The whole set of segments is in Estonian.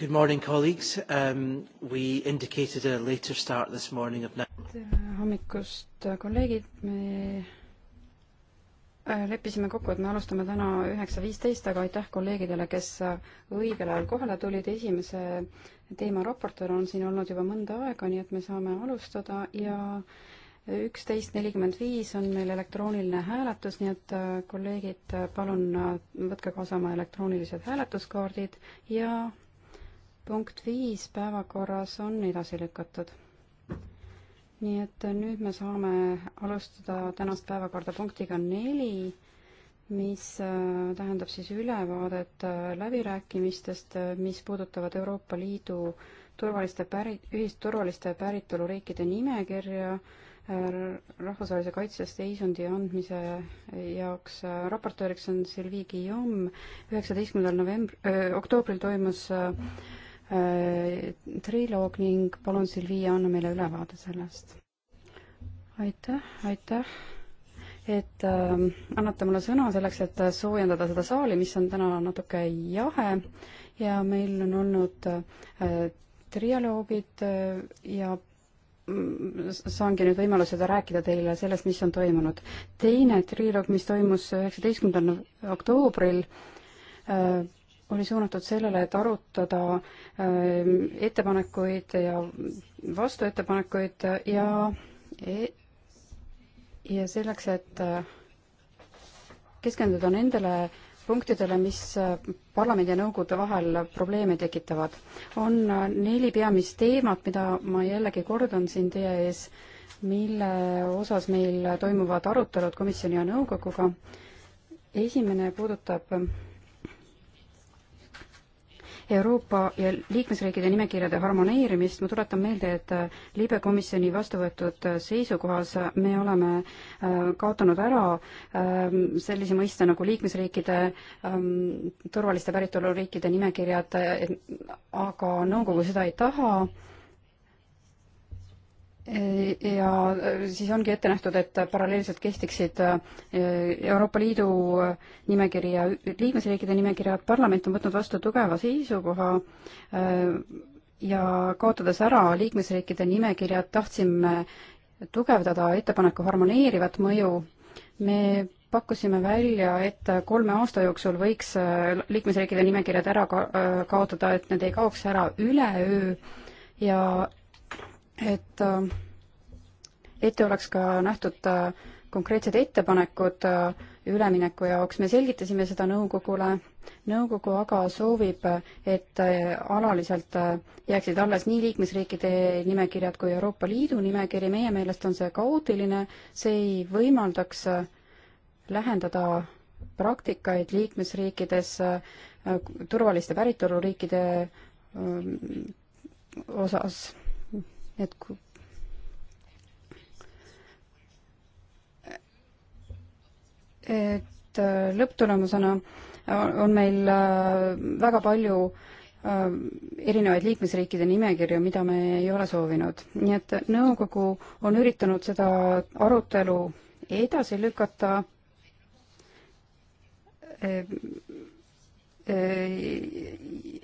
Good morning, colleagues. Um, we indicated a later start this morning of tere hommikust, kolleegid, me äh, leppisime kokku, et me alustame täna üheksa viisteist, aga aitäh kolleegidele, kes õigel ajal kohale tulid, esimese teema raportöör on siin olnud juba mõnda aega, nii et me saame alustada ja üksteist nelikümmend viis on meil elektrooniline hääletus, nii et äh, kolleegid, palun äh, võtke kaasa oma elektroonilised hääletuskaardid ja punkt viis päevakorras on edasi lükatud. nii et nüüd me saame alustada tänast päevakorda punktiga neli, mis äh, tähendab siis ülevaadet äh, läbirääkimistest, äh, mis puudutavad Euroopa Liidu turvaliste päri-, ühisturvaliste päritoluriikide nimekirja rahvusvahelise kaitse seisundi andmise jaoks raportööriks on Sylvie Guillaume. üheksateistkümnendal novembr-, oktoobril toimus Äh, triloog ning palun, Silvi, anna meile ülevaade sellest. aitäh, aitäh, et äh, annate mulle sõna selleks, et soojendada seda saali, mis on täna natuke jahe ja meil on olnud äh, trialoogid äh, ja mm, saangi nüüd võimaluse rääkida teile sellest, mis on toimunud. teine triloog, mis toimus üheksateistkümnendal oktoobril äh,, oli suunatud sellele, et arutada äh, ettepanekuid ja vastuettepanekuid ja e-, ja selleks, et äh, keskenduda nendele punktidele, mis äh, parlamendi ja nõukogude vahel probleeme tekitavad. on neli peamist teemat, mida ma jällegi kordan siin teie ees, mille osas meil toimuvad arutelud komisjoni ja nõukoguga. esimene puudutab Euroopa ja liikmesriikide nimekirjade harmoneerimist, ma tuletan meelde, et äh, libe komisjoni vastu võetud äh, seisukohas äh, me oleme kaotanud ära ähm, sellise mõiste nagu liikmesriikide ähm, turvaliste päritoluriikide nimekirjad, aga nõukogu seda ei taha ja siis ongi ette nähtud, et paralleelselt kehtiksid äh, Euroopa Liidu nimekiri ja liikmesriikide nimekiri, et parlament on võtnud vastu tugeva seisukoha äh, ja kaotades ära liikmesriikide nimekirjad, tahtsime tugevdada ettepaneku harmoneerivat mõju. me pakkusime välja, et kolme aasta jooksul võiks äh, liikmesriikide nimekirjad ära ka kaotada, et need ei kaoks ära üleöö ja et äh, ette oleks ka nähtud äh, konkreetsed ettepanekud äh, ülemineku jaoks, me selgitasime seda nõukogule, nõukogu aga soovib, et alaliselt jääksid alles nii liikmesriikide nimekirjad kui Euroopa Liidu nimekiri, meie meelest on see kaootiline, see ei võimaldaks lähendada praktikaid liikmesriikides turvaliste päritoluriikide ähm, osas et kui et äh, lõpptulemusena on meil äh, väga palju äh, erinevaid liikmesriikide nimekirju, mida me ei ole soovinud. nii et nõukogu on üritanud seda arutelu edasi lükata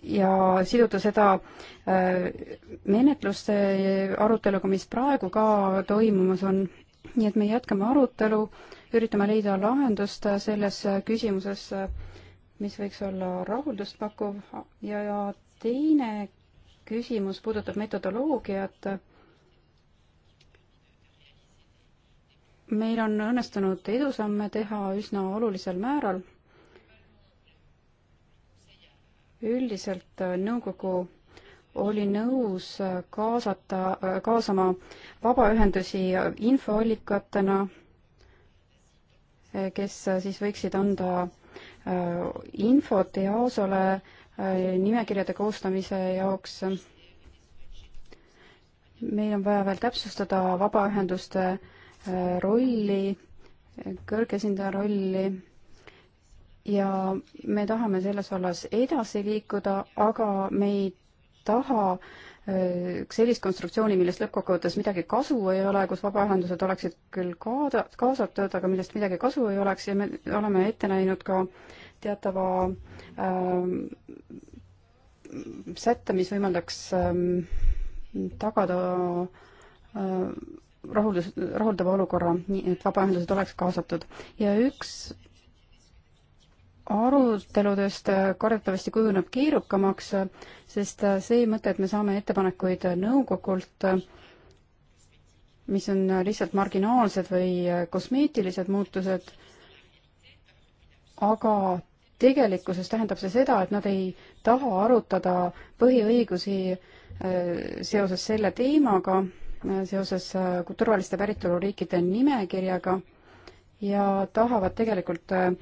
ja siduda seda äh, menetluste aruteluga, mis praegu ka toimumas on. nii et me jätkame arutelu, üritame leida lahendust selles küsimuses, mis võiks olla rahuldust pakkuv ja, ja teine küsimus puudutab metodoloogiat meil on õnnestunud edusamme teha üsna olulisel määral üldiselt äh, nõukogu oli nõus äh, kaasata, äh, kaasama vabaühendusi infoallikatena, kes siis võiksid anda infot EASO-le nimekirjade koostamise jaoks. meil on vaja veel täpsustada vabaühenduste rolli, kõrgesindaja rolli ja me tahame selles vallas edasi liikuda, aga me ei taha äh, sellist konstruktsiooni, millest lõppkokkuvõttes midagi kasu ei ole, kus vabaühendused oleksid küll kaada, kaasatud, aga millest midagi kasu ei oleks ja me oleme ette näinud ka teatava ähm, sätte, mis võimaldaks ähm, tagada ähm, rahuldus, rahuldava olukorra, nii et vabaühendused oleks kaasatud. ja üks aruteludest äh, kardetavasti kujuneb keerukamaks, äh, sest äh, see mõte, et me saame ettepanekuid nõukogult, mis on lihtsalt marginaalsed või kosmeetilised muutused, aga tegelikkuses tähendab see seda, et nad ei taha arutada põhiõigusi seoses selle teemaga, seoses turvaliste päritoluriikide nimekirjaga ja tahavad tegelikult äh,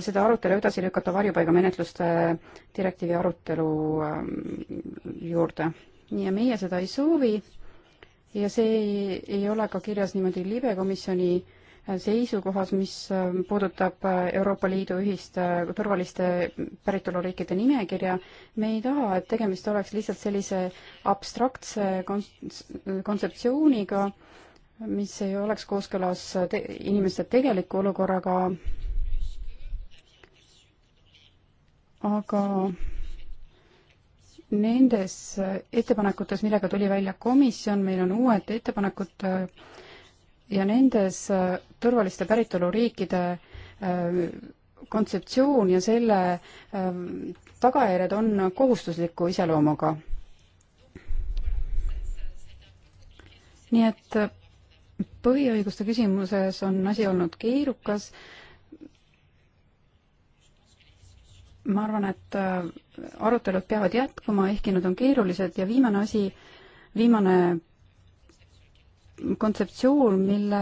seda arutelu edasi lükata varjupaigamenetluste äh, direktiivi arutelu ähm, juurde. ja meie seda ei soovi ja see ei, ei ole ka kirjas niimoodi libe komisjoni äh, seisukohas, mis puudutab Euroopa Liidu ühist turvaliste päritoluriikide nimekirja. me ei taha, et tegemist oleks lihtsalt sellise abstraktse kon-, kontseptsiooniga, mis ei oleks kooskõlas te inimeste tegeliku olukorraga, aga nendes ettepanekutes, millega tuli välja komisjon, meil on uued ettepanekud ja nendes turvaliste päritoluriikide äh, kontseptsioon ja selle äh, tagajärjed on kohustusliku iseloomuga. nii et äh, põhiõiguste küsimuses on asi olnud keerukas. ma arvan, et äh, arutelud peavad jätkuma, ehkki nad on keerulised ja viimane asi, viimane kontseptsioon, mille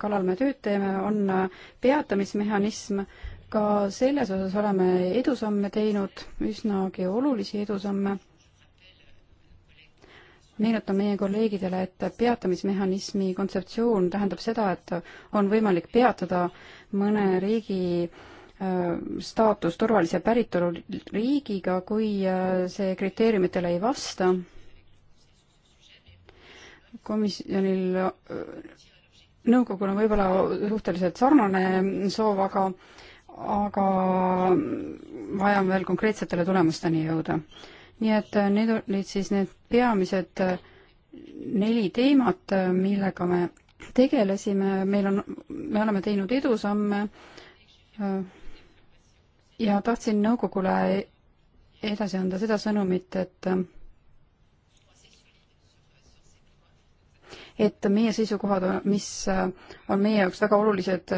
kallal me tööd teeme, on äh, peatamismehhanism. ka selles osas oleme edusamme teinud, üsnagi olulisi edusamme meenutan meie kolleegidele, et peatamismehhanismi kontseptsioon tähendab seda, et on võimalik peatada mõne riigi äh, staatus turvalise päritolu riigiga, kui äh, see kriteeriumitele ei vasta. komisjonil, äh, nõukogul on võib-olla suhteliselt sarnane soov, aga aga vaja on veel konkreetsetele tulemusteni jõuda nii et äh, need olid siis need peamised äh, neli teemat, äh, millega me tegelesime, meil on, me oleme teinud edusamme ja tahtsin nõukogule edasi anda seda sõnumit, et et meie seisukohad, mis on meie jaoks väga olulised,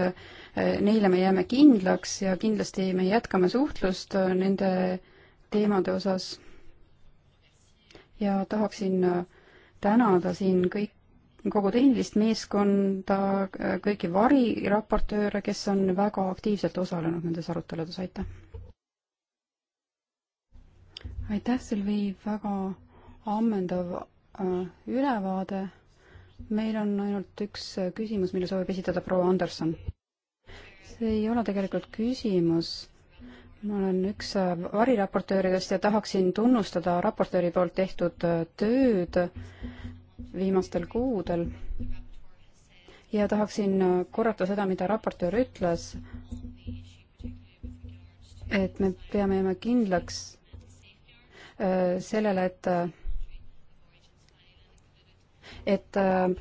neile me jääme kindlaks ja kindlasti me jätkame suhtlust nende teemade osas ja tahaksin äh, tänada siin kõik, kogu tehnilist meeskonda, äh, kõiki variraportööre, kes on väga aktiivselt osalenud nendes aruteludes, aitäh! aitäh, Silvi, väga ammendav äh, ülevaade. meil on ainult üks küsimus, mille soovib esitada proua Anderson. see ei ole tegelikult küsimus ma olen üks äh, variraportööridest ja tahaksin tunnustada raportööri poolt tehtud äh, tööd viimastel kuudel. ja tahaksin äh, korrata seda, mida raportöör ütles, et me peame jääma kindlaks sellele, et et äh,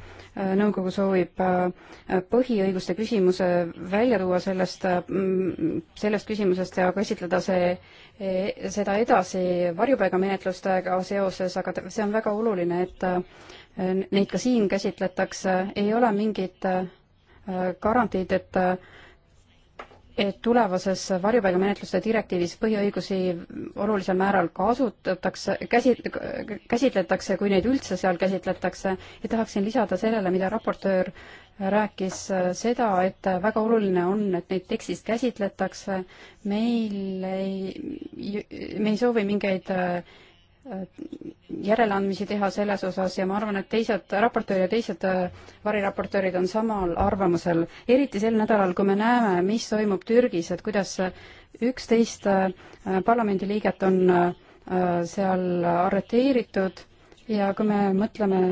nõukogu soovib äh, põhiõiguste küsimuse välja tuua sellest, mm, sellest küsimusest ja käsitleda see, e, seda edasi varjupaigamenetlustega seoses, aga see on väga oluline, et äh, neid ka siin käsitletakse, ei ole mingit garantiid, et et tulevases varjupaigamenetluste direktiivis põhiõigusi olulisel määral kasutatakse, käsi, käsitletakse, kui neid üldse seal käsitletakse, ja tahaksin lisada sellele, mida raportöör rääkis, äh, seda, et väga oluline on, et neid tekstis käsitletakse, meil ei, me ei soovi mingeid äh, järeleandmisi teha selles osas ja ma arvan, et teised raportöör ja teised äh, variraportöörid on samal arvamusel, eriti sel nädalal, kui me näeme, mis toimub Türgis, et kuidas üksteist äh, parlamendiliiget on äh, seal arreteeritud ja kui me mõtleme,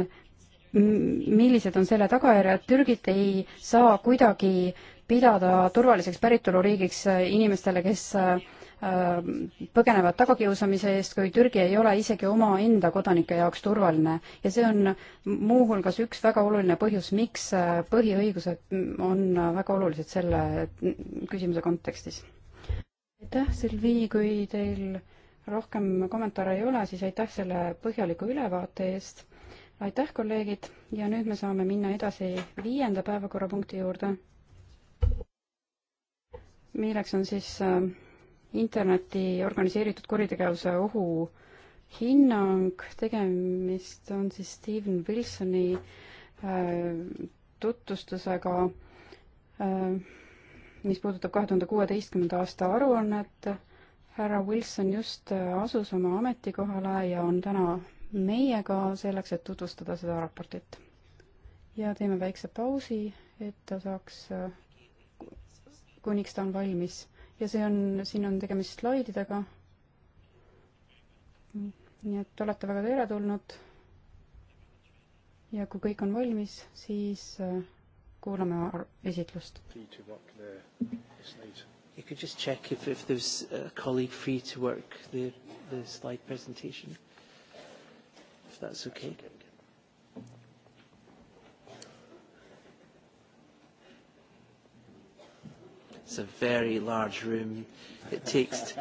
millised on selle tagajärjed, Türgit ei saa kuidagi pidada turvaliseks päritoluriigiks inimestele, kes Ähm, põgenevad tagakiusamise eest, kui Türgi ei ole isegi omaenda kodanike jaoks turvaline. ja see on muuhulgas üks väga oluline põhjus, miks äh, põhiõigused on väga olulised selle küsimuse kontekstis. aitäh, Silvi, kui teil rohkem kommentaare ei ole, siis aitäh selle põhjaliku ülevaate eest. aitäh, kolleegid, ja nüüd me saame minna edasi viienda päevakorrapunkti juurde, milleks on siis äh, interneti organiseeritud kuritegevuse ohu hinnang, tegemist on siis Steven Wilsoni äh, tutvustusega äh,, mis puudutab kahe tuhande kuueteistkümnenda aasta aruannet. härra Wilson just äh, asus oma ametikohale ja on täna meiega selleks, et tutvustada seda raportit. ja teeme väikse pausi, et ta saaks, äh, kuniks ta on valmis ja see on, siin on tegemist slaididega. nii et olete väga teretulnud. ja kui kõik on valmis, siis äh, kuulame esitlust. You could just check if, if there's a colleague free to work the, the slide presentation, if that's okay. okay. It's a very large room. It takes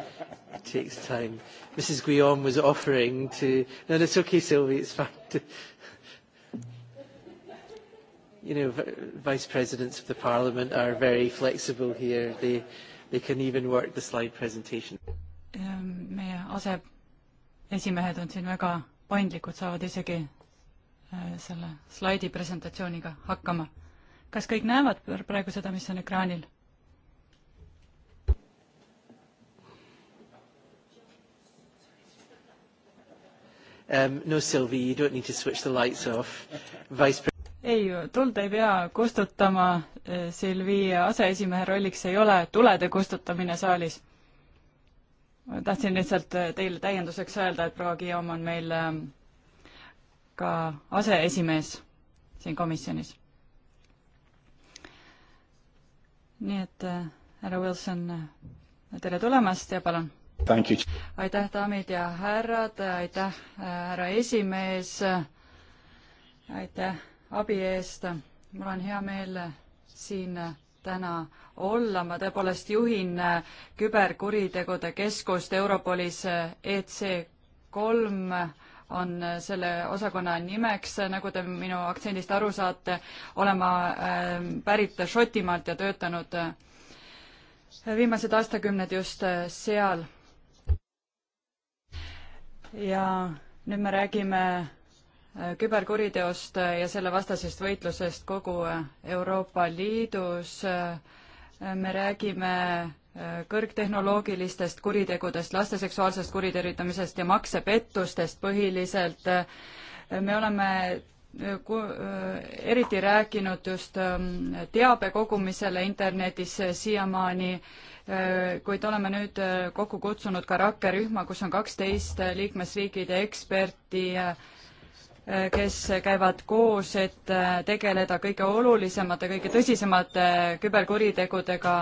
it takes time. Mrs. Guillaume was offering to. No, it's okay, Sylvie. It's fine. To, you know, vice presidents of the parliament are very flexible here. They they can even work the slide presentation. Ehm, meie aseesimehed on siin väga paindlikud, saavad isegi äh, selle slaidi presentatsiooniga hakkama. kas kõik näevad praegu seda, mis on ekraanil? Um, no Sylvie, you don't need to switch the lights off. Vice ei, tuld ei pea kustutama, eh, Sylvie aseesimehe rolliks ei ole tulede kustutamine saalis. tahtsin lihtsalt eh, teile täienduseks öelda, et proua Guillaume on meil ehm, ka aseesimees siin komisjonis. nii et eh, härra Wilson, tere tulemast ja palun aitäh, daamid ja härrad, aitäh, härra esimees, aitäh abi eest. mul on hea meel siin täna olla, ma tõepoolest juhin küberkuritegude keskust Europolis EC kolm on selle osakonna nimeks, nagu te minu aktsendist aru saate, olen ma ähm, pärit Šotimaalt ja töötanud äh, viimased aastakümned just äh, seal ja nüüd me räägime äh, küberkuriteost äh, ja selle vastasest võitlusest kogu äh, Euroopa Liidus. me räägime kõrgtehnoloogilistest kuritegudest, laste seksuaalsest kuritarvitamisest ja maksepettustest põhiliselt. me oleme eriti rääkinud just ähm, teabe kogumisele internetis siiamaani Äh, kuid oleme nüüd äh, kokku kutsunud ka rakkerühma, kus on kaksteist äh, liikmesriikide eksperti, kes käivad koos, et tegeleda kõige olulisemate, kõige tõsisemate küberkuritegudega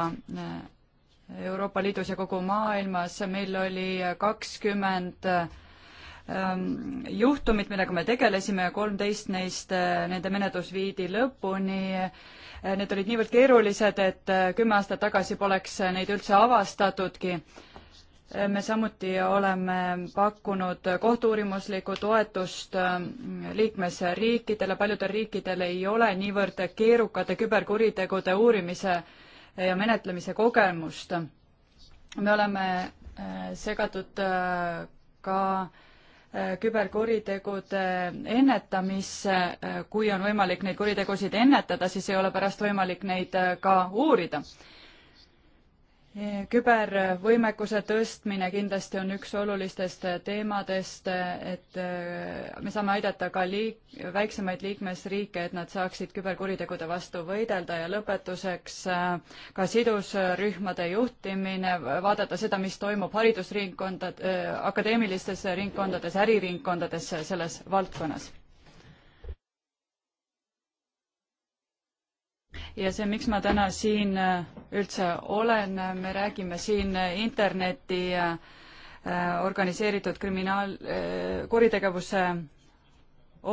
Euroopa Liidus ja kogu maailmas. meil oli kakskümmend ähm, juhtumit, millega me tegelesime ja kolmteist neist, nende menetlus viidi lõpuni need olid niivõrd keerulised, et äh, kümme aastat tagasi poleks neid üldse avastatudki. me samuti oleme pakkunud kohtu-uurimuslikku toetust äh, liikmesriikidele, paljudel riikidel ei ole niivõrd keerukate küberkuritegude uurimise ja menetlemise kogemust. me oleme äh, segatud ka äh, küberkuritegude ennetamisse, kui on võimalik neid kuritegusid ennetada, siis ei ole pärast võimalik neid äh, ka uurida kübervõimekuse tõstmine kindlasti on üks olulistest teemadest, et äh, me saame aidata ka liik-, väiksemaid liikmesriike, et nad saaksid küberkuritegude vastu võidelda ja lõpetuseks äh, ka sidusrühmade juhtimine, vaadata seda, mis toimub haridusringkondad, äh, akadeemilistes ringkondades, äriringkondades selles valdkonnas ja see, miks ma täna siin äh, üldse olen, äh, me räägime siin äh, interneti organiseeritud kriminaal, kuritegevuse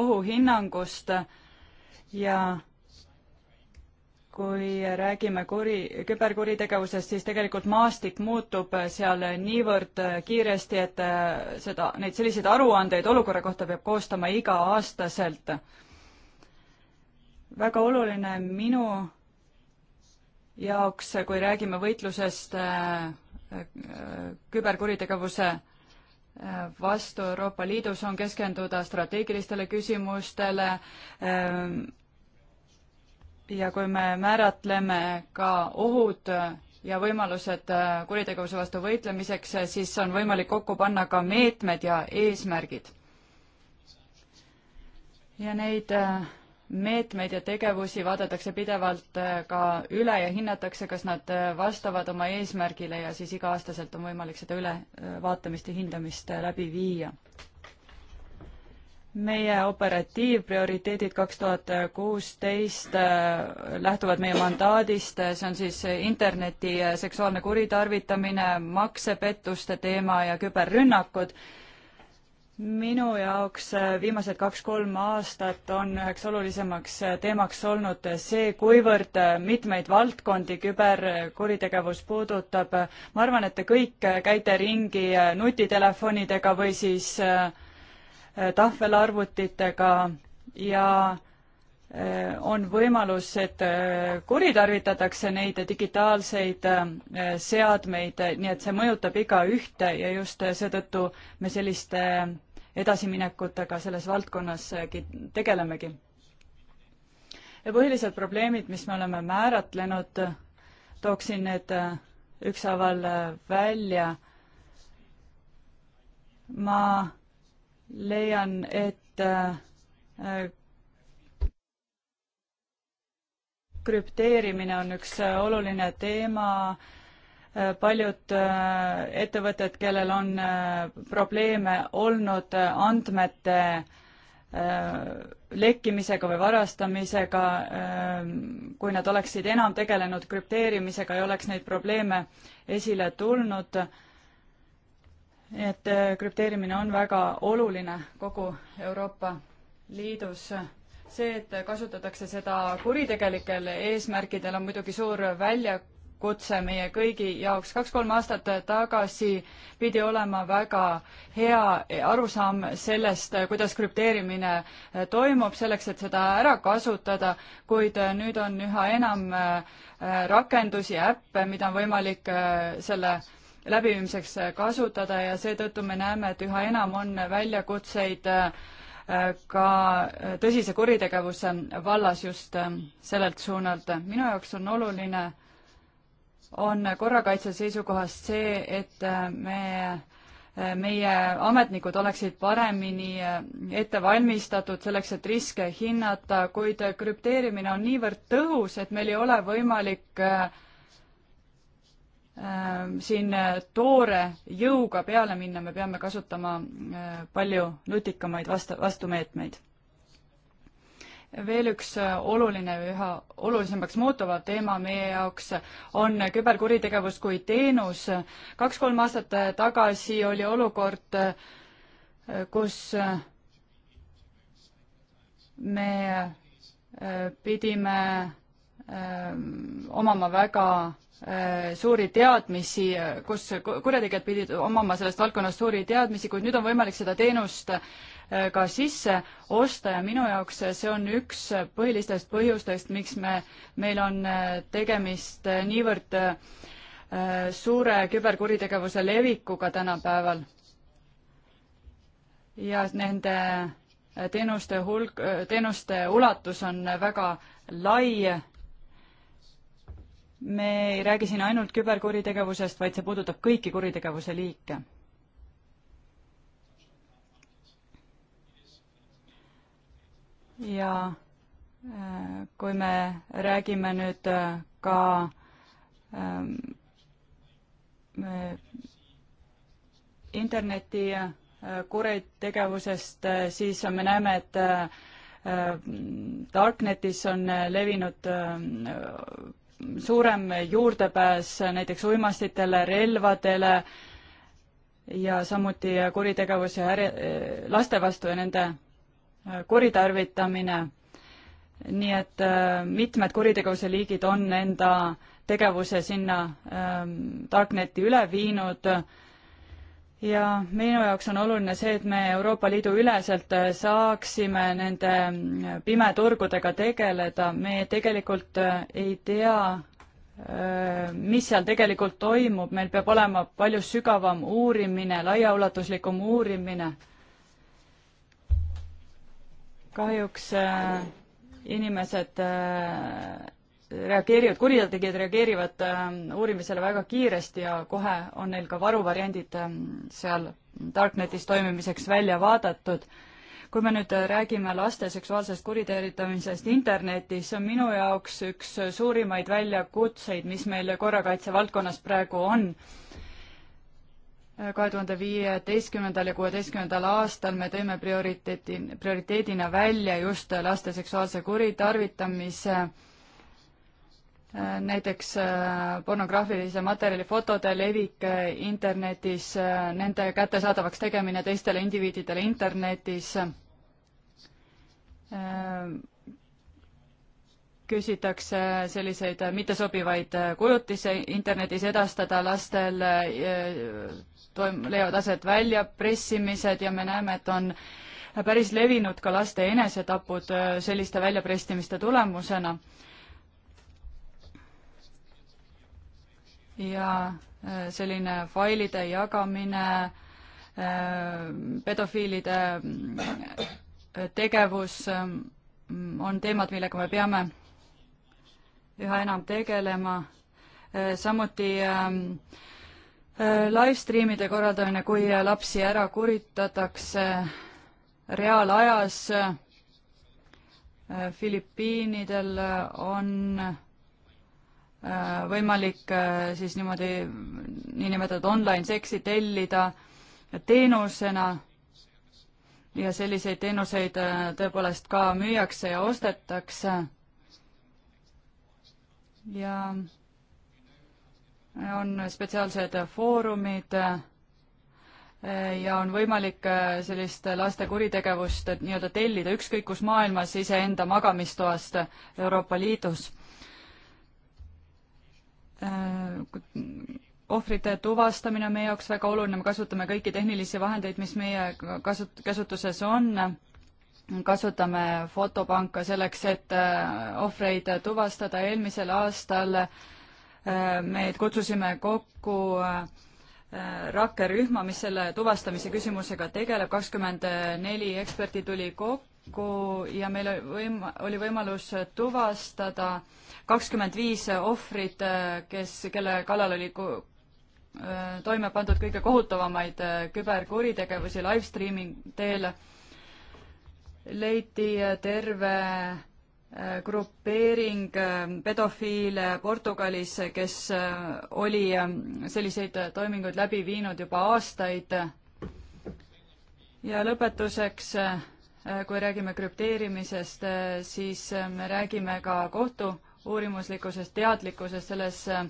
ohuhinnangust ja kui räägime kuri, küberkuritegevusest, siis tegelikult maastik muutub seal niivõrd kiiresti, et seda, neid selliseid aruandeid olukorra kohta peab koostama iga-aastaselt väga oluline minu jaoks, kui räägime võitlusest äh, äh, küberkuritegevuse äh, vastu Euroopa Liidus, on keskenduda strateegilistele küsimustele, ähm, ja kui me määratleme ka ohud ja võimalused kuritegevuse vastu võitlemiseks, siis on võimalik kokku panna ka meetmed ja eesmärgid. ja neid meetmeid ja tegevusi vaadatakse pidevalt äh, ka üle ja hinnatakse, kas nad äh, vastavad oma eesmärgile ja siis iga-aastaselt on võimalik seda ülevaatamist äh, ja hindamist läbi viia. meie operatiivprioriteedid kaks tuhat kuusteist lähtuvad meie mandaadist, see on siis interneti seksuaalne kuritarvitamine, maksepettuste teema ja küberrünnakud minu jaoks äh, viimased kaks-kolm aastat on üheks olulisemaks äh, teemaks olnud äh, see, kuivõrd mitmeid valdkondi küberkuritegevus puudutab. ma arvan, et te kõik käite ringi nutitelefonidega või siis tahvelarvutitega ja on võimalus, et kuritarvitatakse neid digitaalseid seadmeid, nii et see mõjutab igaühte ja just seetõttu me selliste edasiminekutega selles valdkonnas äh, tegelemegi. ja põhilised probleemid, mis me oleme määratlenud, tooksin need äh, ükshaaval äh, välja. ma leian, et krüpteerimine on üks oluline teema, paljud äh, ettevõtted, kellel on äh, probleeme olnud äh, andmete lekkimisega või varastamisega, kui nad oleksid enam tegelenud krüpteerimisega, ei oleks neid probleeme esile tulnud. et krüpteerimine on väga oluline kogu Euroopa Liidus. see, et kasutatakse seda kuritegelikel eesmärkidel, on muidugi suur väljakutse kutse meie kõigi jaoks. kaks-kolm aastat tagasi pidi olema väga hea arusaam sellest, kuidas krüpteerimine toimub, selleks et seda ära kasutada, kuid nüüd on üha enam äh, rakendusi, äppe, mida on võimalik äh, selle läbiviimiseks kasutada ja seetõttu me näeme, et üha enam on väljakutseid äh, ka tõsise kuritegevuse vallas just sellelt suunalt. minu jaoks on oluline on korrakaitse seisukohast see, et äh, me, äh, meie ametnikud oleksid paremini äh, ette valmistatud selleks, et riske hinnata, kuid krüpteerimine on niivõrd tõhus, et meil ei ole võimalik siin toore jõuga peale minna, me peame kasutama palju nutikamaid vastu, vastumeetmeid veel üks äh, oluline, üha olulisemaks muutuv teema meie jaoks on küberkuritegevus kui teenus. kaks-kolm aastat äh, tagasi oli olukord, äh, kus me pidime omama väga suuri teadmisi, kus kurjategijad pidid omama sellest valdkonnast suuri teadmisi, kuid nüüd on võimalik seda teenust ka sisse osta ja minu jaoks see on üks põhilistest põhjustest, miks me, meil on äh, tegemist äh, niivõrd äh, suure küberkuritegevuse levikuga tänapäeval. ja nende teenuste hulk, teenuste ulatus on väga lai. me ei räägi siin ainult küberkuritegevusest, vaid see puudutab kõiki kuritegevuse liike ja äh, kui me räägime nüüd äh, ka ähm, interneti äh, kuritegevusest, siis me näeme, et äh, Darknetis on levinud äh, suurem juurdepääs näiteks uimastitele, relvadele ja samuti kuritegevuse laste vastu ja nende kuritarvitamine. nii et äh, mitmed kuritegevuse liigid on enda tegevuse sinna ähm, Darkneti üle viinud ja minu jaoks on oluline see, et me Euroopa Liidu üleselt äh, saaksime nende mm, pimeturgudega tegeleda, me tegelikult äh, ei tea, mis seal tegelikult toimub, meil peab olema palju sügavam uurimine, laiaulatuslikum uurimine kahjuks äh, inimesed äh, reageerivad, kurjategijad reageerivad äh, uurimisele väga kiiresti ja kohe on neil ka varuvariandid seal Darknetis toimimiseks välja vaadatud. kui me nüüd räägime laste seksuaalsest kuriteeritamisest internetis, see on minu jaoks üks suurimaid väljakutseid, mis meil korrakaitse valdkonnas praegu on kahe tuhande viieteistkümnendal ja kuueteistkümnendal aastal me tõime prioriteeti, prioriteedina välja just laste seksuaalse kuritarvitamise näiteks äh, pornograafilise materjali fotode levik äh, internetis, äh, nende kättesaadavaks tegemine teistele indiviididele internetis, küsitakse selliseid mittesobivaid kujutisi internetis edastada lastel toim-, leiavad aset väljapressimised ja me näeme, et on päris levinud ka laste enesetapud äh, selliste väljapressimiste tulemusena. ja äh, selline failide jagamine, äh, pedofiilide tegevus on teemad, millega me peame üha enam tegelema, samuti äh, Äh, live streamide korraldamine, kui lapsi ära kuritatakse reaalajas. Äh, Filipiinidel on äh, võimalik siis niimoodi niinimetatud online seksi tellida teenusena ja selliseid teenuseid tõepoolest ka müüakse ja ostetakse. ja on spetsiaalsed foorumid eh, ja on võimalik eh, sellist laste kuritegevust nii-öelda tellida ükskõik kus maailmas iseenda magamistoast Euroopa Liidus. Eh, ohvrite tuvastamine on meie jaoks väga oluline, me kasutame kõiki tehnilisi vahendeid, mis meie kasut-, käsutuses on, kasutame fotopanka selleks, et ohvreid tuvastada, eelmisel aastal äh, meid kutsusime kokku äh, rakkerühma, mis selle tuvastamise küsimusega tegeleb, kakskümmend neli eksperti tuli kokku ja meil oli võim-, oli võimalus tuvastada kakskümmend viis ohvrit, kes, kelle kallal oli äh, toime pandud kõige kohutavamaid äh, küberkuritegevusi live streaming teel, leiti terve grupeering äh, pedofiile Portugalis, kes äh, oli äh, selliseid toiminguid läbi viinud juba aastaid. ja lõpetuseks, kui räägime krüpteerimisest, siis me räägime ka kohtu uurimuslikkusest, teadlikkusest selles äh,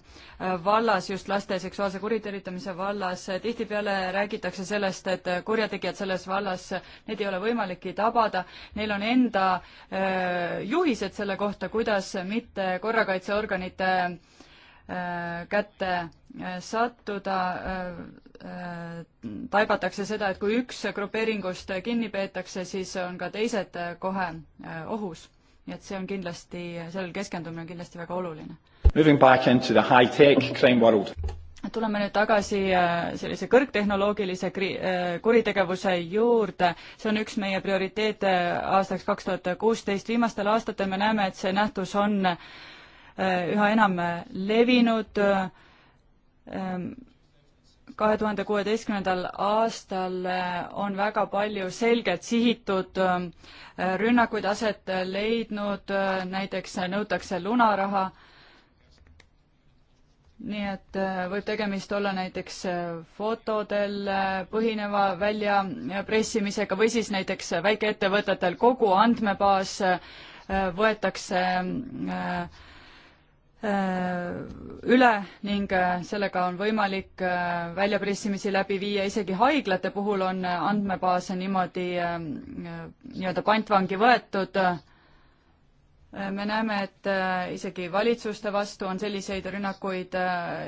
vallas, just laste seksuaalse kuritarvitamise vallas. tihtipeale räägitakse sellest, et kurjategijad selles vallas, neid ei ole võimalikki tabada, neil on enda äh, juhised selle kohta, kuidas mitte korrakaitseorganite äh, kätte sattuda, taibatakse seda, et kui üks grupeeringust kinni peetakse, siis on ka teised kohe ohus nii et see on kindlasti, sellel keskendumine on kindlasti väga oluline. Moving back into the high-tech crime world. tuleme nüüd tagasi äh, sellise kõrgtehnoloogilise kri-, äh, kuritegevuse juurde, see on üks meie prioriteete äh, aastaks kaks tuhat kuusteist, viimastel aastatel me näeme, et see nähtus on üha enam levinud, kahe tuhande kuueteistkümnendal aastal eh, on väga palju selgelt sihitud eh, rünnakuid aset leidnud, eh, näiteks nõutakse lunaraha. nii et võib tegemist olla näiteks fotodel põhineva väljapressimisega või siis näiteks väikeettevõtetel kogu andmebaas võetakse äh, Äh, üle ning äh, sellega on võimalik äh, väljapressimisi läbi viia, isegi haiglate puhul on andmebaase niimoodi ähm, nii-öelda pantvangi võetud. me näeme, et isegi valitsuste vastu on selliseid rünnakuid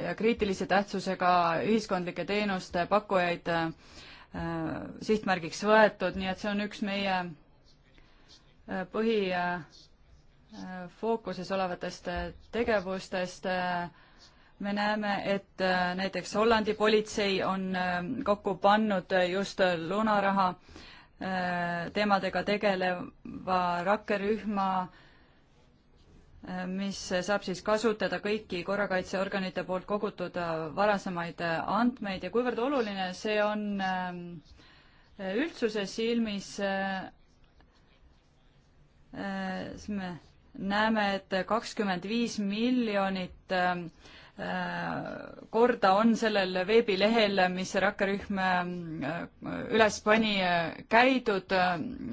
ja kriitilise tähtsusega ühiskondlike teenuste pakkujaid sihtmärgiks võetud, nii et see on üks meie põhi fookuses olevatest äh, tegevustest äh, me näeme, et äh, näiteks Hollandi politsei on kokku pannud just lunaraha teemadega tegeleva rakkerühma, mis saab siis kasutada kõiki korrakaitseorganite poolt kogutud varasemaid andmeid ja kuivõrd oluline see on üldsuse silmis, siis me näeme, et kakskümmend viis miljonit ähm, äh, korda on sellel veebilehel, mis rakkerühm äh, üles pani, äh, käidud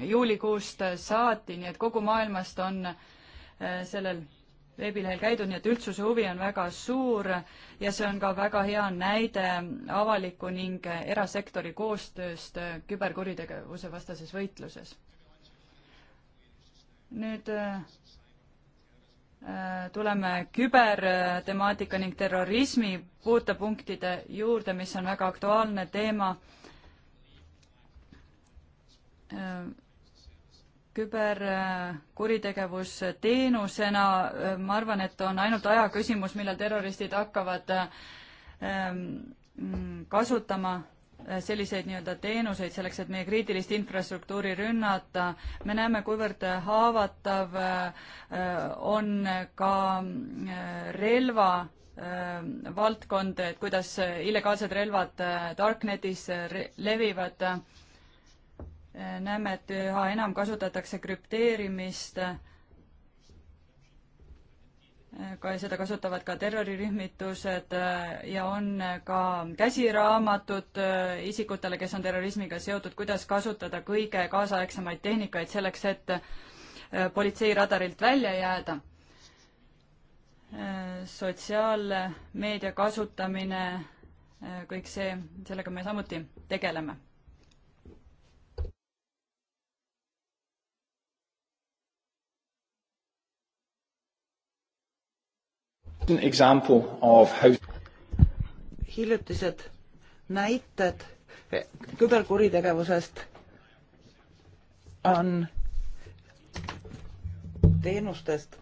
juulikuust saati, nii et kogu maailmast on sellel veebilehel käidud, nii et üldsuse huvi on väga suur ja see on ka väga hea näide avaliku ning erasektori koostööst küberkuritegevuse vastases võitluses. nüüd tuleme kübertemaatika ning terrorismi puutepunktide juurde, mis on väga aktuaalne teema. küberkuritegevus teenusena, ma arvan, et on ainult aja küsimus, millal terroristid hakkavad ähm, kasutama Äh, selliseid nii-öelda teenuseid selleks, et meie kriitilist infrastruktuuri rünnata. me näeme, kuivõrd äh, haavatav äh, on ka relva valdkond, et kuidas illegaalsed relvad Darknetis levivad. näeme, et üha enam kasutatakse krüpteerimist ka seda kasutavad ka terrorirühmitused äh, ja on äh, ka käsiraamatud äh, isikutele, kes on terrorismiga seotud, kuidas kasutada kõige kaasaegsemaid tehnikaid selleks, et politseiradarilt välja jääda. sotsiaalmeedia kasutamine, kõik see, sellega me samuti tegeleme How... hiljutised näited küberkuritegevusest on teenustest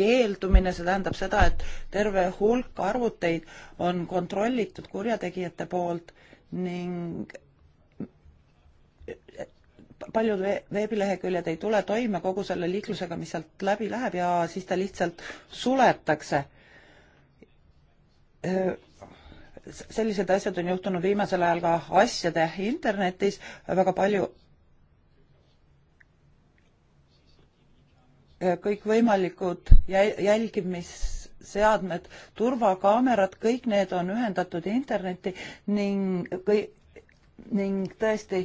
keeldumine, see tähendab seda, et terve hulk arvuteid on kontrollitud kurjategijate poolt ning paljud veebileheküljed ei tule toime kogu selle liiklusega, mis sealt läbi läheb ja siis ta lihtsalt suletakse. sellised asjad on juhtunud viimasel ajal ka asjade internetis väga palju. kõikvõimalikud jälgimisseadmed, turvakaamerad, kõik need on ühendatud internetti ning kõik ning tõesti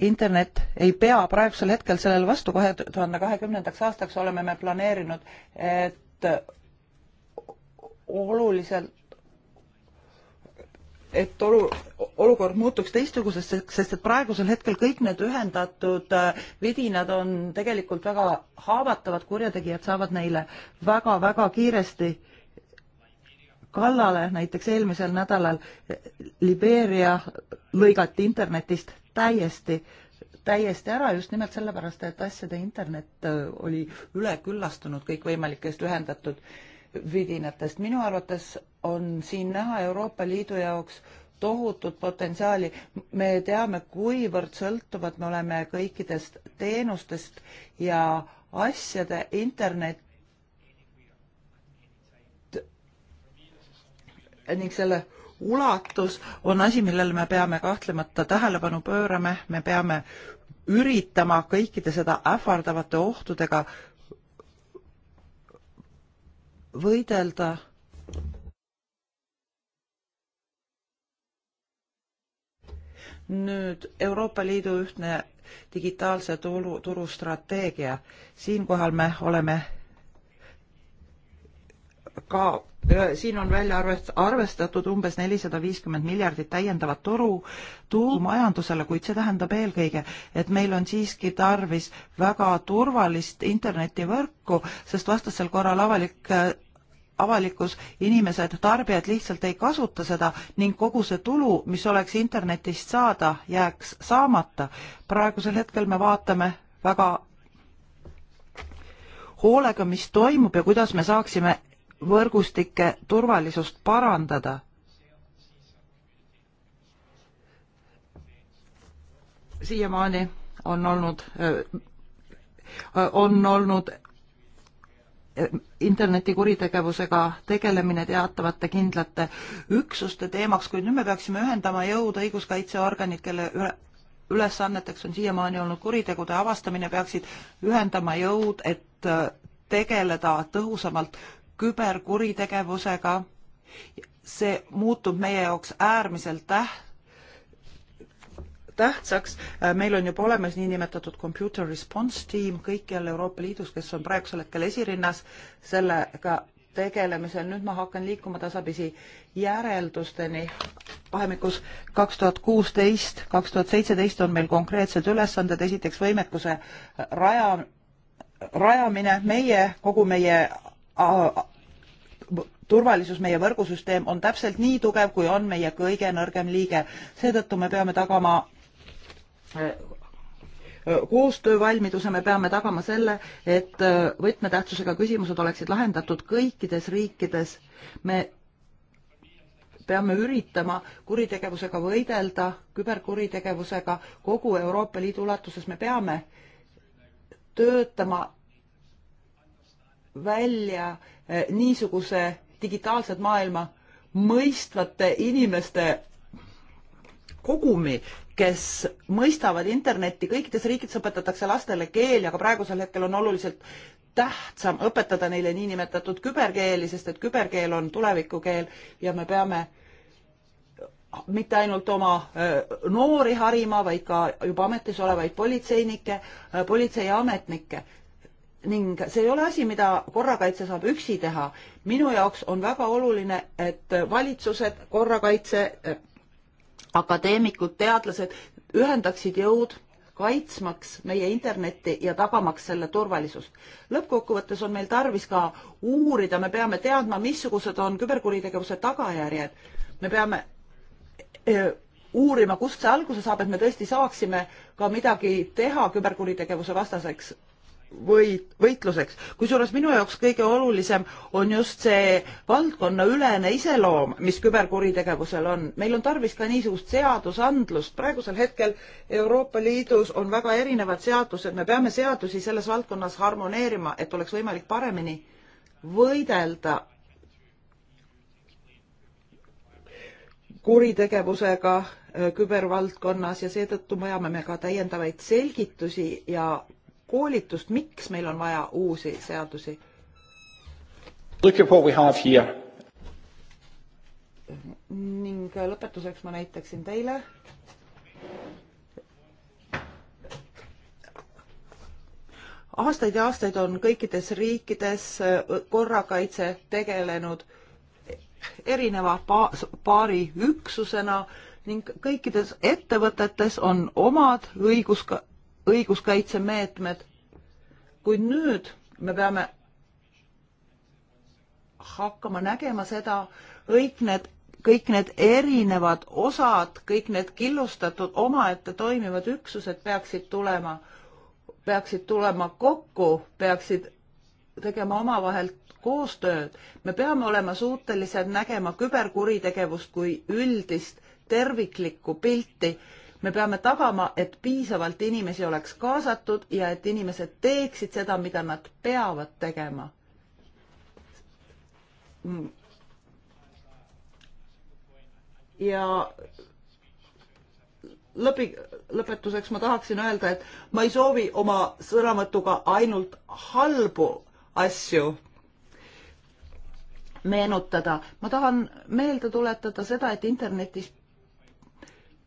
internet ei pea praegusel hetkel sellele vastu, kahe tuhande kahekümnendaks aastaks oleme me planeerinud, et oluliselt, et olu, olukord muutuks teistsuguseks, sest et praegusel hetkel kõik need ühendatud äh, vidinad on tegelikult väga haavatavad, kurjategijad saavad neile väga-väga kiiresti kallale, näiteks eelmisel nädalal Libeeria lõigati internetist täiesti, täiesti ära just nimelt sellepärast, et asjade internet äh, oli üleküllastunud kõikvõimalikest ühendatud vidinatest. minu arvates on siin näha Euroopa Liidu jaoks tohutut potentsiaali. me teame, kuivõrd sõltuvad me oleme kõikidest teenustest ja asjade internet ning selle ulatus on asi, millele me peame kahtlemata tähelepanu pöörame, me peame üritama kõikide seda ähvardavate ohtudega võidelda. nüüd Euroopa Liidu ühtne digitaalse turu, turustrateegia. siinkohal me oleme ka äh, siin on välja arvestatud umbes nelisada viiskümmend miljardit täiendavat turu, tulu majandusele, kuid see tähendab eelkõige, et meil on siiski tarvis väga turvalist internetivõrku, sest vastasel korral avalik äh, avalikus inimesed, tarbijad lihtsalt ei kasuta seda ning kogu see tulu, mis oleks internetist saada, jääks saamata. praegusel hetkel me vaatame väga hoolega, mis toimub ja kuidas me saaksime võrgustike turvalisust parandada. siiamaani on olnud, on olnud internetikuritegevusega tegelemine teatavate kindlate üksuste teemaks, kuid nüüd me peaksime ühendama jõud õiguskaitseorganid, kelle ülesanneteks on siiamaani olnud kuritegude avastamine, peaksid ühendama jõud, et tegeleda tõhusamalt küberkuritegevusega. see muutub meie jaoks äärmiselt täht-, tähtsaks. meil on juba olemas niinimetatud computer response team kõikjal Euroopa Liidus, kes on praegusel hetkel esirinnas sellega tegelemisel. nüüd ma hakkan liikuma tasapisi järeldusteni. vahemikus kaks tuhat kuusteist, kaks tuhat seitseteist on meil konkreetsed ülesanded, esiteks võimekuse raja, rajamine, meie, kogu meie turvalisus, meie võrgusüsteem on täpselt nii tugev, kui on meie kõige nõrgem liige. seetõttu me peame tagama äh, äh, koostöövalmiduse, me peame tagama selle, et äh, võtmetähtsusega küsimused oleksid lahendatud kõikides riikides. me peame üritama kuritegevusega võidelda, küberkuritegevusega kogu Euroopa Liidu ulatuses, me peame töötama välja eh, niisuguse digitaalset maailma mõistvate inimeste kogumi, kes mõistavad Internetti, kõikides riikides õpetatakse lastele keeli, aga praegusel hetkel on oluliselt tähtsam õpetada neile niinimetatud küberkeeli, sest et küberkeel on tulevikukeel ja me peame mitte ainult oma eh, noori harima, vaid ka juba ametis olevaid politseinikke, eh, politseiametnikke, ning see ei ole asi, mida korrakaitse saab üksi teha. minu jaoks on väga oluline, et valitsused, korrakaitse, eh, akadeemikud, teadlased ühendaksid jõud kaitsmaks meie internetti ja tagamaks selle turvalisust. lõppkokkuvõttes on meil tarvis ka uurida, me peame teadma, missugused on küberkuritegevuse tagajärjed. me peame eh, uurima, kust see alguse saab, et me tõesti saaksime ka midagi teha küberkuritegevuse vastaseks või võitluseks. kusjuures minu jaoks kõige olulisem on just see valdkonnaülene iseloom, mis küberkuritegevusel on. meil on tarvis ka niisugust seadusandlust. praegusel hetkel Euroopa Liidus on väga erinevad seadused, me peame seadusi selles valdkonnas harmoneerima, et oleks võimalik paremini võidelda kuritegevusega äh, kübervaldkonnas ja seetõttu vajame me ka täiendavaid selgitusi ja koolitust, miks meil on vaja uusi seadusi? ning lõpetuseks ma näitaksin teile aastaid ja aastaid on kõikides riikides korrakaitse tegelenud erineva paari üksusena ning kõikides ettevõtetes on omad õigus, õiguskaitsemeetmed, kuid nüüd me peame hakkama nägema seda, kõik need, kõik need erinevad osad, kõik need killustatud omaette toimivad üksused peaksid tulema, peaksid tulema kokku, peaksid tegema omavahel koostööd. me peame olema suutelised nägema küberkuritegevust kui üldist terviklikku pilti me peame tagama, et piisavalt inimesi oleks kaasatud ja et inimesed teeksid seda, mida nad peavad tegema. ja lõpi, lõpetuseks ma tahaksin öelda, et ma ei soovi oma sõnavõtuga ainult halbu asju meenutada. ma tahan meelde tuletada seda, et internetis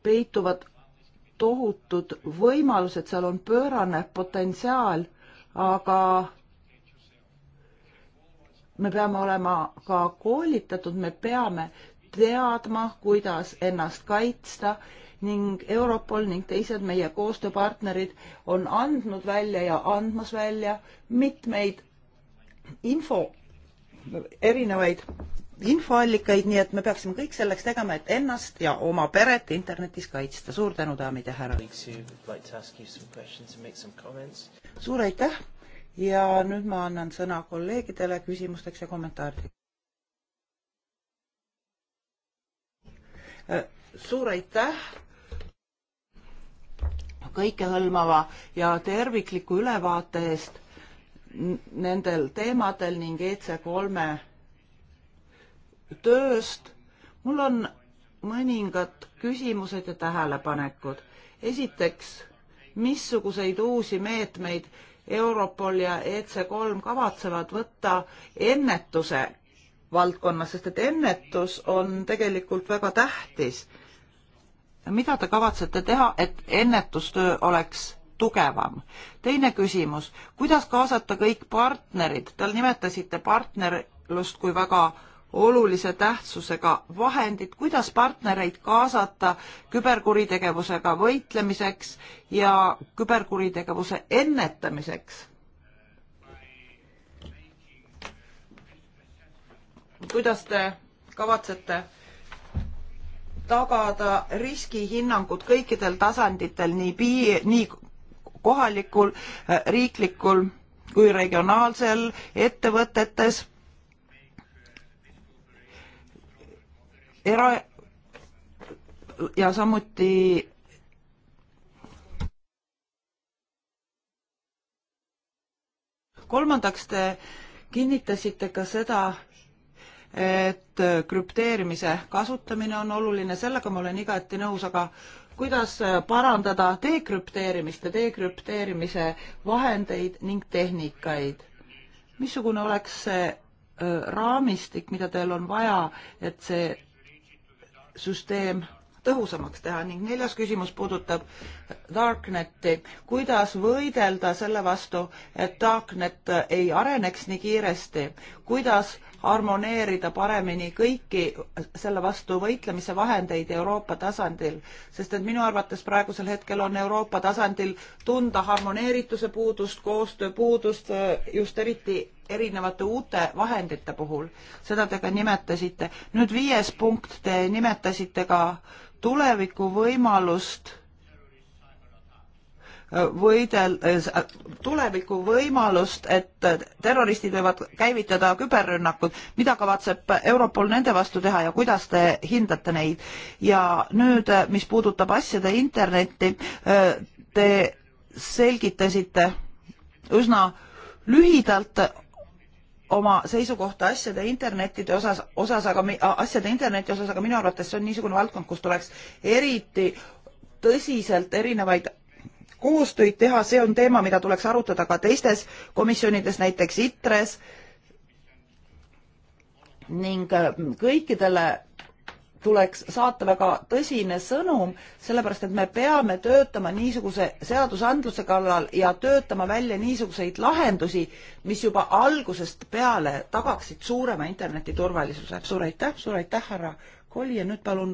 peituvad tohutud võimalused, seal on pöörane potentsiaal, aga me peame olema ka koolitatud, me peame teadma, kuidas ennast kaitsta ning Europol ning teised meie koostööpartnerid on andnud välja ja andmas välja mitmeid info, erinevaid infoallikaid, nii et me peaksime kõik selleks tegema, et ennast ja oma peret internetis kaitsta. suur tänu, daamid ja härrad! suur aitäh ja nüüd ma annan sõna kolleegidele küsimusteks ja kommentaarideks. Äh, suur aitäh kõikehõlmava ja tervikliku ülevaate eest nendel teemadel ning EC3-e tööst. mul on mõningad küsimused ja tähelepanekud. esiteks, missuguseid uusi meetmeid Europol ja EC3 kavatsevad võtta ennetuse valdkonnas, sest et ennetus on tegelikult väga tähtis. mida te kavatsete teha, et ennetustöö oleks tugevam. teine küsimus, kuidas kaasata kõik partnerid, te nimetasite partnerlust kui väga olulise tähtsusega vahendid, kuidas partnereid kaasata küberkuritegevusega võitlemiseks ja küberkuritegevuse ennetamiseks. kuidas te kavatsete tagada riskihinnangud kõikidel tasanditel, nii pii-, nii kohalikul, riiklikul kui regionaalsel ettevõtetes era- ja samuti kolmandaks te kinnitasite ka seda, et krüpteerimise kasutamine on oluline, sellega ma olen igati nõus, aga kuidas parandada dekrüpteerimist ja dekrüpteerimise vahendeid ning tehnikaid? missugune oleks see äh, raamistik, mida teil on vaja, et see süsteem tõhusamaks teha ning neljas küsimus puudutab Darknetti. kuidas võidelda selle vastu, et Darknet ei areneks nii kiiresti, kuidas harmoneerida paremini kõiki selle vastu võitlemise vahendeid Euroopa tasandil, sest et minu arvates praegusel hetkel on Euroopa tasandil tunda harmoneerituse puudust, koostöö puudust eh, just eriti erinevate uute vahendite puhul. seda te ka nimetasite. nüüd viies punkt, te nimetasite ka tulevikuvõimalust võidel-, tulevikuvõimalust, et terroristid võivad käivitada küberrünnakud, mida kavatseb Europol nende vastu teha ja kuidas te hindate neid? ja nüüd, mis puudutab asjade internetti, te selgitasite üsna lühidalt oma seisukohta asjade internetide osas, osas aga, asjade interneti osas, aga minu arvates see on niisugune valdkond, kus tuleks eriti tõsiselt erinevaid koostöid teha, see on teema, mida tuleks arutada ka teistes komisjonides, näiteks ITRES ning äh, kõikidele tuleks saata väga tõsine sõnum, sellepärast et me peame töötama niisuguse seadusandluse kallal ja töötama välja niisuguseid lahendusi, mis juba algusest peale tagaksid suurema interneti turvalisuse. suur aitäh, suur aitäh, härra Kolli ja nüüd palun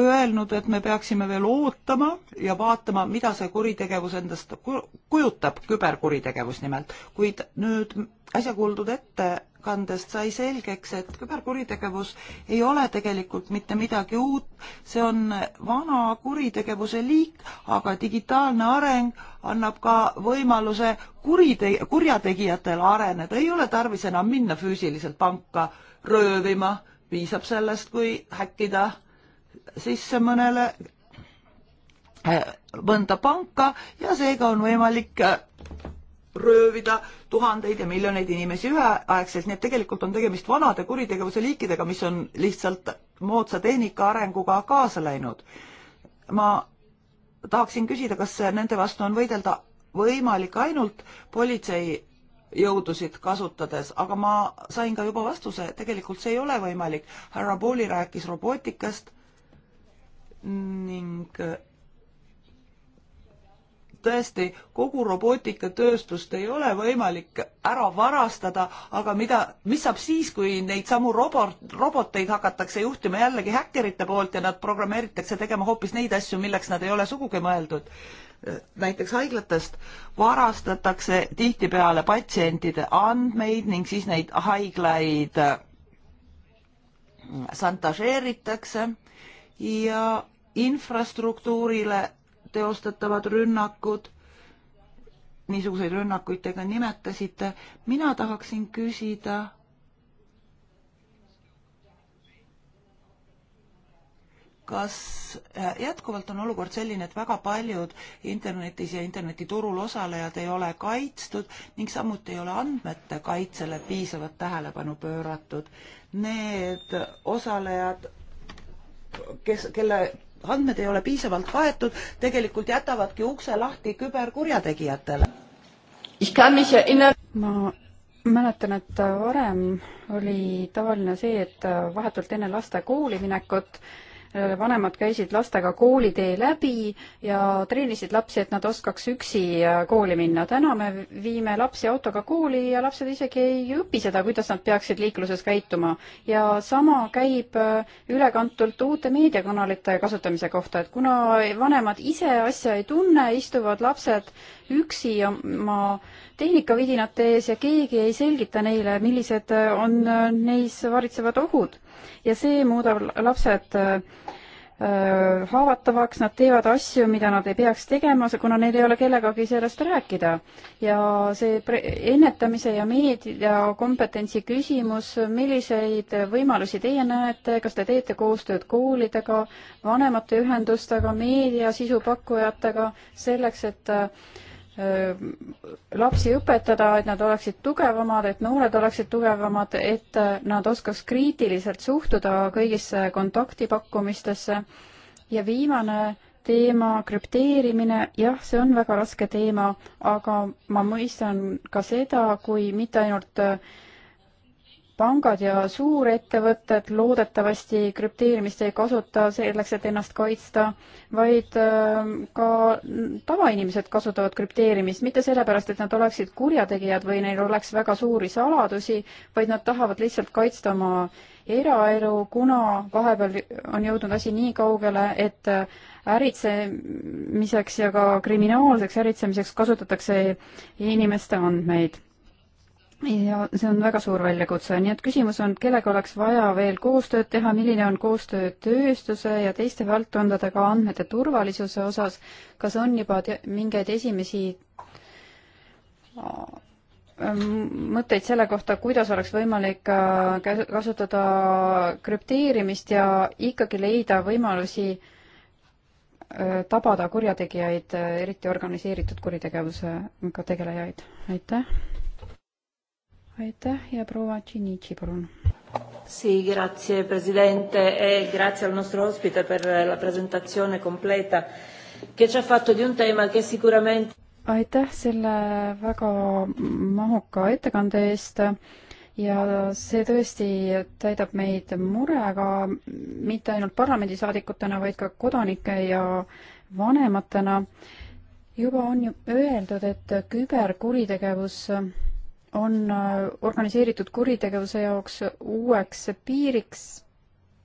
öelnud, et me peaksime veel ootama ja vaatama, mida see kuritegevus endast kujutab, küberkuritegevus nimelt. kuid nüüd äsja kuuldud ettekandest sai selgeks, et küberkuritegevus ei ole tegelikult mitte midagi uut, see on vana kuritegevuse liik, aga digitaalne areng annab ka võimaluse kurite-, kurjategijatele areneda, ei ole tarvis enam minna füüsiliselt panka röövima, piisab sellest, kui häkkida sisse mõnele, äh, mõnda panka ja seega on võimalik äh, röövida tuhandeid ja miljoneid inimesi üheaegselt, nii et tegelikult on tegemist vanade kuritegevuse liikidega, mis on lihtsalt moodsa tehnika arenguga kaasa läinud. ma tahaksin küsida, kas nende vastu on võidelda võimalik ainult politseijõudusid kasutades, aga ma sain ka juba vastuse, tegelikult see ei ole võimalik. härra Pooli rääkis robootikast ning äh, tõesti, kogu robootikatööstust ei ole võimalik ära varastada, aga mida, mis saab siis, kui neid samu robot, roboteid hakatakse juhtima jällegi häkkerite poolt ja nad programmeeritakse tegema hoopis neid asju, milleks nad ei ole sugugi mõeldud? Äh, näiteks haiglatest varastatakse tihtipeale patsientide andmeid ning siis neid haiglaid äh, šantažeeritakse ja infrastruktuurile teostatavad rünnakud, niisuguseid rünnakuid te ka nimetasite, mina tahaksin küsida, kas äh, jätkuvalt on olukord selline, et väga paljud internetis ja internetiturul osalejad ei ole kaitstud ning samuti ei ole andmete kaitsele piisavat tähelepanu pööratud. Need osalejad, kes, kelle andmed ei ole piisavalt kaetud, tegelikult jätavadki ukse lahti küberkurjategijatele. ma mäletan, et varem oli tavaline see, et vahetult enne laste kooli minekut äh, Äh, vanemad käisid lastega koolitee läbi ja treenisid lapsi, et nad oskaks üksi äh, kooli minna. täna me viime lapsi autoga kooli ja lapsed isegi ei õpi seda, kuidas nad peaksid liikluses käituma. ja sama käib äh, ülekantult uute meediakanalite kasutamise kohta, et kuna vanemad ise asja ei tunne, istuvad lapsed üksi oma tehnikavidinad ees ja keegi ei selgita neile, millised äh, on äh, neis varitsevad ohud. ja see muudab lapsed äh, haavatavaks, nad teevad asju, mida nad ei peaks tegema, kuna neil ei ole kellegagi sellest rääkida. ja see ennetamise ja meediakompetentsi küsimus, milliseid võimalusi teie näete, kas te teete koostööd koolidega, vanemate ühendustega, meediasisupakkujatega selleks, et Äh, lapsi õpetada, et nad oleksid tugevamad, et noored oleksid tugevamad, et äh, nad oskaks kriitiliselt suhtuda kõigisse kontaktipakkumistesse. ja viimane teema, krüpteerimine, jah, see on väga raske teema, aga ma mõistan ka seda, kui mitte ainult äh, pangad ja suurettevõtted loodetavasti krüpteerimist ei kasuta selleks, et ennast kaitsta, vaid ähm, ka tavainimesed kasutavad krüpteerimist mitte sellepärast, et nad oleksid kurjategijad või neil oleks väga suuri saladusi, vaid nad tahavad lihtsalt kaitsta oma eraelu, kuna vahepeal on jõudnud asi nii kaugele, et äh, äritsemiseks ja ka kriminaalseks äritsemiseks kasutatakse inimeste andmeid ja see on väga suur väljakutse, nii et küsimus on, kellega oleks vaja veel koostööd teha, milline on koostöö tööstuse ja teiste valdkondadega andmete turvalisuse osas, kas on juba mingeid esimesi mõtteid selle kohta, kuidas oleks võimalik kasutada krüpteerimist ja ikkagi leida võimalusi tabada kurjategijaid, eriti organiseeritud kuritegevusega tegelejaid, aitäh! aitäh ja proua Tšinitši, palun. Sì, grazie Presidente e grazie al nostro ospite per la presentazione completa che ci ha fatto di un tema che sicuramente aitäh selle väga mahuka ettekande eest ja see tõesti täidab meid murega mitte ainult parlamendisaadikutena, vaid ka kodanike ja vanematena. juba on ju öeldud, et küberkuritegevus on äh, organiseeritud kuritegevuse jaoks uueks piiriks,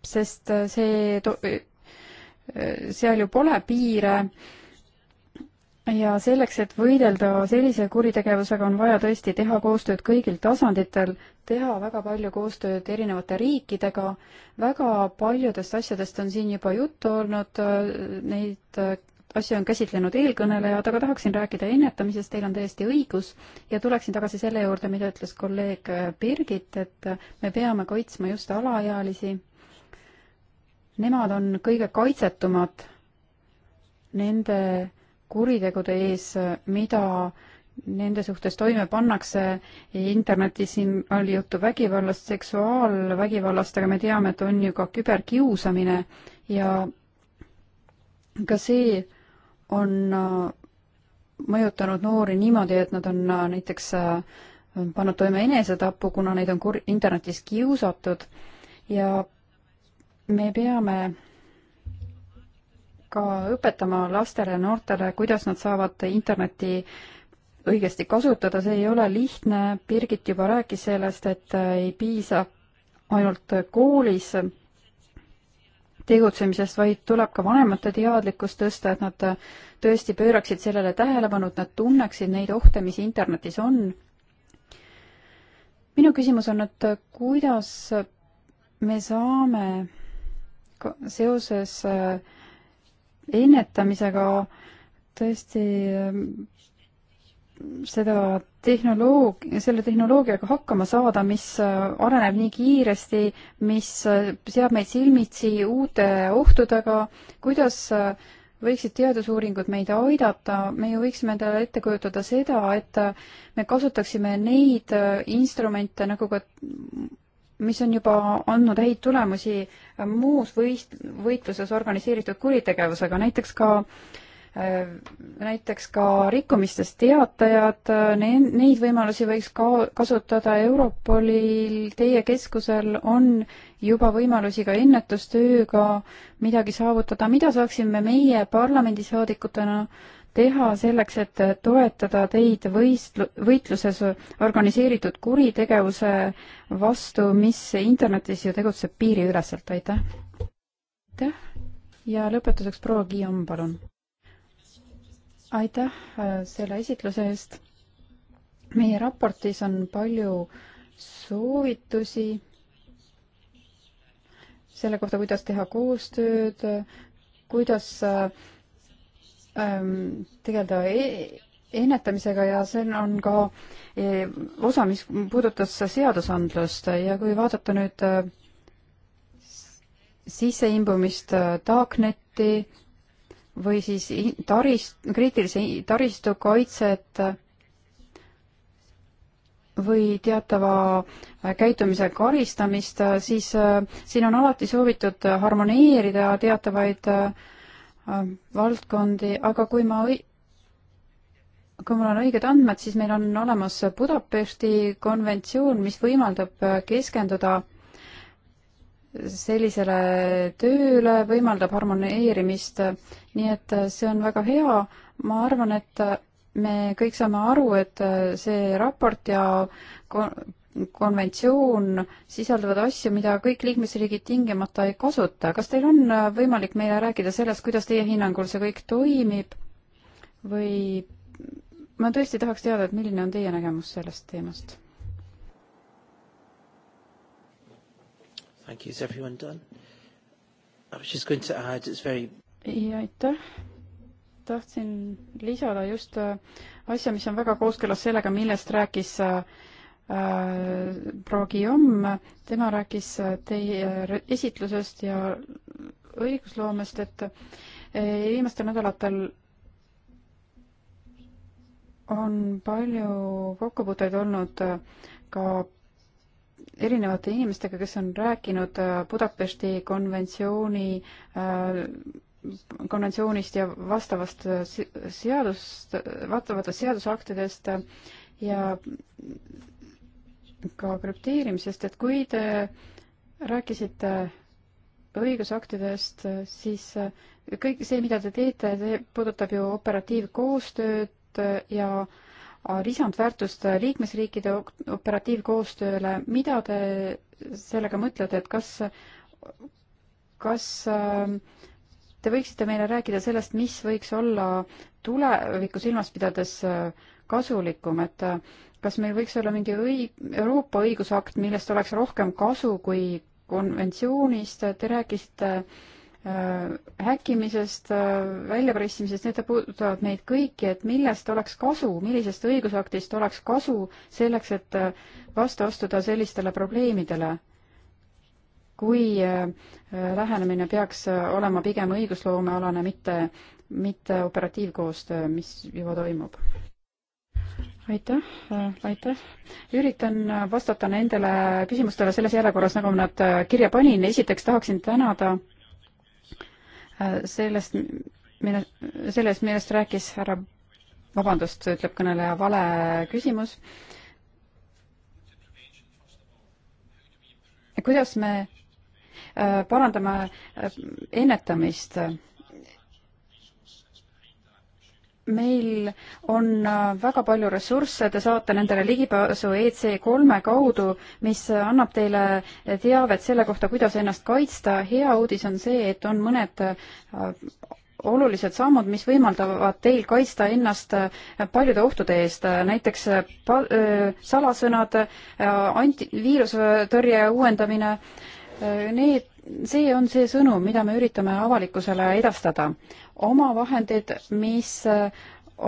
sest äh, see, äh, seal ju pole piire ja selleks, et võidelda sellise kuritegevusega, on vaja tõesti teha koostööd kõigil tasanditel, teha väga palju koostööd erinevate riikidega, väga paljudest asjadest on siin juba juttu olnud, neid asja on käsitlenud eelkõnelejad, aga tahaksin rääkida ennetamisest, teil on täiesti õigus, ja tuleksin tagasi selle juurde, mida ütles kolleeg Birgit, et me peame kaitsma just alaealisi. Nemad on kõige kaitsetumad nende kuritegude ees, mida nende suhtes toime pannakse. internetis siin oli juttu vägivallast, seksuaalvägivallast, aga me teame, et on ju ka küberkiusamine ja ka see on äh, mõjutanud noori niimoodi, et nad on äh, näiteks äh, pannud toime enesetapu, kuna neid on kur-, internetis kiusatud ja me peame ka õpetama lastele ja noortele, kuidas nad saavad internetti õigesti kasutada, see ei ole lihtne, Birgit juba rääkis sellest, et ei piisa ainult koolis tegutsemisest, vaid tuleb ka vanemate teadlikkust tõsta, et nad tõesti pööraksid sellele tähelepanu, et nad tunneksid neid ohte, mis internetis on. minu küsimus on, et kuidas me saame seoses äh, ennetamisega tõesti äh, seda tehnoloog-, selle tehnoloogiaga hakkama saada, mis äh, areneb nii kiiresti, mis äh, seab meid silmitsi uute ohtudega, kuidas äh, võiksid teadusuuringud meid aidata, me ju võiksime endale ette kujutada seda, et me kasutaksime neid instrumente nagu ka mis on juba andnud häid tulemusi muus võist-, võitluses organiseeritud kuritegevusega, näiteks ka äh, Äh, näiteks ka rikkumistest teatajad, äh, neid võimalusi võiks ka kasutada Europolil, teie keskusel on juba võimalusi ka ennetustööga midagi saavutada, mida saaksime meie parlamendisaadikutena teha selleks, et toetada teid võistlu-, võitluses organiseeritud kuritegevuse vastu, mis internetis ju tegutseb piiriüleselt, aitäh! aitäh ja lõpetuseks proua Guillaume, palun! aitäh äh, selle esitluse eest. meie raportis on palju soovitusi selle kohta, kuidas teha koostööd, kuidas äh, ähm, tegeleda e ennetamisega ja see on ka e osa, mis puudutas seadusandlust ja kui vaadata nüüd äh, sisseimbumist äh, Darknetti, või siis tarist, kriitilise taristu kaitset või teatava äh, käitumise karistamist, äh, siis äh, siin on alati soovitud harmoneerida teatavaid valdkondi, aga kui ma kui mul on õiged andmed, siis meil on olemas Budapesti konventsioon, mis võimaldab keskenduda sellisele tööle, võimaldab harmoneerimist nii et äh, see on väga hea, ma arvan, et äh, me kõik saame aru, et äh, see raport ja konventsioon sisaldavad asju, mida kõik liikmesriigid tingimata ei kasuta. kas teil on võimalik meile rääkida sellest, kuidas teie hinnangul see kõik toimib või ma tõesti tahaks teada, et milline on teie nägemus sellest teemast? Thank you. Is everyone done? I was just going to add, it's very ja aitäh. tahtsin lisada just äh, asja, mis on väga kooskõlas sellega, millest rääkis äh, äh, proua Guillaume, tema rääkis teie esitlusest ja õigusloomest, et viimastel nädalatel on palju kokkupuuteid olnud ka erinevate inimestega, kes on rääkinud Budapesti konventsiooni konventsioonist ja vastavast äh, seadust, vastavatest seadusaktidest äh, ja ka krüpteerimisest, et kui te rääkisite õigusaktidest, siis äh, kõik see, mida te teete, see puudutab ju operatiivkoostööd ja lisandväärtust liikmesriikide operatiivkoostööle, mida te sellega mõtlete, et kas, kas äh, te võiksite meile rääkida sellest, mis võiks olla tulevikku silmas pidades äh, kasulikum, et äh, kas meil võiks olla mingi õi-, Euroopa õigusakt, millest oleks rohkem kasu kui konventsioonist, te rääkisite äh, häkkimisest, väljapressimisest, need puudutavad meid kõiki, et millest oleks kasu, millisest õigusaktist oleks kasu selleks, et vastu astuda sellistele probleemidele kui äh, lähenemine peaks äh, olema pigem õigusloomealane, mitte, mitte operatiivkoostöö, mis juba toimub? aitäh, äh, aitäh. üritan vastata nendele küsimustele selles järjekorras, nagu ma nad kirja panin. esiteks tahaksin tänada sellest, mille, sellest, millest rääkis härra, vabandust, ütleb kõneleja, vale küsimus kuidas me Äh, parandame äh, ennetamist. meil on äh, väga palju ressursse, te saate nendele ligipääsu EC kolme kaudu, mis annab teile teavet selle kohta, kuidas ennast kaitsta. hea uudis on see, et on mõned olulised sammud, mis võimaldavad teil kaitsta ennast paljude ohtude eest, näiteks pal-, salasõnad, anti-, viirusetõrje uuendamine äh,, Need, see on see sõnum, mida me üritame avalikkusele edastada. oma vahendid, mis äh,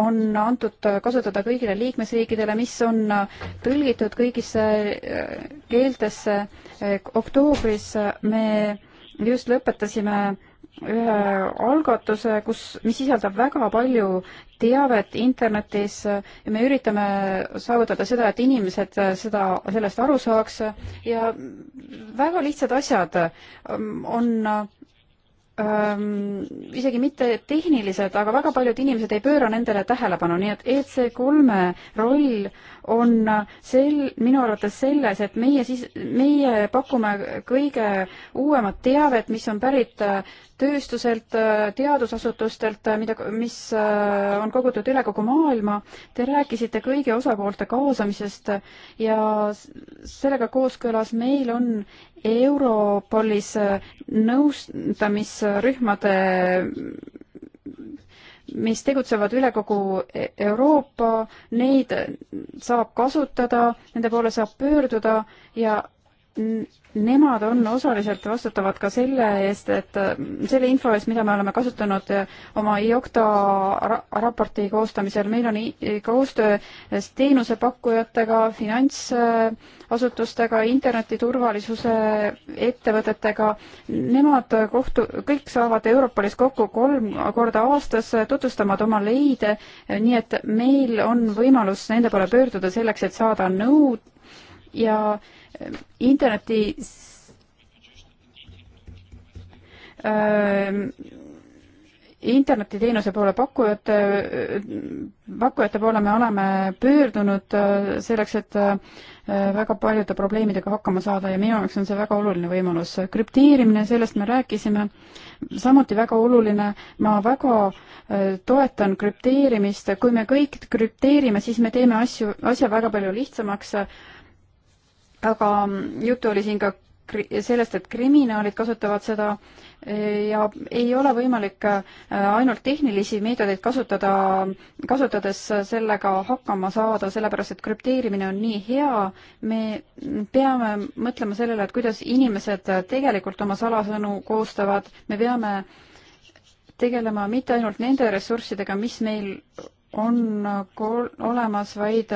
on antud kasutada kõigile liikmesriikidele, mis on äh, tõlgitud kõigisse äh, keeltesse. oktoobris me just lõpetasime ühe algatuse, kus, mis sisaldab väga palju teavet internetis ja me üritame saavutada seda, et inimesed seda, sellest aru saaks ja väga lihtsad asjad on ähm, isegi mitte tehnilised, aga väga paljud inimesed ei pööra nendele tähelepanu, nii et EC kolme roll on sel, minu arvates selles, et meie siis, meie pakume kõige uuemat teavet, mis on pärit äh, tööstuselt, äh, teadusasutustelt, äh, mida, mis äh, on kogutud üle kogu maailma. Te rääkisite kõigi osapoolte kaasamisest ja sellega kooskõlas meil on Europolis nõustamisrühmade mis tegutsevad üle kogu e-, Euroopa, neid saab kasutada, nende poole saab pöörduda ja nemad on osaliselt vastutavad ka selle eest, et selle info eest, mida me oleme kasutanud oma IOKTA raporti koostamisel, meil on koostöö teenusepakkujatega, finantsasutustega, internetiturvalisuse ettevõtetega, nemad kohtu, kõik saavad Europolis kokku kolm korda aastas, tutvustavad oma leide, nii et meil on võimalus nende poole pöörduda selleks, et saada nõu ja äh, interneti internetiteenuse poole pakkujate, pakkujate poole me oleme pöördunud selleks, et väga paljude probleemidega hakkama saada ja minu jaoks on see väga oluline võimalus. krüpteerimine, sellest me rääkisime, samuti väga oluline, ma väga toetan krüpteerimist, kui me kõik krüpteerime, siis me teeme asju, asja väga palju lihtsamaks aga juttu oli siin ka sellest, et kriminaalid kasutavad seda e, ja ei ole võimalik e, ainult tehnilisi meetodeid kasutada, kasutades sellega hakkama saada, sellepärast et krüpteerimine on nii hea. me peame mõtlema sellele, et kuidas inimesed tegelikult oma salasõnu koostavad, me peame tegelema mitte ainult nende ressurssidega, mis meil on kol-, olemas, vaid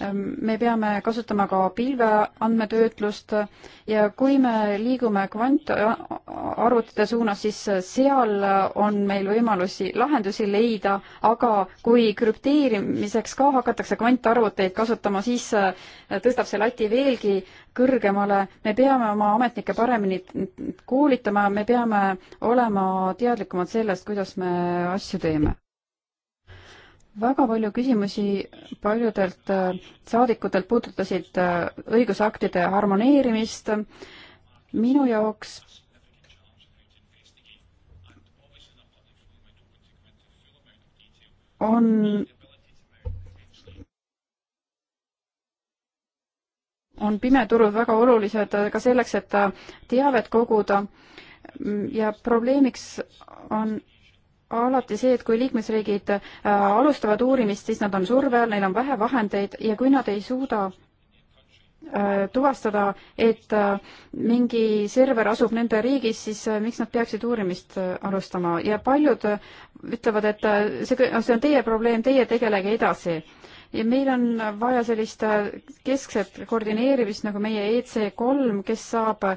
ähm, me peame kasutama ka pilveandmetöötlust ja kui me liigume kvantarvutite suunas, siis seal on meil võimalusi lahendusi leida, aga kui krüpteerimiseks ka hakatakse kvantarvuteid kasutama, siis äh, tõstab see lati veelgi kõrgemale, me peame oma ametnikke paremini koolitama, me peame olema teadlikumad sellest, kuidas me asju teeme väga palju küsimusi paljudelt äh, saadikutelt puudutasid äh, õigusaktide harmoneerimist. minu jaoks on on pimeturud väga olulised äh, ka selleks, et teavet koguda ja probleemiks on alati see, et kui liikmesriigid äh, alustavad uurimist, siis nad on surve all, neil on vähe vahendeid ja kui nad ei suuda äh, tuvastada, et äh, mingi server asub nende riigis, siis miks nad peaksid uurimist alustama ja paljud ütlevad, et see, see on teie probleem, teie tegelege edasi ja meil on vaja sellist äh, keskset koordineerimist nagu meie EC3, kes saab äh,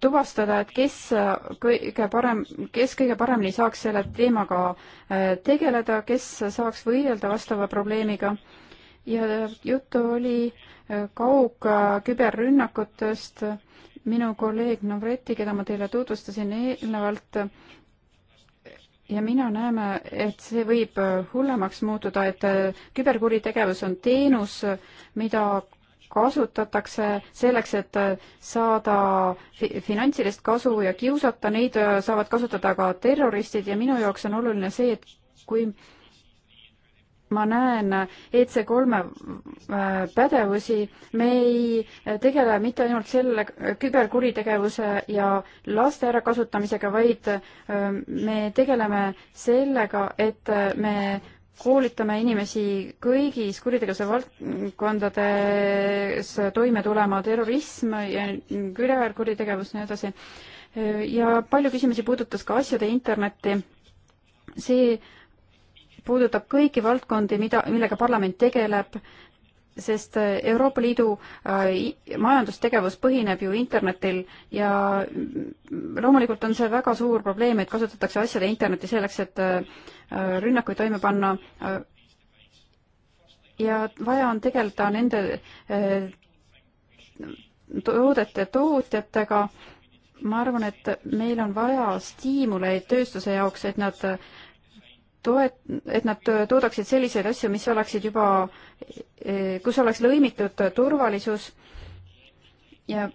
tuvastada, et kes äh, kõige parem, kes kõige paremini saaks selle teemaga tegeleda, kes saaks võidelda vastava probleemiga. ja juttu oli kaugküberrünnakutest. minu kolleeg Novreti, keda ma teile tutvustasin eelnevalt, ja mina näeme, et see võib äh, hullemaks muutuda, et äh, küberkuritegevus on teenus, äh, mida kasutatakse selleks, et saada finantsilist kasu ja kiusata, neid saavad kasutada ka terroristid ja minu jaoks on oluline see, et kui ma näen EC3 äh, pädevusi, me ei tegele mitte ainult selle küberkuritegevuse ja laste ärakasutamisega, vaid äh, me tegeleme sellega, et äh, me koolitame inimesi kõigis kuritegevuse valdkondades toime tulema terrorism ja küberkuritegevus ja nii edasi. ja palju küsimusi puudutas ka asjade internetti. see puudutab kõiki valdkondi, mida, millega parlament tegeleb, sest Euroopa Liidu äh, majandustegevus põhineb ju internetil ja loomulikult on see väga suur probleem, et kasutatakse asjade internetti selleks, et äh, rünnakuid toime panna. Äh, ja vaja on tegeleda nende toodete tootjatega. ma arvan, et meil on vaja stiimuleid tööstuse jaoks, et nad äh, toet-, et nad toodaksid selliseid asju, mis oleksid juba, kus oleks lõimitud turvalisus ja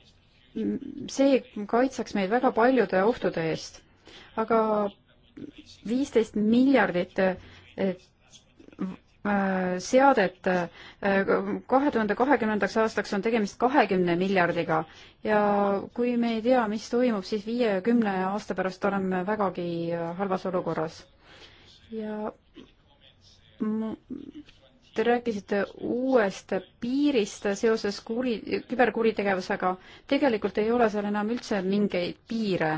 see kaitseks meid väga paljude ohtude eest. aga viisteist miljardit äh, seadet äh, kahe tuhande kahekümnendaks aastaks on tegemist kahekümne miljardiga ja kui me ei tea, mis toimub, siis viie-kümne aasta pärast oleme vägagi halvas olukorras ja te rääkisite uuest piirist seoses kuri, küberkuritegevusega. tegelikult ei ole seal enam üldse mingeid piire.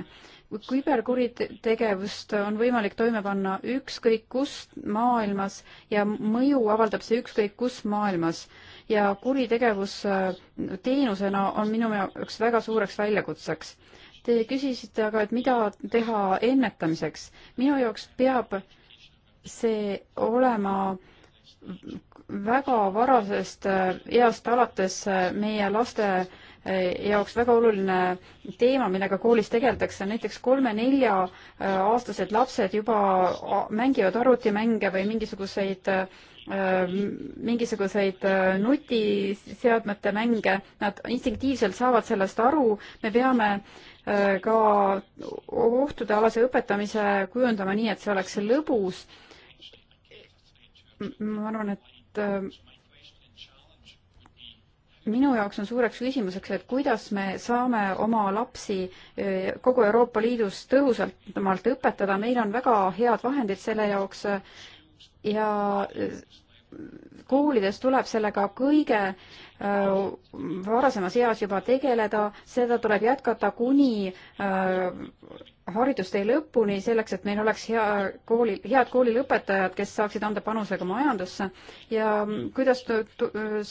küberkuritegevust on võimalik toime panna ükskõik kus maailmas ja mõju avaldab see ükskõik kus maailmas. ja kuritegevus äh, teenusena on minu jaoks väga suureks väljakutseks. Te küsisite aga, et mida teha ennetamiseks. minu jaoks peab äh, see olema väga varasest äh, east alates äh, meie laste äh, jaoks väga oluline teema, millega koolis tegeldakse, näiteks kolme-nelja-aastased lapsed juba mängivad arvutimänge või mingisuguseid mingisuguseid nutiseadmete mänge, nad instinktiivselt saavad sellest aru, me peame ka ohtudealase õpetamise kujundama nii, et see oleks lõbus ma arvan, et äh, minu jaoks on suureks küsimuseks, et kuidas me saame oma lapsi äh, kogu Euroopa Liidus tõhusamalt õpetada, meil on väga head vahendid selle jaoks äh, ja koolides tuleb sellega kõige Äh, varasemas eas juba tegeleda, seda tuleb jätkata kuni äh, haridustee lõpuni, selleks et meil oleks hea kooli, head koolilõpetajad, kes saaksid anda panuse ka majandusse ja kuidas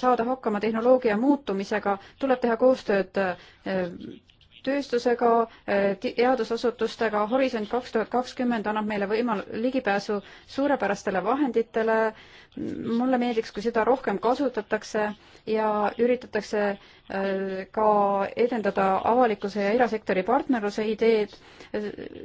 saada hakkama tehnoloogia muutumisega, tuleb teha koostööd äh, tööstusega, teadusasutustega, Horisont kaks tuhat kakskümmend annab meile võimal-, ligipääsu suurepärastele vahenditele äh,, mulle meeldiks, kui seda rohkem kasutatakse ja üritatakse äh, ka edendada avalikkuse ja erasektori partnerluse ideed.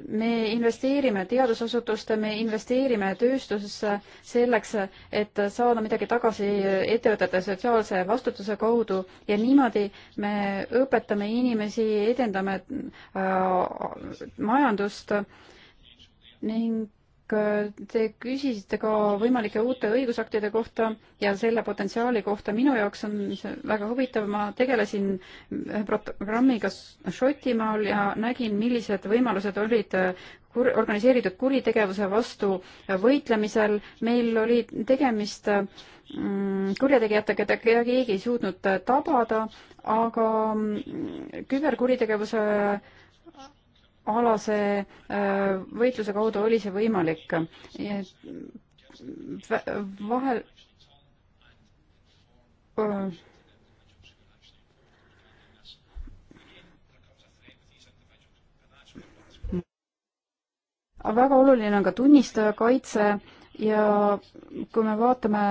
me investeerime teadusasutuste, me investeerime tööstusesse selleks, et saada midagi tagasi ettevõtete sotsiaalse vastutuse kaudu ja niimoodi me õpetame inimesi, edendame äh, majandust ning Äh, te küsisite ka võimalike uute õigusaktide kohta ja selle potentsiaali kohta. minu jaoks on see väga huvitav, ma tegelesin ühe programmiga Šotimaal ja nägin, millised võimalused olid äh, kur-, organiseeritud kuritegevuse vastu võitlemisel. meil oli tegemist äh, mm, kurjategijatega, keda keegi ei suutnud tabada, aga mm, küberkuritegevuse äh, alase äh, võitluse kaudu oli see võimalik. vahel aga äh, väga oluline on ka tunnistaja kaitse ja kui me vaatame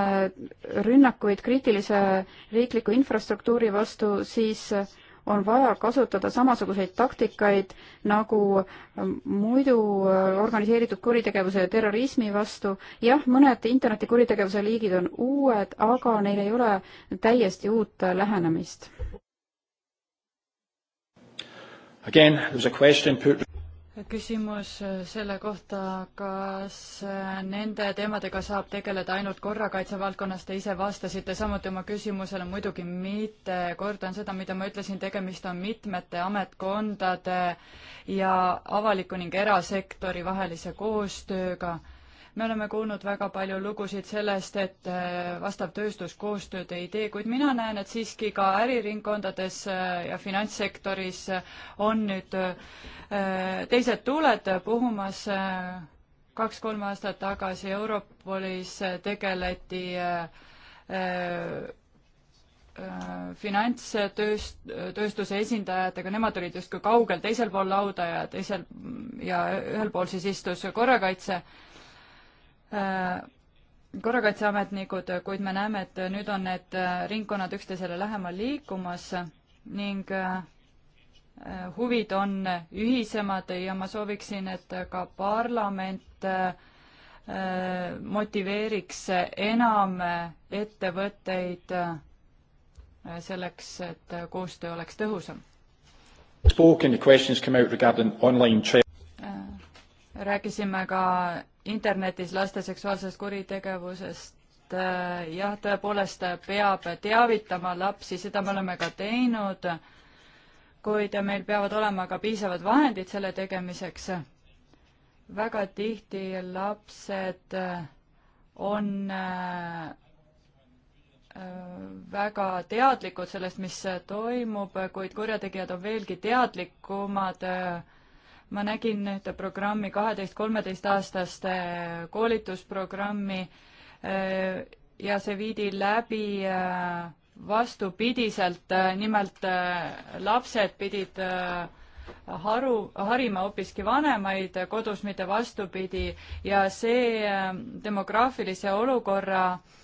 rünnakuid kriitilise riikliku infrastruktuuri vastu, siis äh, on vaja kasutada samasuguseid taktikaid nagu ähm, muidu äh, organiseeritud kuritegevuse ja terrorismi vastu. jah, mõned internetikuritegevuse liigid on uued, aga neil ei ole täiesti uut äh, lähenemist. Again, there was a question put küsimus äh, selle kohta, kas äh, nende teemadega saab tegeleda ainult korrakaitse valdkonnas, te ise vastasite samuti oma küsimusele, muidugi mitte, kordan seda, mida ma ütlesin, tegemist on mitmete ametkondade ja avaliku ning erasektori vahelise koostööga me oleme kuulnud väga palju lugusid sellest, et äh, vastav tööstus koostööd ei tee, kuid mina näen, et siiski ka äriringkondades äh, ja finantssektoris äh, on nüüd teised tuuled puhumas. kaks-kolm aastat tagasi Europolis tegeleti finantstööst-, tööstuse esindajatega, nemad olid justkui kaugel teisel pool lauda ja teisel ja ühel pool siis istus korrakaitse äh, Äh, korrakaitseametnikud, kuid me näeme, et nüüd on need äh, ringkonnad üksteisele lähemal liikumas ning äh, huvid on ühisemad ja ma sooviksin, et ka parlament motiveeriks enam ettevõtteid selleks, et koostöö oleks tõhusam. rääkisime ka internetis laste seksuaalsest kuritegevusest, äh, jah, tõepoolest peab teavitama lapsi, seda me oleme ka teinud, kuid meil peavad olema ka piisavad vahendid selle tegemiseks. väga tihti lapsed äh, on äh, väga teadlikud sellest, mis toimub, kuid kurjategijad on veelgi teadlikumad äh, ma nägin ühte programmi, kaheteist, kolmeteistaastaste koolitusprogrammi äh, ja see viidi läbi äh, vastupidiselt, äh, nimelt lapsed pidid haru, harima hoopiski vanemaid kodus, mitte vastupidi, ja see demograafilise olukorra äh,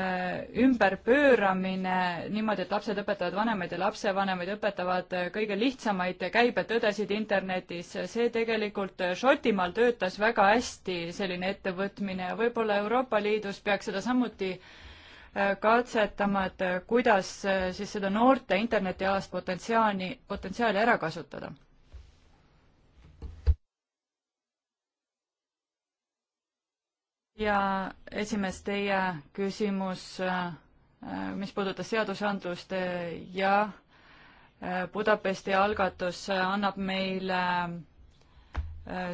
Äh, ümberpööramine niimoodi, et lapsed õpetavad vanemaid ja lapsevanemad õpetavad äh, kõige lihtsamaid käibetõdesid internetis, see tegelikult äh, Šotimaal töötas väga hästi, selline ettevõtmine, võib-olla Euroopa Liidus peaks seda samuti katsetama, et kuidas siis seda noorte internetialast potentsiaali, potentsiaali ära kasutada ja esimees, teie küsimus, äh, mis puudutas seadusandlust äh, ja äh, Budapesti algatus annab meile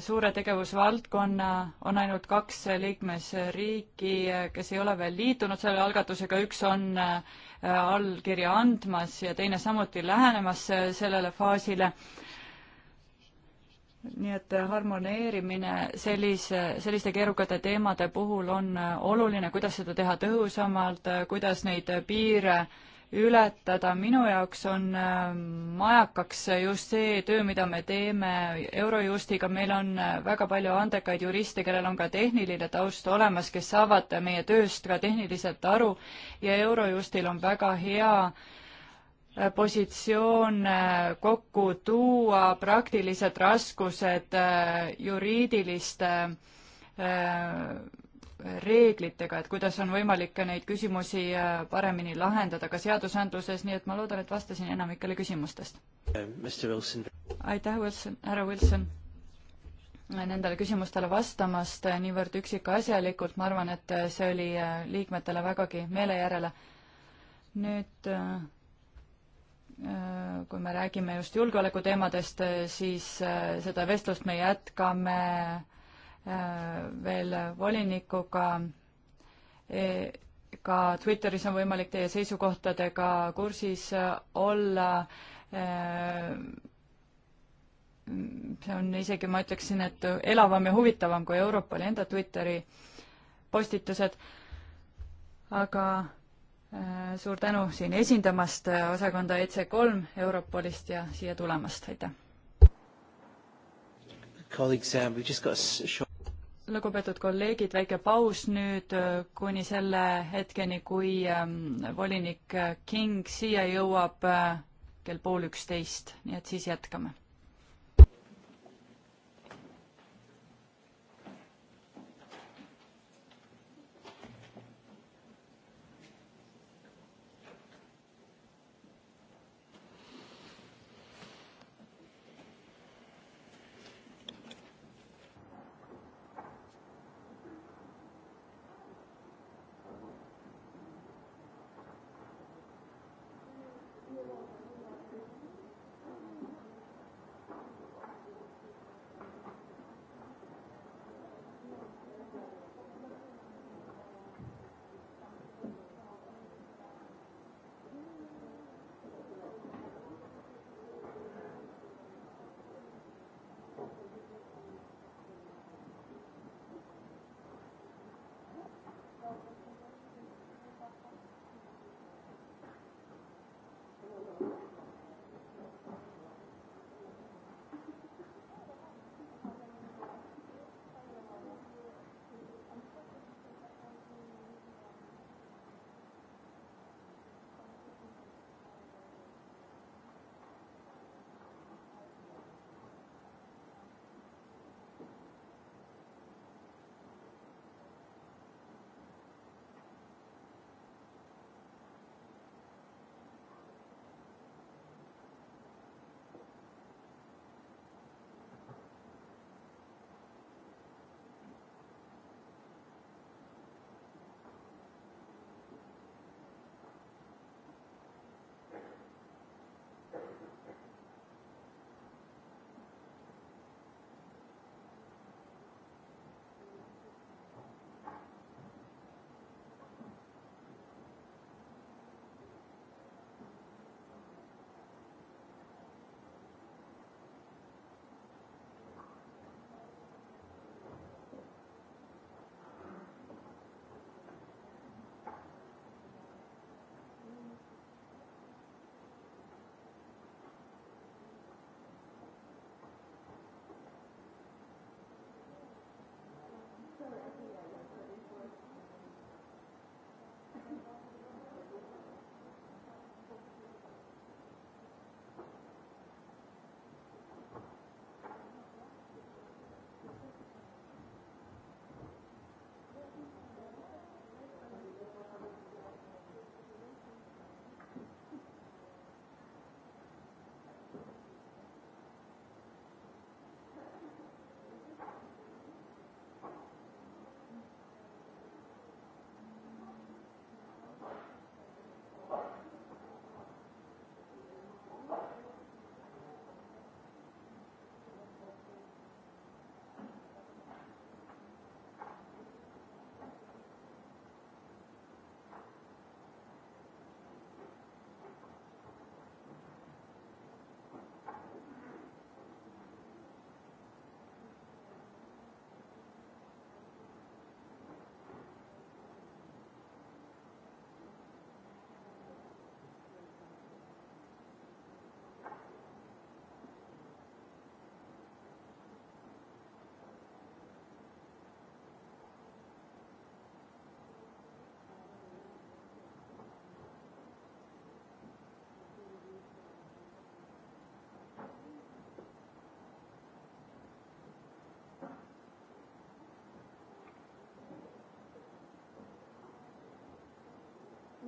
suure tegevusvaldkonna, on ainult kaks liikmesriiki, kes ei ole veel liitunud selle algatusega, üks on allkirja andmas ja teine samuti lähenemas sellele faasile nii et harmoneerimine sellise, selliste keerukate teemade puhul on oluline, kuidas seda teha tõhusamalt, kuidas neid piire ületada, minu jaoks on ähm, majakaks just see töö, mida me teeme Eurojustiga, meil on äh, väga palju andekaid juriste, kellel on ka tehniline taust olemas, kes saavad meie tööst ka tehniliselt aru ja Eurojustil on väga hea äh, positsioone äh, kokku tuua, praktilised raskused äh, juriidiliste äh, reeglitega, et kuidas on võimalik neid küsimusi paremini lahendada ka seadusandluses, nii et ma loodan, et vastasin enamikele küsimustest. Uh, aitäh, Wilson, härra Wilson, nendele küsimustele vastamast niivõrd üksikasjalikult, ma arvan, et see oli liikmetele vägagi meele järele. nüüd Äh, kui me räägime just julgeolekuteemadest, äh, siis äh, seda vestlust me jätkame veel volinikuga. E, ka Twitteris on võimalik teie seisukohtadega kursis olla. see on isegi, ma ütleksin, et elavam ja huvitavam kui Europoli enda Twitteri postitused. aga Äh, suur tänu siin esindamast äh, osakonda EC3 Europolist ja siia tulemast, aitäh! lugupeetud kolleegid, väike paus nüüd äh, kuni selle hetkeni, kui ähm, volinik King siia jõuab kell pool üksteist, nii et siis jätkame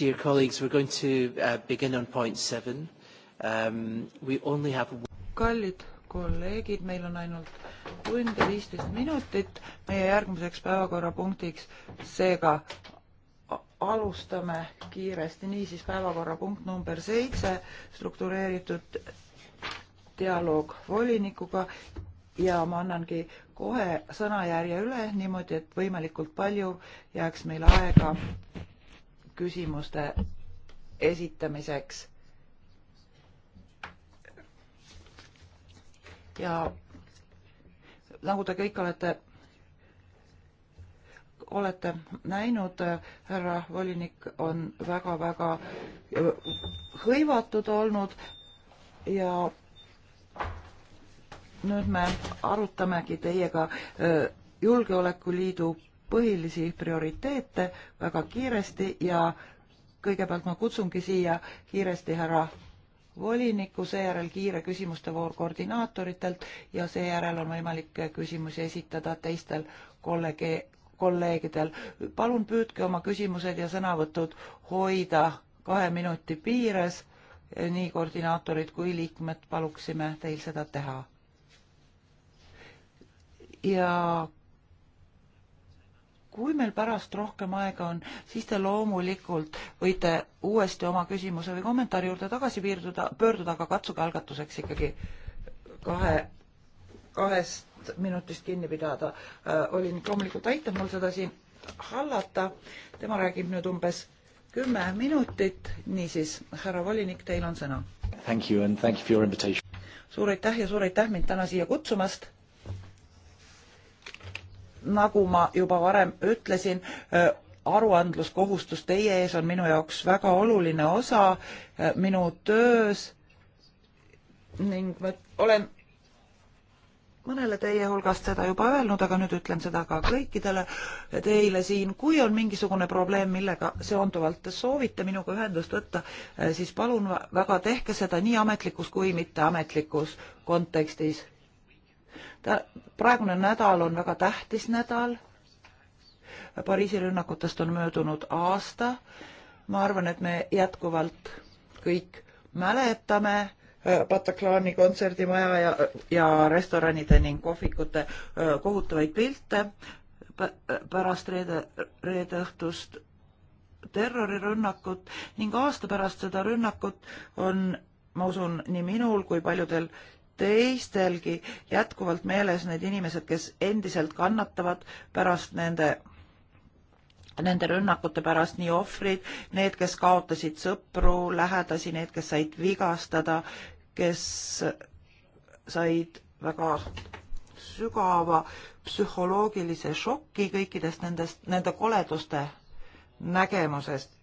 Dear colleagues, we're going to uh, begin on point seven. Um, we only have kallid kolleegid, meil on ainult tund ja viisteist minutit meie järgmiseks päevakorrapunktiks, seega alustame kiiresti, niisiis päevakorrapunkt number seitse, struktureeritud dialoog volinikuga ja ma annangi kohe sõnajärje üle niimoodi, et võimalikult palju jääks meil aega küsimuste esitamiseks. ja nagu te kõik olete, olete näinud, härra volinik on väga-väga hõivatud olnud ja nüüd me arutamegi teiega äh, Julgeolekuliidu põhilisi prioriteete väga kiiresti ja kõigepealt ma kutsungi siia kiiresti härra voliniku, seejärel kiire küsimuste voor koordinaatoritelt ja seejärel on võimalik küsimusi esitada teistel kolleegi, kolleegidel. palun püüdke oma küsimused ja sõnavõtud hoida kahe minuti piires, nii koordinaatorid kui liikmed paluksime teil seda teha. ja kui meil pärast rohkem aega on, siis te loomulikult võite uuesti oma küsimuse või kommentaari juurde tagasi piirduda, pöörduda, aga katsuge algatuseks ikkagi kahe, kahest minutist kinni pidada. Äh, olin loomulikult aitab mul seda siin hallata, tema räägib nüüd umbes kümme minutit, niisiis, härra volinik, teil on sõna. suur aitäh ja suur aitäh mind täna siia kutsumast nagu ma juba varem ütlesin, äh, aruandluskohustus teie ees on minu jaoks väga oluline osa äh, minu töös ning ma olen mõnele teie hulgast seda juba öelnud, aga nüüd ütlen seda ka kõikidele teile siin. kui on mingisugune probleem, millega seonduvalt te soovite minuga ühendust võtta, äh, siis palun väga tehke seda nii ametlikus kui mitteametlikus kontekstis ta, praegune nädal on väga tähtis nädal. Pariisi rünnakutest on möödunud aasta. ma arvan, et me jätkuvalt kõik mäletame äh, Bataclani kontserdimaja ja, ja restoranide ning kohvikute äh, kohutavaid pilte pärast reede, reede õhtust terrorirünnakut ning aasta pärast seda rünnakut on, ma usun, nii minul kui paljudel teistelgi jätkuvalt meeles need inimesed, kes endiselt kannatavad pärast nende nende rünnakute pärast nii ohvrid, need, kes kaotasid sõpru, lähedasi, need, kes said vigastada, kes said väga sügava psühholoogilise šoki kõikidest nendest, nende koleduste nägemusest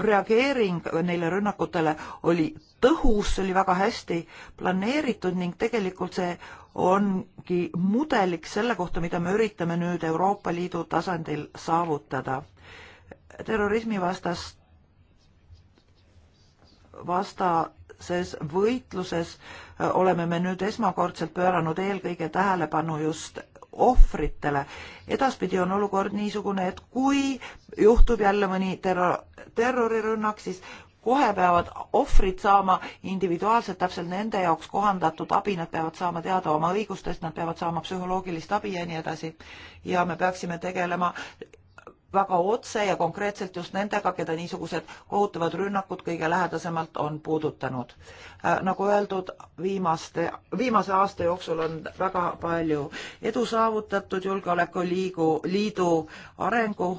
reageering neile rünnakutele oli tõhus, see oli väga hästi planeeritud ning tegelikult see ongi mudeliks selle kohta, mida me üritame nüüd Euroopa Liidu tasandil saavutada. terrorismi vastas, vastases võitluses äh, oleme me nüüd esmakordselt pööranud eelkõige tähelepanu just ohvritele. edaspidi on olukord niisugune, et kui juhtub jälle mõni terror, terrorirünnak, siis kohe peavad ohvrid saama individuaalselt täpselt nende jaoks kohandatud abi, nad peavad saama teada oma õigustest, nad peavad saama psühholoogilist abi ja nii edasi. ja me peaksime tegelema väga otse ja konkreetselt just nendega, keda niisugused kohutavad rünnakud kõige lähedasemalt on puudutanud. Äh, nagu öeldud, viimaste, viimase aasta jooksul on väga palju edu saavutatud Julgeolekuliigu, liidu arengu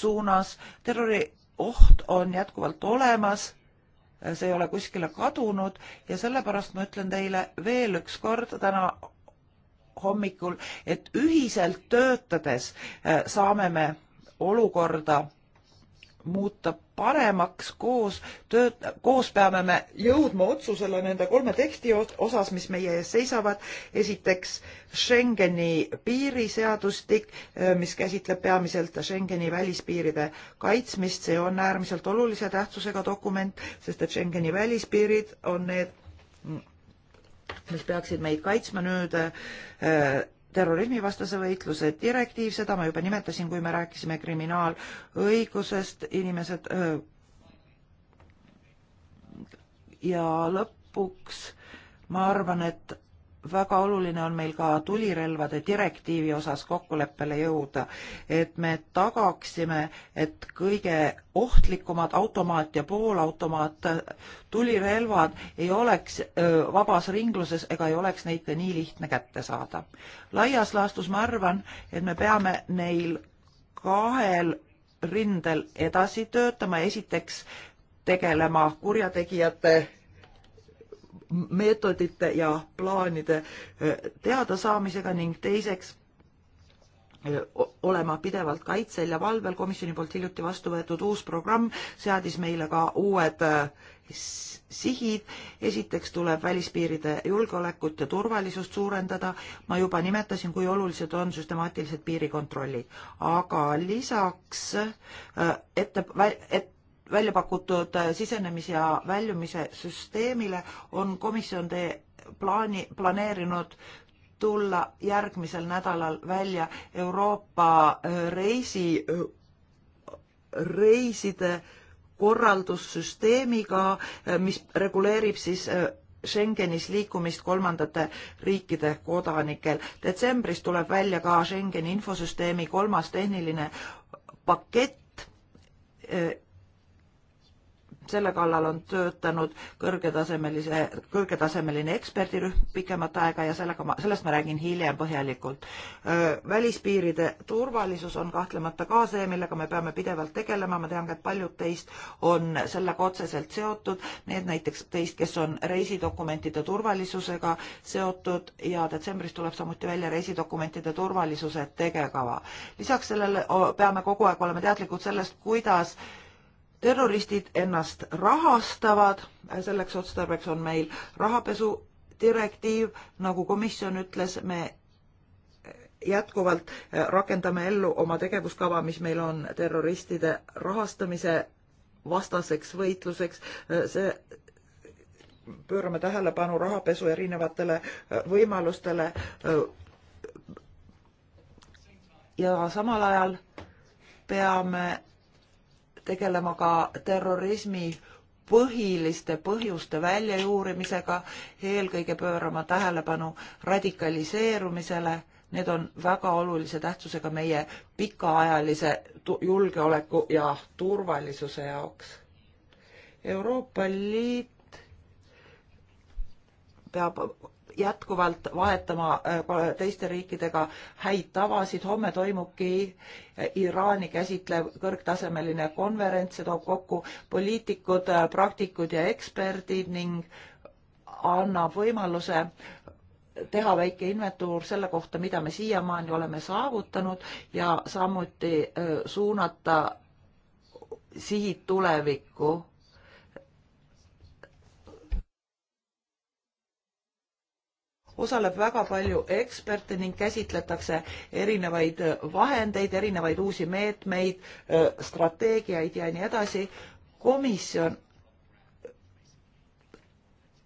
suunas, terrorioht on jätkuvalt olemas, see ei ole kuskile kadunud ja sellepärast ma ütlen teile veel üks kord täna hommikul, et ühiselt töötades äh, saame me olukorda muuta paremaks koos tööd, koos peame me jõudma otsusele nende kolme teksti osas, mis meie ees seisavad. esiteks Schengeni piiriseadustik, eh, mis käsitleb peamiselt Schengeni välispiiride kaitsmist, see on äärmiselt olulise tähtsusega dokument, sest et Schengeni välispiirid on need mis peaksid meid kaitsma nüüd eh, terrorismivastase võitluse direktiiv, seda ma juba nimetasin, kui me rääkisime kriminaalõigusest, inimesed öö, ja lõpuks ma arvan, et väga oluline on meil ka tulirelvade direktiivi osas kokkuleppele jõuda, et me tagaksime, et kõige ohtlikumad automaat ja poolautomaat tulirelvad ei oleks vabas ringluses ega ei oleks neid ka nii lihtne kätte saada. laias laastus ma arvan, et me peame neil kahel rindel edasi töötama, esiteks tegelema kurjategijate meetodite ja plaanide eh, teadasaamisega ning teiseks eh, olema pidevalt kaitsel ja valvel. komisjoni poolt hiljuti vastu võetud uus programm seadis meile ka uued eh, sihid. esiteks tuleb välispiiride julgeolekut ja turvalisust suurendada. ma juba nimetasin, kui olulised on süstemaatilised piirikontrollid, aga lisaks ette, et välja pakutud sisenemis- ja väljumise süsteemile on komisjon tee plaani, planeerinud tulla järgmisel nädalal välja Euroopa äh, reisi, äh, reiside korraldussüsteemiga, äh, mis reguleerib siis Schengenis liikumist kolmandate riikide kodanikel. detsembris tuleb välja ka Schengeni infosüsteemi kolmas tehniline pakett selle kallal on töötanud kõrgetasemelise, kõrgetasemeline eksperdirühm pikemat aega ja sellega ma, sellest ma räägin hiljem põhjalikult. välispiiride turvalisus on kahtlemata ka see, millega me peame pidevalt tegelema, ma tean ka, et paljud teist on sellega otseselt seotud, need näiteks teist, kes on reisidokumentide turvalisusega seotud ja detsembris tuleb samuti välja reisidokumentide turvalisuse tegekava. lisaks sellele peame kogu aeg olema teadlikud sellest, kuidas äh, terroristid ennast rahastavad, selleks otstarbeks on meil rahapesu direktiiv, nagu komisjon ütles, me jätkuvalt rakendame ellu oma tegevuskava, mis meil on terroristide rahastamise vastaseks võitluseks, see pöörame tähelepanu rahapesu erinevatele võimalustele ja samal ajal peame tegelema ka terrorismi põhiliste põhjuste väljajuurimisega, eelkõige pöörama tähelepanu radikaliseerumisele. Need on väga olulise tähtsusega meie pikaajalise julgeoleku ja turvalisuse jaoks. Euroopa Liit peab jätkuvalt vahetama äh, teiste riikidega häid tavasid. homme toimubki äh, Iraani käsitlev kõrgtasemeline konverents, see toob kokku poliitikud, äh, praktikud ja eksperdid ning annab võimaluse teha väike inventuur selle kohta, mida me siiamaani oleme saavutanud ja samuti suunata sihid tulevikku osaleb väga palju eksperte ning käsitletakse erinevaid vahendeid, erinevaid uusi meetmeid, strateegiaid ja nii edasi. komisjon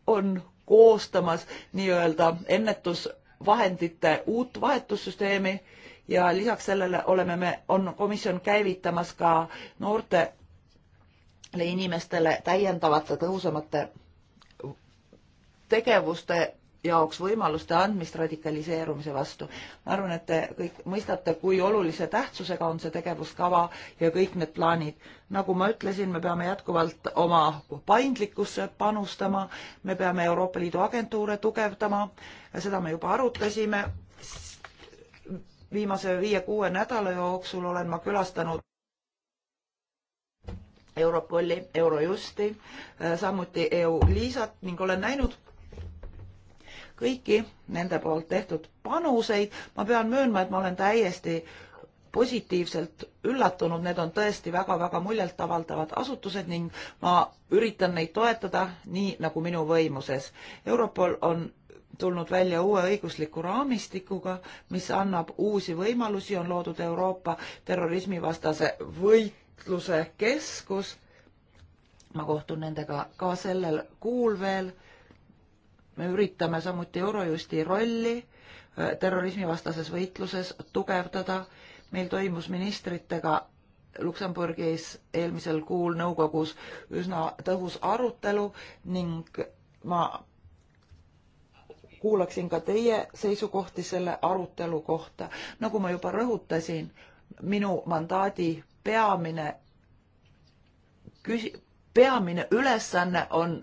on koostamas nii-öelda ennetusvahendite uut vahetussüsteemi ja lisaks sellele oleme me, on komisjon käivitamas ka noortele inimestele täiendavate tõhusamate tegevuste jaoks võimaluste andmist radikaliseerumise vastu. ma arvan, et te kõik mõistate, kui olulise tähtsusega on see tegevuskava ja kõik need plaanid. nagu ma ütlesin, me peame jätkuvalt oma paindlikkusse panustama, me peame Euroopa Liidu agentuure tugevdama, seda me juba arutasime. viimase viie-kuue nädala jooksul olen ma külastanud Europoli, Eurojusti, samuti EU-Liisat ning olen näinud, kõiki nende poolt tehtud panuseid. ma pean möönma, et ma olen täiesti positiivselt üllatunud, need on tõesti väga-väga muljeltavaldavad asutused ning ma üritan neid toetada nii, nagu minu võimuses. Europol on tulnud välja uue õigusliku raamistikuga, mis annab uusi võimalusi, on loodud Euroopa terrorismivastase võitluse keskus. ma kohtun nendega ka sellel kuul veel me üritame samuti Eurojusti rolli äh, terrorismivastases võitluses tugevdada. meil toimus ministritega Luksemburgis eelmisel kuul nõukogus üsna tõhus arutelu ning ma kuulaksin ka teie seisukohti selle arutelu kohta. nagu ma juba rõhutasin, minu mandaadi peamine küsi-, peamine ülesanne on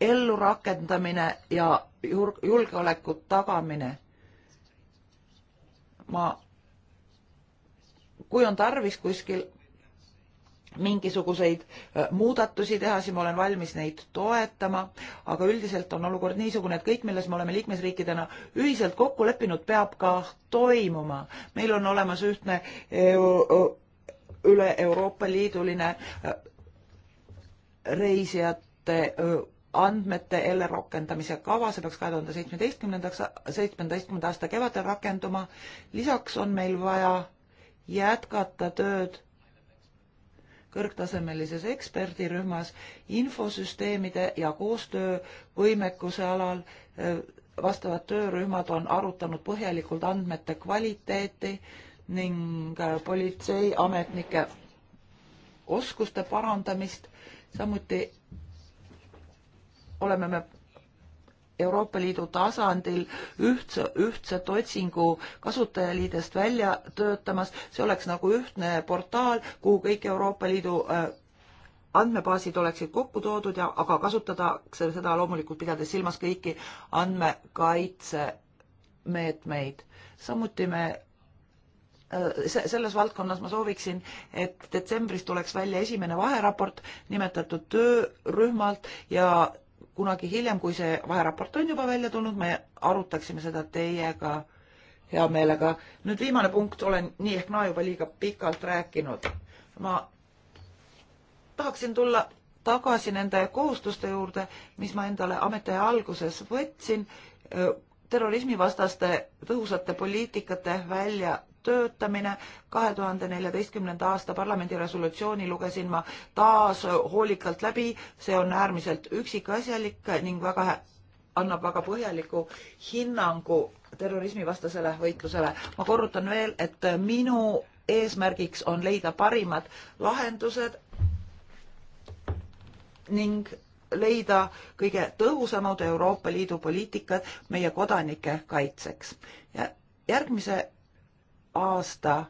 ellurakendamine ja julgeoleku tagamine. ma, kui on tarvis kuskil mingisuguseid äh, muudatusi teha, siis ma olen valmis neid toetama, aga üldiselt on olukord niisugune, et kõik, milles me oleme liikmesriikidena ühiselt kokku leppinud, peab ka toimuma. meil on olemas ühtne EU, üle Euroopa Liiduline äh, reisijate äh, andmete jälle rakendamise kava, see peaks kahe tuhande seitsmeteistkümnendaks, seitsmeteistkümnenda aasta kevadel rakenduma. lisaks on meil vaja jätkata tööd kõrgtasemelises eksperdirühmas infosüsteemide ja koostöövõimekuse alal. vastavad töörühmad on arutanud põhjalikult andmete kvaliteeti ning politseiametnike oskuste parandamist, samuti oleme me Euroopa Liidu tasandil ühtse, ühtset otsingu kasutajaliidest välja töötamas, see oleks nagu ühtne portaal, kuhu kõik Euroopa Liidu äh, andmebaasid oleksid kokku toodud ja, aga kasutatakse seda loomulikult pidades silmas kõiki andmekaitsemeetmeid. samuti me äh, selles valdkonnas ma sooviksin, et detsembris tuleks välja esimene vaheraport nimetatud töörühmalt ja kunagi hiljem, kui see vaheraport on juba välja tulnud, me arutaksime seda teiega hea meelega. nüüd viimane punkt, olen nii ehk naa juba liiga pikalt rääkinud. ma tahaksin tulla tagasi nende kohustuste juurde, mis ma endale ametiaja alguses võtsin, terrorismivastaste tõhusate poliitikate välja töötamine. kahe tuhande neljateistkümnenda aasta parlamendi resolutsiooni lugesin ma taas hoolikalt läbi, see on äärmiselt üksikasjalik ning väga annab väga põhjaliku hinnangu terrorismivastasele võitlusele. ma korrutan veel, et minu eesmärgiks on leida parimad lahendused ning leida kõige tõhusamad Euroopa Liidu poliitikad meie kodanike kaitseks. ja järgmise aasta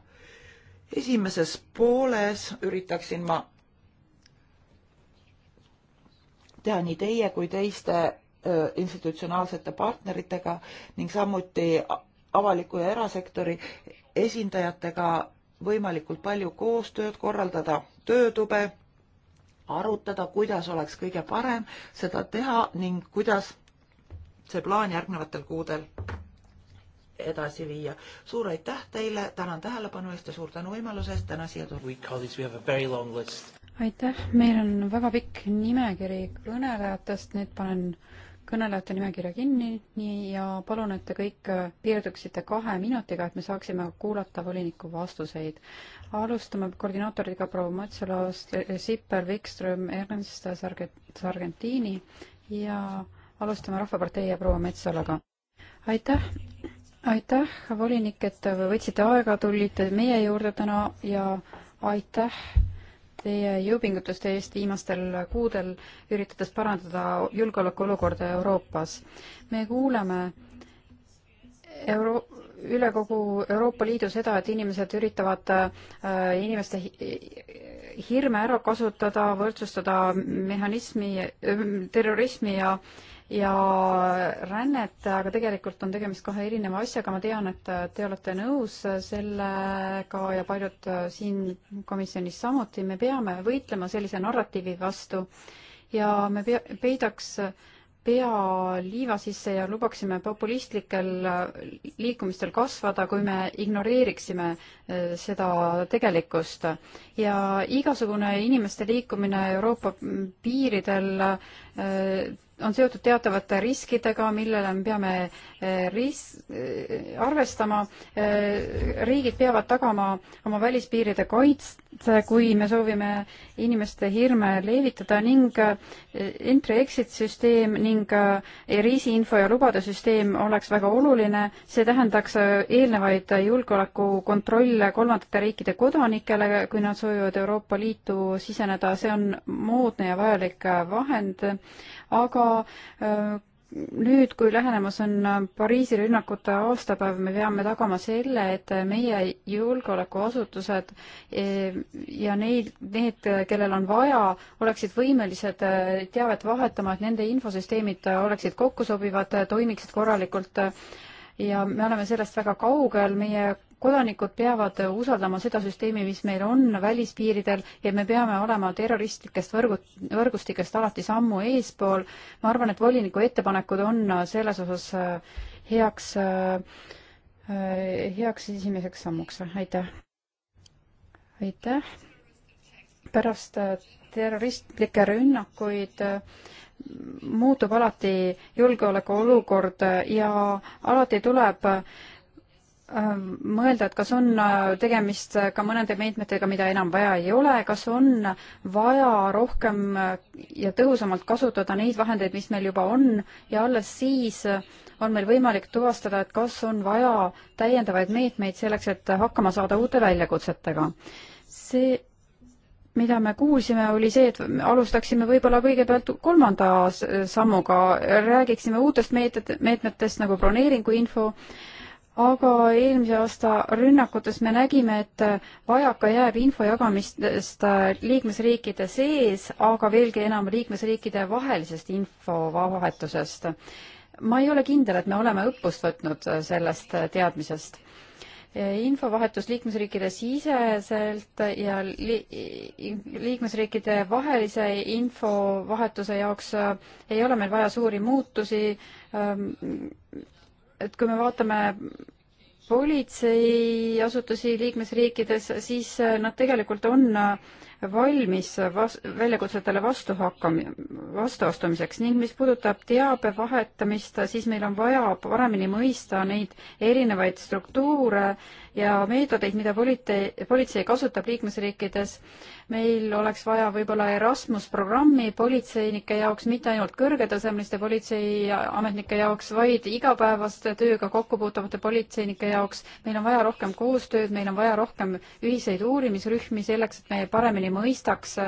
esimeses pooles üritaksin ma teha nii teie kui teiste institutsionaalsete partneritega ning samuti avaliku ja erasektori esindajatega võimalikult palju koostööd, korraldada töötube, arutada, kuidas oleks kõige parem seda teha ning kuidas see plaan järgnevatel kuudel edasi viia. suur aitäh teile, tänan tähelepanu eest ja suur tänu võimaluse eest täna siia tulla. aitäh, meil on väga pikk nimekiri kõnelejatest, nüüd panen kõnelejate nimekirja kinni, nii, ja palun, et te kõik piirduksite kahe minutiga, et me saaksime kuulata voliniku vastuseid. alustame koordinaatoriga proua Matsalast, Sipper, Wikström, Ernst, Sargentini ja alustame Rahvapartei ja proua Metsalaga. aitäh, aitäh, volinik, et võtsite aega, tulite meie juurde täna ja aitäh teie jõupingutuste eest viimastel kuudel, üritades parandada julgeolekuolukorda Euroopas. me kuuleme Euro-, üle kogu Euroopa Liidu seda, et inimesed üritavad äh, inimeste hirme ära kasutada, võrdsustada mehhanismi, äh, terrorismi ja äh, ja rännet, aga tegelikult on tegemist kahe erineva asjaga, ma tean, et te olete nõus sellega ja paljud siin komisjonis samuti, me peame võitlema sellise narratiivi vastu ja me pea, peidaks pea liiva sisse ja lubaksime populistlikel liikumistel kasvada, kui me ignoreeriksime eh, seda tegelikkust. ja igasugune inimeste liikumine Euroopa piiridel eh, on seotud teatavate riskidega, millele me peame eh, ris-, eh, arvestama. Eh, riigid peavad tagama oma välispiiride kaitst-, kui me soovime inimeste hirme leevitada ning e, entry-exit süsteem ning e, reisiinfo ja lubade süsteem oleks väga oluline. see tähendaks e, eelnevaid julgeolekukontrolle kolmandate riikide kodanikele, kui nad soovivad Euroopa Liitu siseneda, see on moodne ja vajalik vahend, aga nüüd, kui lähenemas on Pariisi rünnakute aastapäev, me peame tagama selle, et meie julgeolekuasutused e, ja neid, need, kellel on vaja, oleksid võimelised e, teavet vahetama, et nende infosüsteemid oleksid kokkusobivad, toimiksid korralikult ja me oleme sellest väga kaugel, meie kodanikud peavad usaldama seda süsteemi, mis meil on välispiiridel ja me peame olema terroristlikest võrgu, võrgustikest alati sammu eespool. ma arvan, et voliniku ettepanekud on selles osas äh, heaks, äh, äh, heaks esimeseks sammuks, aitäh. aitäh. pärast terroristlikke rünnakuid muutub alati julgeolekuolukord ja alati tuleb Ähm, mõelda, et kas on äh, tegemist äh, ka mõnede meetmetega, mida enam vaja ei ole, kas on vaja rohkem äh, ja tõhusamalt kasutada neid vahendeid, mis meil juba on ja alles siis on meil võimalik tuvastada, et kas on vaja täiendavaid meetmeid selleks, et hakkama saada uute väljakutsetega. see, mida me kuulsime, oli see, et alustaksime võib-olla kõigepealt kolmanda sammuga, räägiksime uutest meetmed, meetmetest nagu broneeringuinfo, info aga eelmise aasta rünnakutes me nägime, et vajaka jääb info jagamistest liikmesriikide sees, aga veelgi enam liikmesriikide vahelisest infovahetusest. ma ei ole kindel, et me oleme õppust võtnud sellest teadmisest. infovahetus liikmesriikide siseselt ja li liikmesriikide vahelise infovahetuse jaoks ei ole meil vaja suuri muutusi et kui me vaatame politseiasutusi liikmesriikides, siis äh, nad tegelikult on äh, valmis vas-, väljakutsetele vastu hakkam-, vastu astumiseks ning mis puudutab teabe vahetamist, siis meil on vaja paremini mõista neid erinevaid struktuure ja meetodeid, mida politei, politsei kasutab liikmesriikides. meil oleks vaja võib-olla Erasmus programmi politseinike jaoks, mitte ainult kõrgetasemeliste politseiametnike jaoks, vaid igapäevaste tööga kokku puutuvate politseinike jaoks. meil on vaja rohkem koostööd, meil on vaja rohkem ühiseid uurimisrühmi selleks, et me paremini paremini mõistaks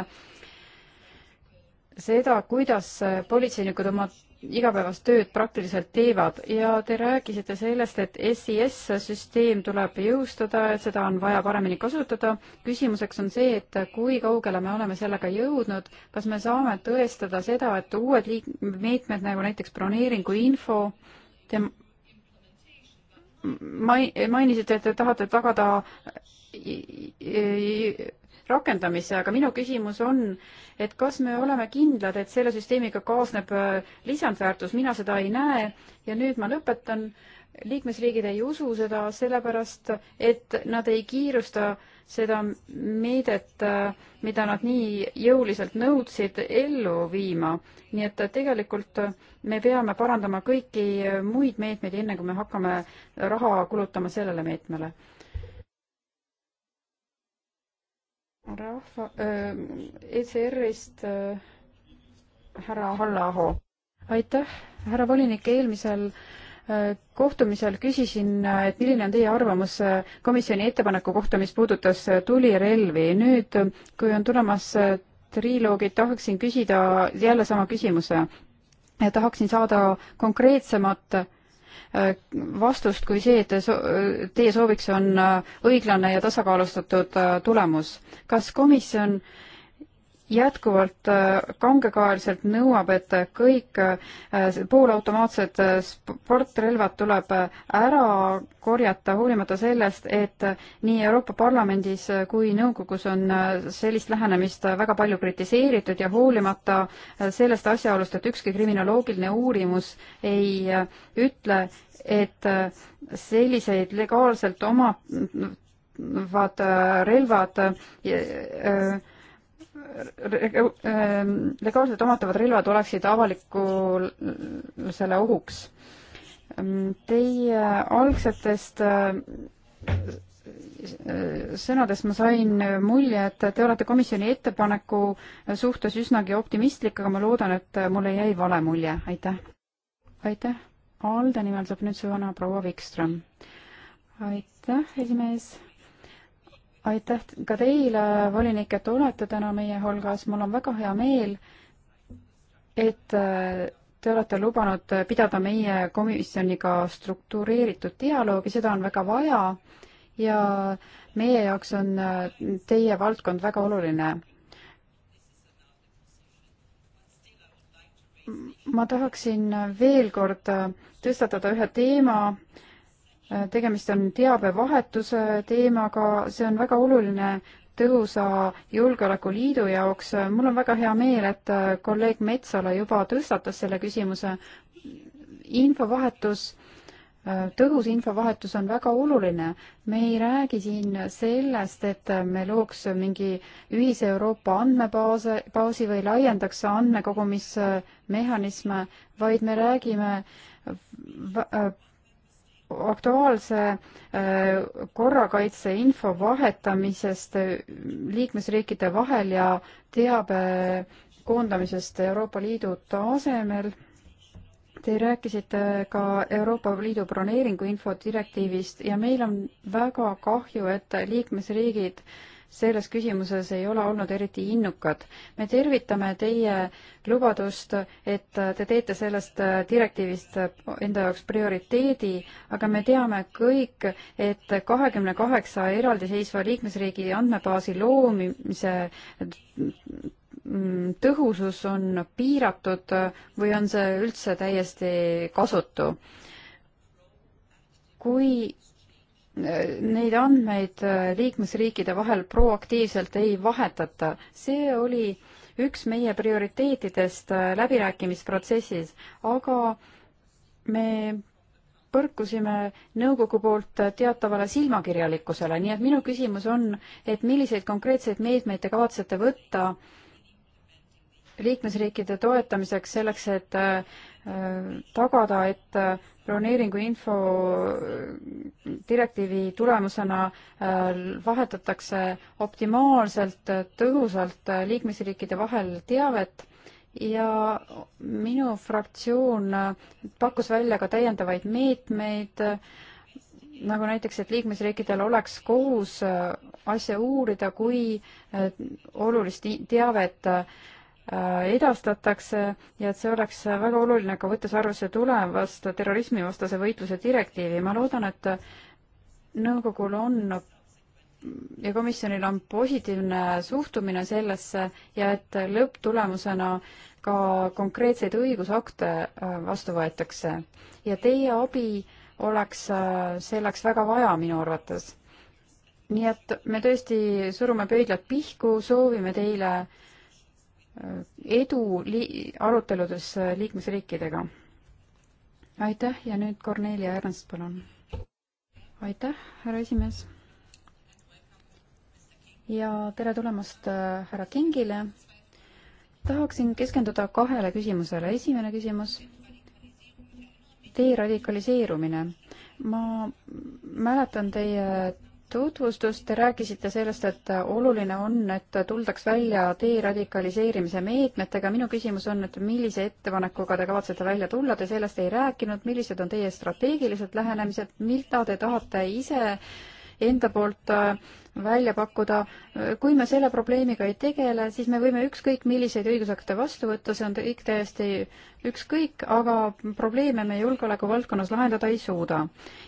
seda, kuidas politseinikud oma igapäevast tööd praktiliselt teevad ja te rääkisite sellest, et SIS süsteem tuleb jõustada, et seda on vaja paremini kasutada. küsimuseks on see, et kui kaugele me oleme sellega jõudnud, kas me saame tõestada seda, et uued liik-, meetmed nagu näiteks broneeringu info, te mai-, mainisite, et te tahate tagada rakendamisse, aga minu küsimus on, et kas me oleme kindlad, et selle süsteemiga kaasneb äh, lisandväärtus, mina seda ei näe ja nüüd ma lõpetan, liikmesriigid ei usu seda sellepärast, et nad ei kiirusta seda meedet, äh, mida nad nii jõuliselt nõudsid, ellu viima. nii et äh, tegelikult me peame parandama kõiki muid meetmeid, enne kui me hakkame raha kulutama sellele meetmele rahva, äh, ECR-ist äh, härra Hallaaho. aitäh, härra volinik, eelmisel äh, kohtumisel küsisin, et milline on teie arvamus komisjoni ettepaneku kohta, mis puudutas tulirelvi. nüüd, kui on tulemas triloogid, tahaksin küsida jälle sama küsimuse. tahaksin saada konkreetsemat vastust kui see, et teie sooviks on äh, õiglane ja tasakaalustatud äh, tulemus. kas komisjon äh, jätkuvalt äh, kangekaelselt nõuab, et kõik äh, poolautomaatsed äh, sportrelvad tuleb ära korjata, hoolimata sellest, et nii Euroopa Parlamendis kui nõukogus on sellist lähenemist väga palju kritiseeritud ja hoolimata sellest asjaolust, et ükski kriminoloogiline uurimus ei ütle, et selliseid legaalselt omavad mm, mm, relvad äh, Ähm, legaalselt omatavad relvad oleksid avalikkusele ohuks. Teie algsetest äh, sõnadest ma sain mulje, et te olete komisjoni ettepaneku suhtes üsnagi optimistlik, aga ma loodan, et mulle jäi vale mulje, aitäh. aitäh, Alde nimel saab nüüd sõna proua Vikström. aitäh, esimees aitäh ka teile, volinik, et olete täna meie hulgas, mul on väga hea meel, et äh, te olete lubanud pidada meie komisjoniga struktureeritud dialoogi, seda on väga vaja ja meie jaoks on äh, teie valdkond väga oluline. ma tahaksin veel kord äh, tõstatada ühe teema, tegemist on teabevahetuse teemaga, see on väga oluline tõhusa julgeolekuliidu jaoks. mul on väga hea meel, et kolleeg Metsala juba tõstatas selle küsimuse. infovahetus, tõhus infovahetus on väga oluline. me ei räägi siin sellest, et me looks mingi ühise Euroopa andmebaase, baasi või laiendaks andmekogumismehhanisme, vaid me räägime aktuaalse äh, korrakaitse info vahetamisest äh, liikmesriikide vahel ja teabe koondamisest Euroopa Liidu tasemel. Te rääkisite ka Euroopa Liidu broneeringu infodirektiivist ja meil on väga kahju, et liikmesriigid äh, selles küsimuses ei ole olnud eriti innukad. me tervitame teie lubadust, et te teete sellest direktiivist enda jaoks prioriteedi, aga me teame kõik, et kahekümne kaheksa eraldiseisva liikmesriigi andmebaasi loomise tõhusus on piiratud või on see üldse täiesti kasutu? kui neid andmeid äh, liikmesriikide vahel proaktiivselt ei vahetata. see oli üks meie prioriteetidest äh, läbirääkimisprotsessis, aga me põrkusime nõukogu poolt teatavale silmakirjalikkusele, nii et minu küsimus on, et milliseid konkreetseid meetmeid te kavatsete võtta liikmesriikide toetamiseks selleks, et äh, tagada, et broneeringuinfo direktiivi tulemusena äh, vahetatakse optimaalselt tõhusalt äh, liikmesriikide vahel teavet ja minu fraktsioon äh, pakkus välja ka täiendavaid meetmeid, nagu näiteks, et liikmesriikidel oleks kohus asja uurida, kui olulist teavet Äh, edastatakse ja et see oleks väga oluline ka võttes arvesse tulevast terrorismivastase võitluse direktiivi. ma loodan, et nõukogul on ja komisjonil on positiivne suhtumine sellesse ja et lõpptulemusena ka konkreetseid õigusakte äh, vastu võetakse. ja teie abi oleks äh, selleks väga vaja minu arvates. nii et me tõesti surume pöidlad pihku, soovime teile äh, edu li-, aruteludes liikmesriikidega. aitäh ja nüüd Kornelia Ernst, palun. aitäh, härra esimees. ja tere tulemast äh, härra Kingile. tahaksin keskenduda kahele küsimusele. esimene küsimus, deradikaliseerumine. ma mäletan teie tutvustust te rääkisite sellest, et oluline on, et tuldaks välja deradikaliseerimise meetmetega. minu küsimus on, et millise ettepanekuga te kavatsete välja tulla, te sellest ei rääkinud, millised on teie strateegilised lähenemised, mida te tahate ise enda poolt äh, välja pakkuda. kui me selle probleemiga ei tegele, siis me võime ükskõik milliseid õigusakte vastu võtta, see on kõik täiesti ükskõik, aga probleeme me julgeoleku valdkonnas lahendada ei suuda.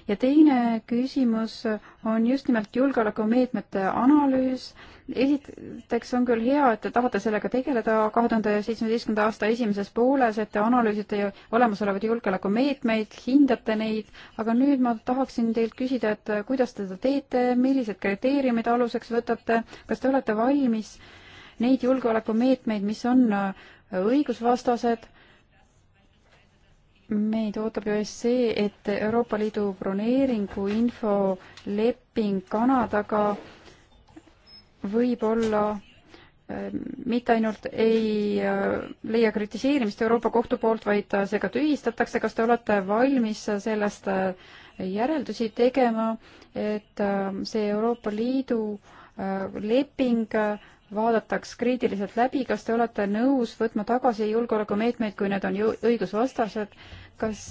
ja teine küsimus on just nimelt julgeolekumeetmete analüüs. esiteks on küll hea, et te tahate sellega tegeleda kahe tuhande seitsmeteistkümnenda aasta esimeses pooles, et te analüüsite olemasolevaid julgeolekumeetmeid, hindate neid, aga nüüd ma tahaksin teilt küsida, et kuidas te seda teete, millised kriteeriumid kriteeriumid, mida aluseks võtate, kas te olete valmis neid julgeolekumeetmeid, mis on äh, õigusvastased, meid ootab ju see, et Euroopa Liidu broneeringu infoleping Kanadaga võib-olla äh, mitte ainult ei äh, leia kritiseerimist Euroopa Kohtu poolt, vaid see ka tühistatakse, kas te olete valmis sellest äh, järeldusi tegema, et äh, see Euroopa Liidu äh, leping äh, vaadataks kriitiliselt läbi, kas te olete nõus võtma tagasi julgeolekumeetmeid, kui need on õigusvastased, kas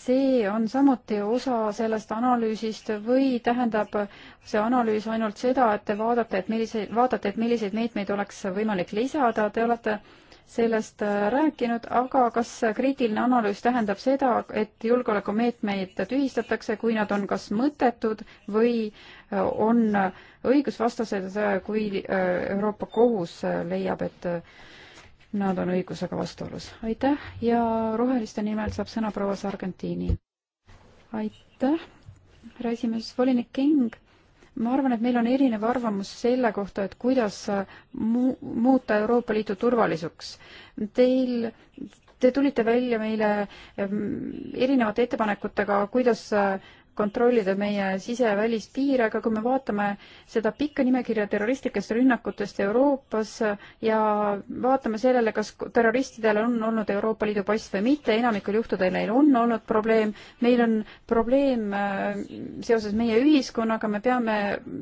see on samuti osa sellest analüüsist või tähendab see analüüs ainult seda, et te vaadate, et milliseid, vaatate, et milliseid meetmeid oleks võimalik lisada, te olete äh, sellest äh, rääkinud, aga kas kriitiline analüüs tähendab seda, et julgeolekumeetmeid tühistatakse, kui nad on kas mõttetud või äh, on õigusvastased, äh, kui Euroopa Kohus leiab, et nad on õigusega vastuolus? aitäh ja Roheliste nimel saab sõna proua Sargentini. aitäh, härra esimees, volinik King ma arvan, et meil on erinev arvamus selle kohta, et kuidas äh, mu-, muuta Euroopa Liitu turvalisuks. Teil, te tulite välja meile ähm, erinevate ettepanekutega, kuidas äh, kontrollida meie sise- ja välispiire, aga kui me vaatame seda pikka nimekirja terroristlikest rünnakutest Euroopas ja vaatame sellele, kas terroristidel on olnud Euroopa Liidu pass või mitte, enamikul juhtudel neil on olnud probleem, meil on probleem äh, seoses meie ühiskonnaga, me peame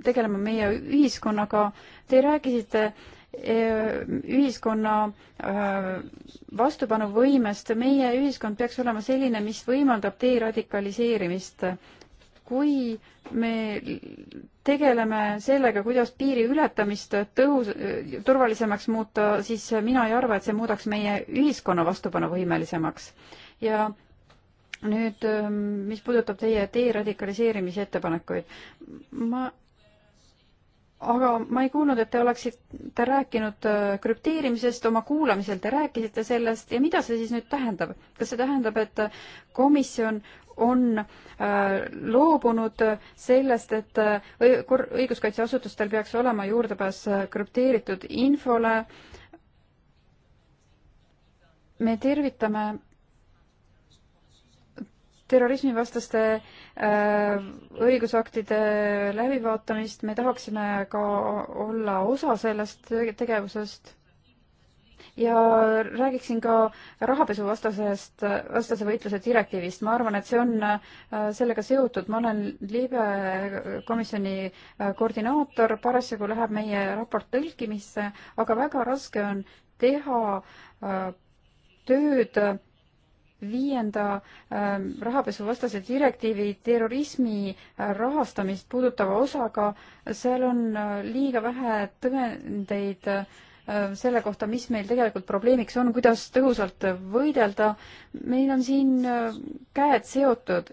tegelema meie ühiskonnaga, te rääkisite äh, ühiskonna äh, vastupanuvõimest. meie ühiskond peaks olema selline, mis võimaldab deradikaliseerimist kui me tegeleme sellega, kuidas piiri ületamist tõhus, turvalisemaks muuta, siis mina ei arva, et see muudaks meie ühiskonna vastupanuvõimelisemaks. ja nüüd, ähm, mis puudutab teie deradikaliseerimise ettepanekuid, ma aga ma ei kuulnud, et te oleksite rääkinud äh, krüpteerimisest, oma kuulamisel te rääkisite sellest ja mida see siis nüüd tähendab? kas see tähendab, et komisjon on äh, loobunud sellest, et äh, õiguskaitseasutustel peaks olema juurdepääs äh, krüpteeritud infole. me tervitame terrorismivastaste õigusaktide läbivaatamist, me tahaksime ka olla osa sellest tegevusest ja räägiksin ka rahapesuvastasest, vastase võitluse direktiivist. ma arvan, et see on äh, sellega seotud. ma olen libe komisjoni äh, koordinaator, parasjagu läheb meie raport tõlkimisse, aga väga raske on teha äh, tööd viienda ähm, rahapesuvastase direktiivi terrorismi rahastamist puudutava osaga, seal on liiga vähe tõendeid äh, Äh, selle kohta, mis meil tegelikult probleemiks on, kuidas tõhusalt võidelda. meil on siin äh, käed seotud.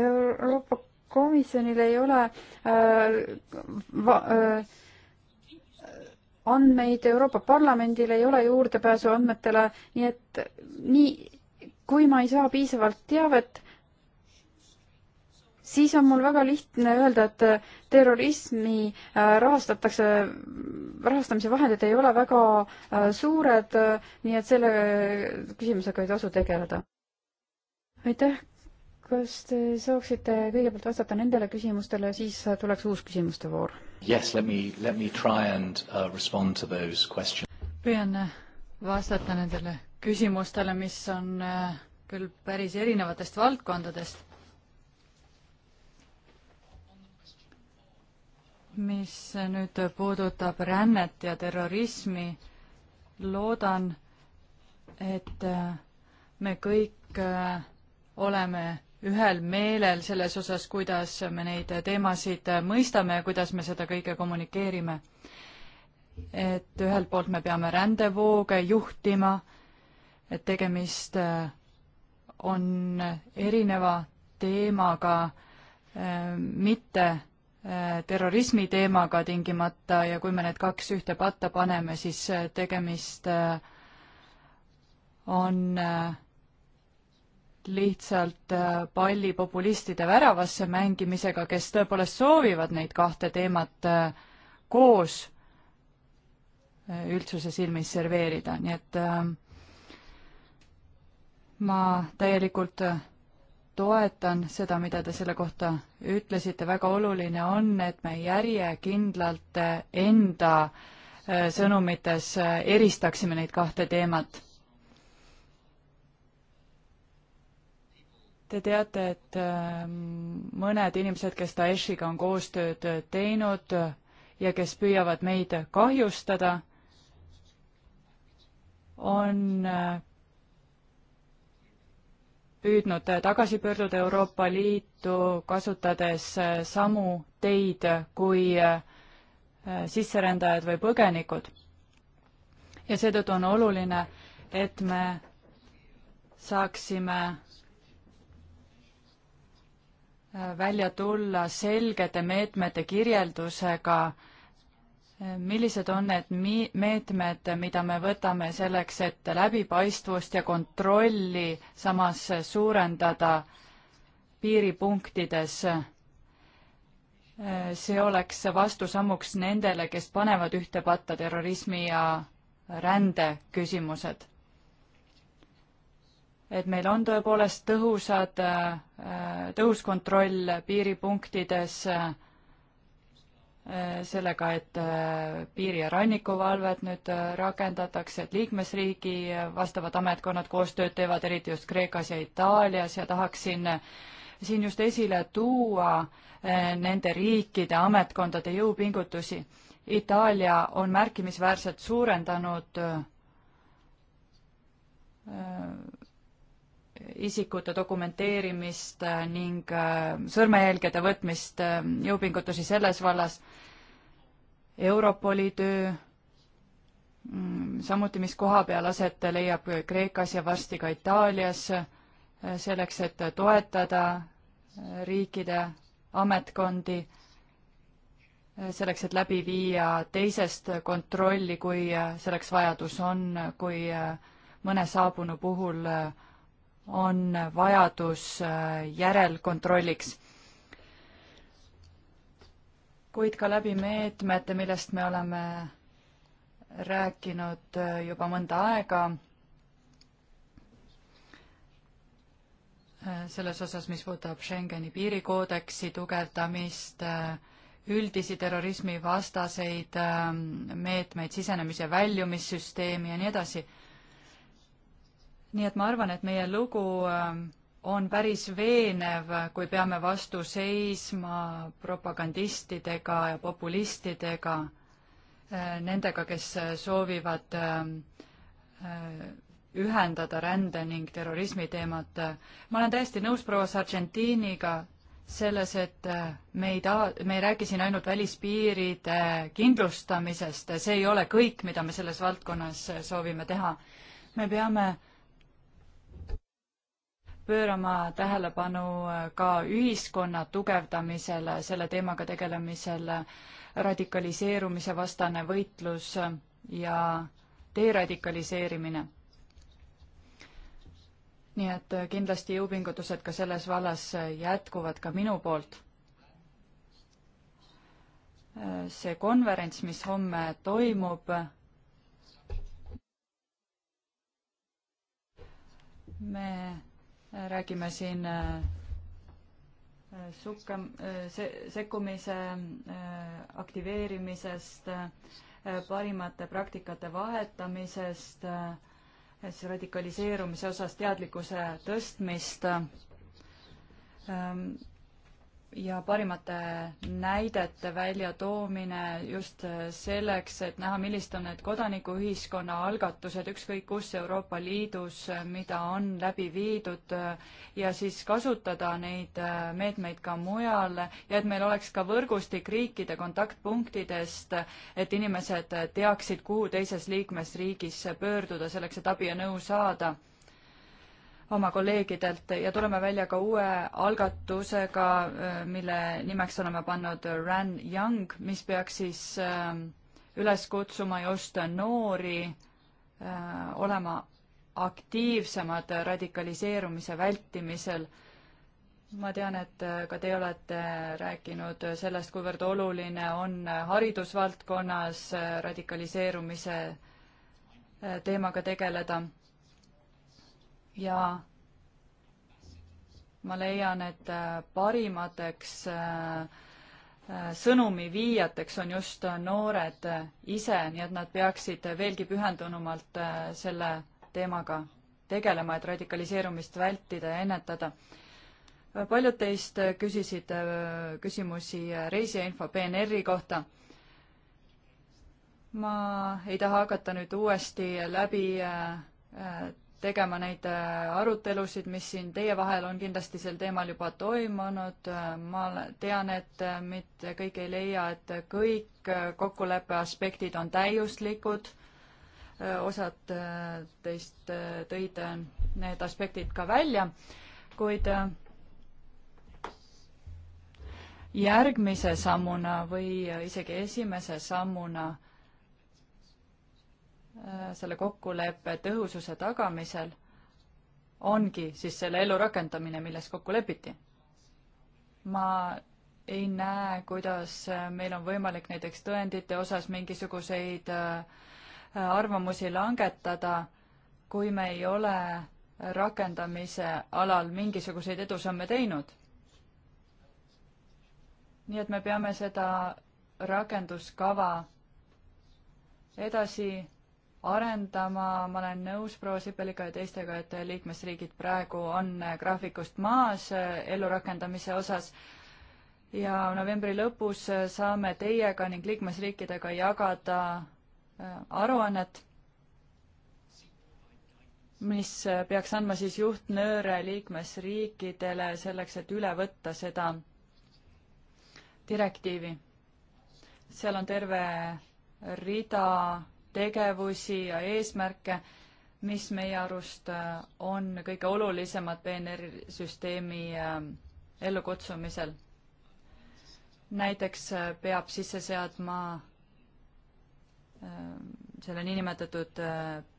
Euroopa Komisjonil ei ole äh, äh, andmeid, Euroopa Parlamendil ei ole juurdepääsu andmetele, nii et nii, kui ma ei saa piisavalt teavet, siis on mul väga lihtne öelda, et äh, terrorismi äh, rahastatakse, rahastamise vahendid ei ole väga äh, suured, nii et selle küsimusega ei tasu tegeleda. aitäh, kas te saaksite kõigepealt vastata nendele küsimustele, siis tuleks uus küsimuste voor? Yes, let me, let me try and uh, respond to those questions. püüan vastata nendele küsimustele, mis on küll päris erinevatest valdkondadest mis nüüd puudutab rännet ja terrorismi, loodan, et äh, me kõik äh, oleme ühel meelel selles osas, kuidas me neid teemasid äh, mõistame ja kuidas me seda kõike kommunikeerime. et ühelt poolt me peame rändevooge juhtima, et tegemist on erineva teemaga, mitte terrorismi teemaga tingimata ja kui me need kaks ühte patta paneme, siis äh, tegemist äh, on äh, lihtsalt palli populistide väravasse mängimisega, kes tõepoolest soovivad neid kahte teemat koos üldsuse silmis serveerida, nii et ma täielikult toetan seda, mida te selle kohta ütlesite, väga oluline on, et me järjekindlalt enda äh, sõnumites äh, eristaksime neid kahte teemat. Te teate, et ähm, mõned inimesed, kes Daeshiga on koostööd äh, teinud ja kes püüavad meid kahjustada, on püüdnud tagasi pöörduda Euroopa Liitu, kasutades äh, samu teid kui äh, sisserändajad või põgenikud. ja seetõttu on oluline, et me saaksime äh, välja tulla selgete meetmete kirjeldusega millised on need mi-, meetmed, mida me võtame selleks, et läbipaistvust ja kontrolli samas suurendada piiripunktides? see oleks vastusammuks nendele, kes panevad ühte patta terrorismi ja rände küsimused. et meil on tõepoolest tõhusad, tõhus kontroll piiripunktides äh, Äh, sellega, et äh, piiri- ja rannikuvalvet nüüd äh, rakendatakse, et liikmesriigi vastavad ametkonnad koostööd teevad, eriti just Kreekas ja Itaalias ja tahaksin siin just esile tuua nende riikide ametkondade jõupingutusi. Itaalia on märkimisväärselt suurendanud isikute dokumenteerimist äh, ning äh, sõrmejälgede võtmist, äh, jõupingutusi selles vallas, Europoli töö, mm, samuti mis koha peal aset leiab Kreekas ja varsti ka Itaalias, selleks, et toetada riikide ametkondi, selleks, et läbi viia teisest kontrolli, kui selleks vajadus on, kui mõne saabunu puhul äh, on vajadus äh, järelkontrolliks. kuid ka läbi meetmete, millest me oleme rääkinud äh, juba mõnda aega, äh, selles osas, mis puudutab Schengeni piirikoodeksi tugevdamist, üldisi terrorismivastaseid meetmeid, sisenemise väljumissüsteemi ja nii edasi nii et ma arvan, et meie lugu ähm, on päris veenev, kui peame vastu seisma propagandistidega ja populistidega, äh, nendega, kes äh, soovivad ähm, äh, ühendada rände ning terrorismi teemat. ma olen täiesti nõus proua Sargentiniga selles, et me ei taha, me ei räägi siin ainult välispiiride kindlustamisest, see ei ole kõik, mida me selles valdkonnas soovime teha. me peame äh, pöörama tähelepanu äh, ka ühiskonna tugevdamisele, selle teemaga tegelemisel, äh, radikaliseerumise vastane võitlus äh, ja deradikaliseerimine. nii et kindlasti jõupingutused ka selles vallas jätkuvad ka minu poolt. see konverents, mis homme toimub, me räägime siin äh, sukka, äh, se-, sekkumise äh, aktiveerimisest, parimate praktikate vahetamisest, siis radikaliseerumise osas teadlikkuse tõstmist ähm, ja parimate näidete väljatoomine just selleks, et näha, millised on need kodanikuühiskonna algatused ükskõik kus Euroopa Liidus, mida on läbi viidud ja siis kasutada neid meetmeid ka mujal ja et meil oleks ka võrgustik riikide kontaktpunktidest, et inimesed teaksid, kuhu teises liikmesriigis pöörduda selleks, et abi ja nõu saada oma kolleegidelt ja tuleme välja ka uue algatusega, äh, mille nimeks oleme pannud Run Young, mis peaks siis äh, üles kutsuma just noori äh, olema aktiivsemad radikaliseerumise vältimisel. ma tean, et ka teie olete rääkinud sellest, kuivõrd oluline on haridusvaldkonnas radikaliseerumise teemaga tegeleda ja ma leian, et äh, parimateks äh, äh, sõnumiviijateks on just noored ise, nii et nad peaksid veelgi pühendunumalt selle teemaga tegelema, et radikaliseerumist vältida ja ennetada. paljud teist küsisid küsimusi reisiinfo PNR-i kohta. ma ei taha hakata nüüd uuesti läbi tegema neid äh, arutelusid, mis siin teie vahel on kindlasti sel teemal juba toimunud, äh, ma tean, et äh, mitte kõik ei leia, et kõik kokkuleppe aspektid on täiuslikud, osad teist tõid need aspektid ka välja, kuid järgmise sammuna või isegi esimese sammuna Äh, selle kokkuleppe tõhususe tagamisel ongi siis selle ellurakendamine, milles kokku lepiti. ma ei näe, kuidas äh, meil on võimalik näiteks tõendite osas mingisuguseid äh, arvamusi langetada, kui me ei ole rakendamise alal mingisuguseid edusamme teinud. nii et me peame seda rakenduskava edasi arendama, ma olen nõus proua Sipeliga ja teistega, et liikmesriigid praegu on graafikust maas eh, ellurakendamise osas ja novembri lõpus eh, saame teiega ning liikmesriikidega jagada eh, aruannet, mis peaks andma siis juhtnööre liikmesriikidele selleks, et üle võtta seda direktiivi. seal on terve rida tegevusi ja eesmärke, mis meie arust äh, on kõige olulisemad PNR-i süsteemi äh, ellukutsumisel. näiteks äh, peab sisse seadma selle niinimetatud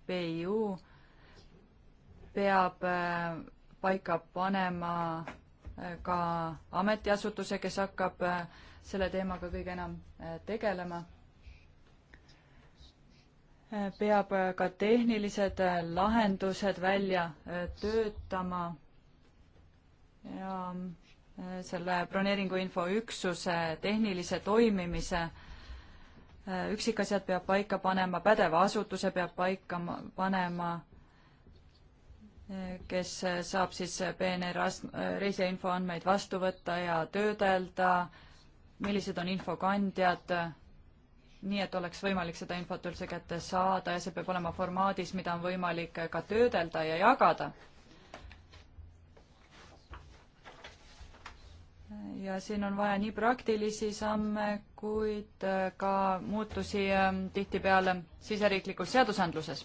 PIU, peab paika panema ka ametiasutuse, kes hakkab selle teemaga kõige enam tegelema peab ka tehnilised lahendused välja äh, töötama ja äh, selle broneeringuinfo üksuse tehnilise toimimise äh, üksikasjad peab paika panema, pädeva asutuse peab paika panema, kes saab siis PNR reisiinfo andmeid vastu võtta ja töödelda, millised on infokandjad nii et oleks võimalik seda infot üldse kätte saada ja see peab olema formaadis, mida on võimalik ka töödelda ja jagada. ja siin on vaja nii praktilisi samme, kuid äh, ka muutusi ähm, tihtipeale siseriiklikus seadusandluses.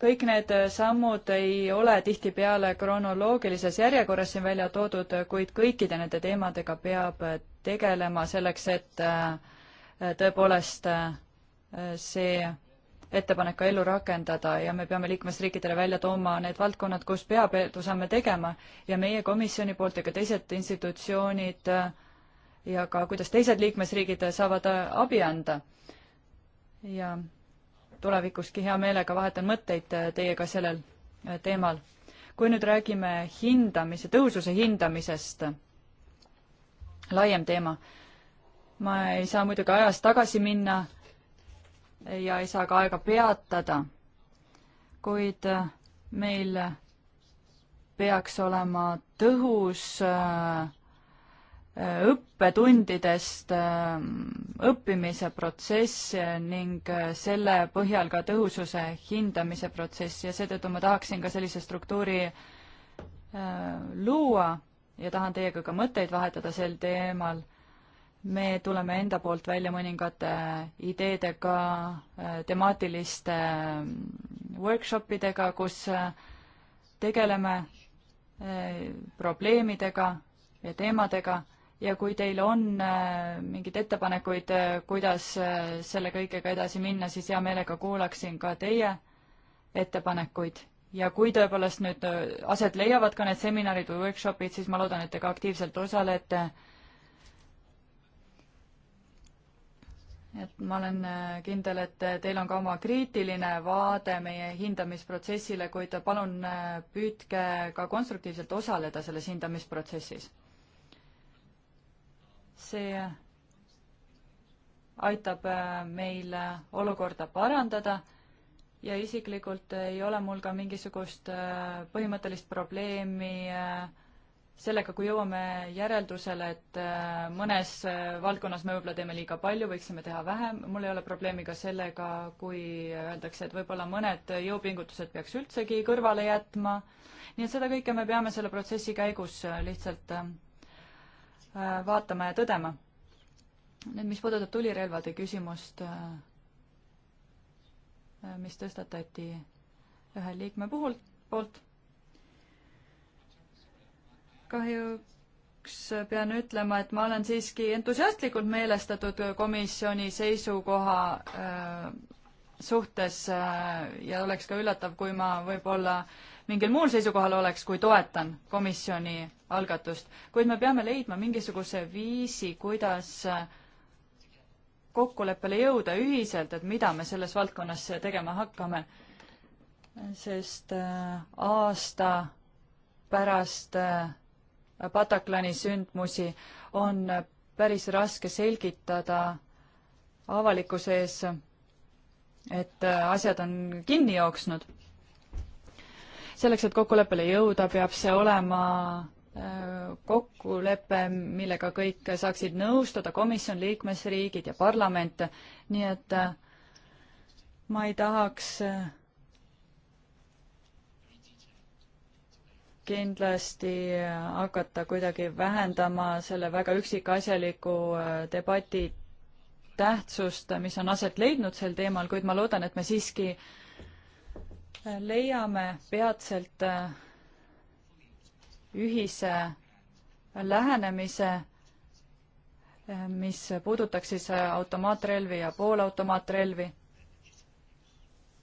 kõik need äh, sammud ei ole tihtipeale kronoloogilises järjekorras siin välja toodud, kuid kõikide nende teemadega peab äh, tegelema selleks, et äh, tõepoolest äh, see ettepanek ka ellu rakendada ja me peame liikmesriikidele välja tooma need valdkonnad, kus peab edusamme tegema ja meie komisjoni poolt ja ka teised institutsioonid äh, ja ka kuidas teised liikmesriigid saavad äh, abi anda. ja tulevikuski hea meelega vahetan mõtteid teiega sellel teemal. kui nüüd räägime hindamise, tõhususe hindamisest, laiem teema ma ei saa muidugi ajas tagasi minna ja ei saa ka aega peatada, kuid äh, meil peaks olema tõhus äh, äh, õppetundidest õppimise protsess ning selle põhjal ka tõhususe hindamise protsess ja seetõttu ma tahaksin ka sellise struktuuri luua ja tahan teiega ka mõtteid vahetada sel teemal me tuleme enda poolt välja mõningate ideedega, äh, temaatiliste äh, workshop idega, kus äh, tegeleme probleemidega ja teemadega ja kui teil on mingeid ettepanekuid, kuidas selle kõigega edasi minna, siis hea meelega kuulaksin ka teie ettepanekuid. ja kui tõepoolest nüüd aset leiavad ka need seminarid või workshopid, siis ma loodan, et te ka aktiivselt osalete et ma olen äh, kindel, et äh, teil on ka oma kriitiline vaade meie hindamisprotsessile, kuid palun äh, püüdke ka konstruktiivselt osaleda selles hindamisprotsessis. see aitab meil olukorda parandada ja isiklikult ei ole mul ka mingisugust põhimõttelist probleemi äh, sellega, kui jõuame järeldusele, et äh, mõnes äh, valdkonnas me võib-olla teeme liiga palju, võiksime teha vähem, mul ei ole probleemi ka sellega, kui öeldakse, et võib-olla mõned jõupingutused peaks üldsegi kõrvale jätma, nii et seda kõike me peame selle protsessi käigus äh, lihtsalt vaatama ja tõdema. nüüd, mis puudutab tulirelvade küsimust, mis tõstatati ühe liikme puhul, poolt kahjuks pean ütlema, et ma olen siiski entusiastlikult meelestatud komisjoni seisukoha äh, suhtes äh, ja oleks ka üllatav, kui ma võib-olla mingil muul seisukohal oleks, kui toetan komisjoni algatust, kuid me peame leidma mingisuguse viisi, kuidas äh, kokkuleppele jõuda ühiselt, et mida me selles valdkonnas tegema hakkame. sest äh, aasta pärast äh, Bataklani sündmusi, on päris raske selgitada avalikkuse ees, et asjad on kinni jooksnud. selleks, et kokkuleppele jõuda, peab see olema äh, kokkulepe, millega kõik saaksid nõustuda, komisjon, liikmesriigid ja parlament, nii et äh, ma ei tahaks äh, kindlasti hakata kuidagi vähendama selle väga üksikasjaliku äh, debati tähtsust, mis on aset leidnud sel teemal, kuid ma loodan, et me siiski äh, leiame peatselt äh, ühise lähenemise, mis puudutaks siis automaatrelvi ja poolautomaatrelvi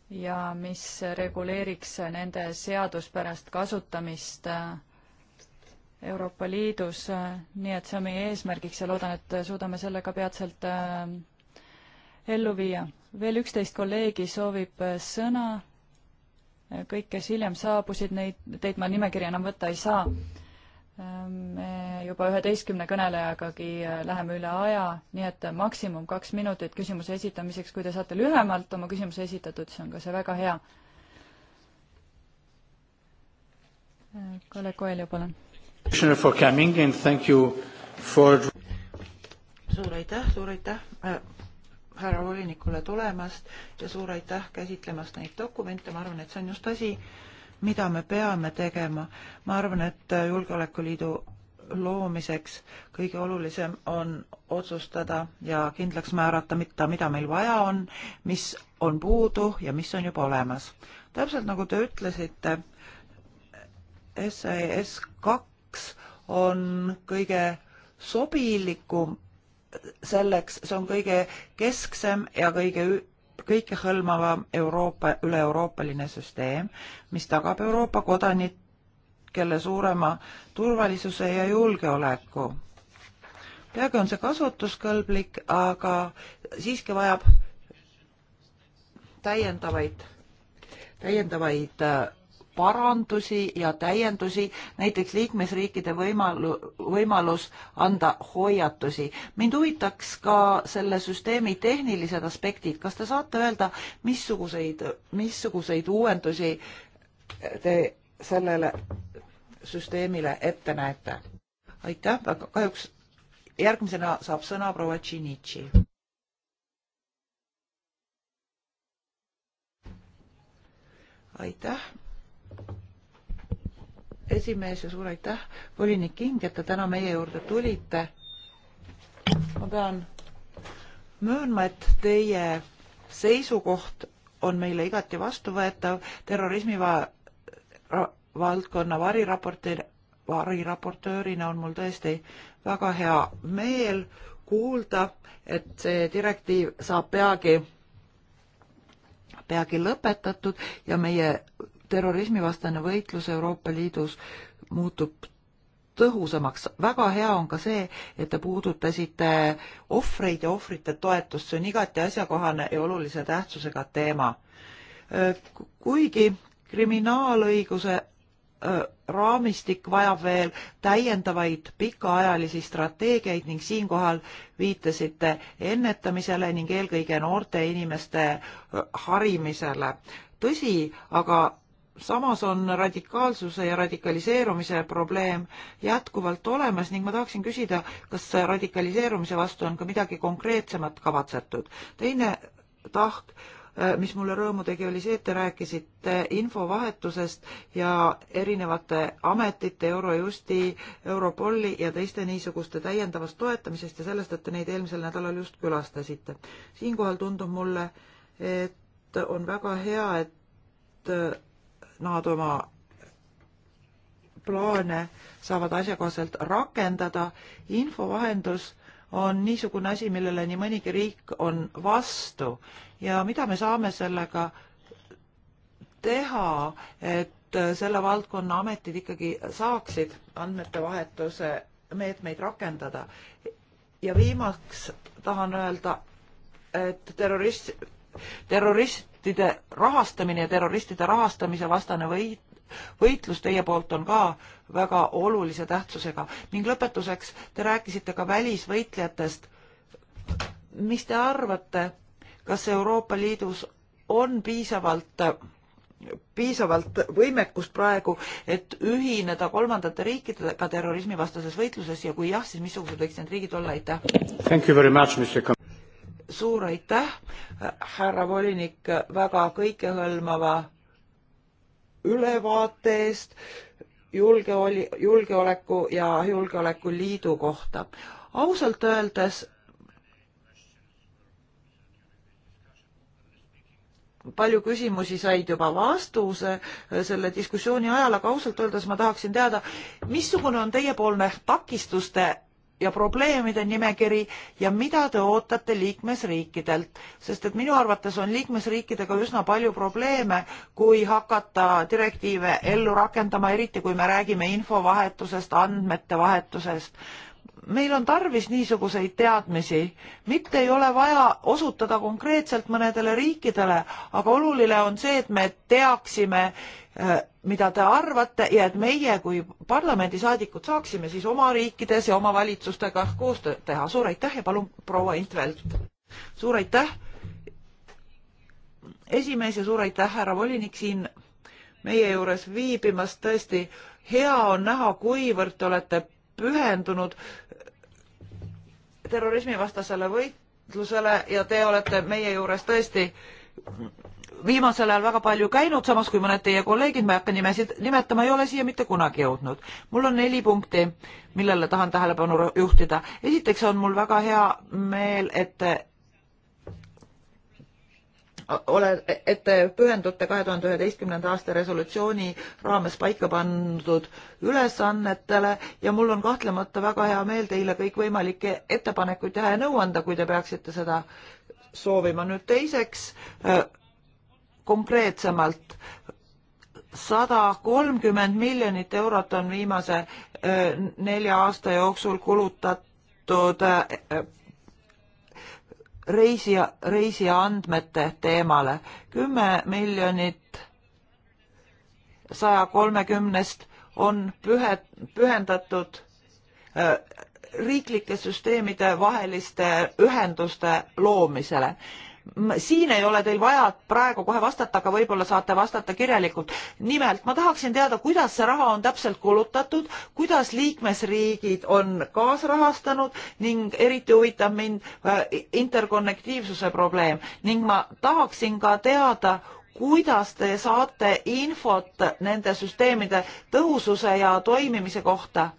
ja mis reguleeriks nende seaduspärast kasutamist äh, Euroopa Liidus, äh, nii et see on meie eesmärgiks ja loodan, et suudame selle ka peatselt äh, ellu viia. veel üksteist kolleegi soovib sõna. kõik, kes hiljem saabusid, neid, teid ma nimekirja enam võtta ei saa me juba üheteistkümne kõnelejagagi äh, läheme üle aja, nii et äh, maksimum kaks minutit küsimuse esitamiseks, kui te saate lühemalt oma küsimuse esitatud, siis on ka see väga hea. Äh, kolleeg Koelju, palun. suur aitäh, suur aitäh härra volinikule tulemast ja suur aitäh käsitlemast neid dokumente, ma arvan, et see on just asi, mida me peame tegema. ma arvan, et Julgeolekuliidu loomiseks kõige olulisem on otsustada ja kindlaks määrata mitte, mida meil vaja on, mis on puudu ja mis on juba olemas. täpselt nagu te ütlesite, SAS kaks on kõige sobilikum selleks, see on kõige kesksem ja kõige kõikehõlmava Euroopa, üle-euroopaline süsteem, mis tagab Euroopa kodanikele suurema turvalisuse ja julgeoleku. peagi on see kasutuskõlblik, aga siiski vajab täiendavaid, täiendavaid äh, parandusi ja täiendusi, näiteks liikmesriikide võimalu, võimalus anda hoiatusi. mind huvitaks ka selle süsteemi tehnilised aspektid, kas te saate öelda, missuguseid, missuguseid uuendusi te sellele süsteemile ette näete? aitäh, aga kahjuks järgmisena saab sõna proua Tšinitši. aitäh esimees ja suur aitäh, volinik King, et te täna meie juurde tulite. ma pean möönma, et teie seisukoht on meile igati vastuvõetav terrorismi va ra valdkonna variraporti, variraportöörina on mul tõesti väga hea meel kuulda, et see direktiiv saab peagi, peagi lõpetatud ja meie terrorismivastane võitlus Euroopa Liidus muutub tõhusamaks. väga hea on ka see, et te puudutasite ohvreid ja ohvrite toetust, see on igati asjakohane ja olulise tähtsusega teema. Äh, kuigi kriminaalõiguse äh, raamistik vajab veel täiendavaid pikaajalisi strateegiaid ning siinkohal viitasite ennetamisele ning eelkõige noorte inimeste äh, harimisele. tõsi, aga samas on radikaalsuse ja radikaliseerumise probleem jätkuvalt olemas ning ma tahaksin küsida, kas radikaliseerumise vastu on ka midagi konkreetsemat kavatsetud. teine tahk, äh, mis mulle rõõmu tegi, oli see, et te rääkisite infovahetusest ja erinevate ametite, Eurojusti, Europoli ja teiste niisuguste täiendavast toetamisest ja sellest, et te neid eelmisel nädalal just külastasite. siinkohal tundub mulle, et on väga hea, et äh, nad oma plaane saavad asjakohaselt rakendada. infovahendus on niisugune asi, millele nii mõnigi riik on vastu ja mida me saame sellega teha, et selle valdkonna ametid ikkagi saaksid andmetevahetuse meetmeid rakendada. ja viimaks tahan öelda, et terrorist, terroristide rahastamine ja terroristide rahastamise vastane võit, võitlus teie poolt on ka väga olulise tähtsusega. ning lõpetuseks, te rääkisite ka välisvõitlejatest. mis te arvate, kas Euroopa Liidus on piisavalt piisavalt võimekust praegu, et ühineda kolmandate riikidega terrorismivastases võitluses ja kui jah, siis missugused võiks need riigid olla, aitäh! suur aitäh, härra volinik, väga kõikehõlmava ülevaate eest julgeoli-, julgeoleku ja Julgeolekuliidu kohta. ausalt öeldes palju küsimusi said juba vastuse selle diskussiooni ajal, aga ausalt öeldes ma tahaksin teada, missugune on teiepoolne takistuste ja probleemide nimekiri ja mida te ootate liikmesriikidelt, sest et minu arvates on liikmesriikidega üsna palju probleeme, kui hakata direktiive ellu rakendama, eriti kui me räägime infovahetusest, andmete vahetusest meil on tarvis niisuguseid teadmisi, mitte ei ole vaja osutada konkreetselt mõnedele riikidele, aga oluline on see, et me teaksime, äh, mida te arvate ja et meie kui parlamendisaadikud saaksime siis oma riikides ja oma valitsustega koostööd teha. suur aitäh ja palun proua Intvelt. suur aitäh, esimees ja suur aitäh, härra volinik siin meie juures viibimast, tõesti hea on näha, kuivõrd te olete pühendunud terrorismivastasele võitlusele ja te olete meie juures tõesti viimasel ajal väga palju käinud, samas kui mõned teie kolleegid, ma ei hakka nimesid nimetama, ei ole siia mitte kunagi jõudnud. mul on neli punkti, millele tahan tähelepanu juhtida. esiteks on mul väga hea meel, et ole, et te pühendute kahe tuhande üheteistkümnenda aasta resolutsiooni raames paika pandud ülesannetele ja mul on kahtlemata väga hea meel teile kõikvõimalikke ettepanekuid teha ja nõu anda, kui te peaksite seda soovima. nüüd teiseks äh, konkreetsemalt sada kolmkümmend miljonit eurot on viimase äh, nelja aasta jooksul kulutatud äh, reisi, reisiandmete teemale. kümme miljonit saja kolmekümnest on pühe, pühendatud äh, riiklike süsteemide vaheliste ühenduste loomisele siin ei ole teil vaja praegu kohe vastata, aga võib-olla saate vastata kirjalikult. nimelt ma tahaksin teada, kuidas see raha on täpselt kulutatud, kuidas liikmesriigid on kaasrahastanud ning eriti huvitab mind äh, interkonnektiivsuse probleem ning ma tahaksin ka teada, kuidas te saate infot nende süsteemide tõhususe ja toimimise kohta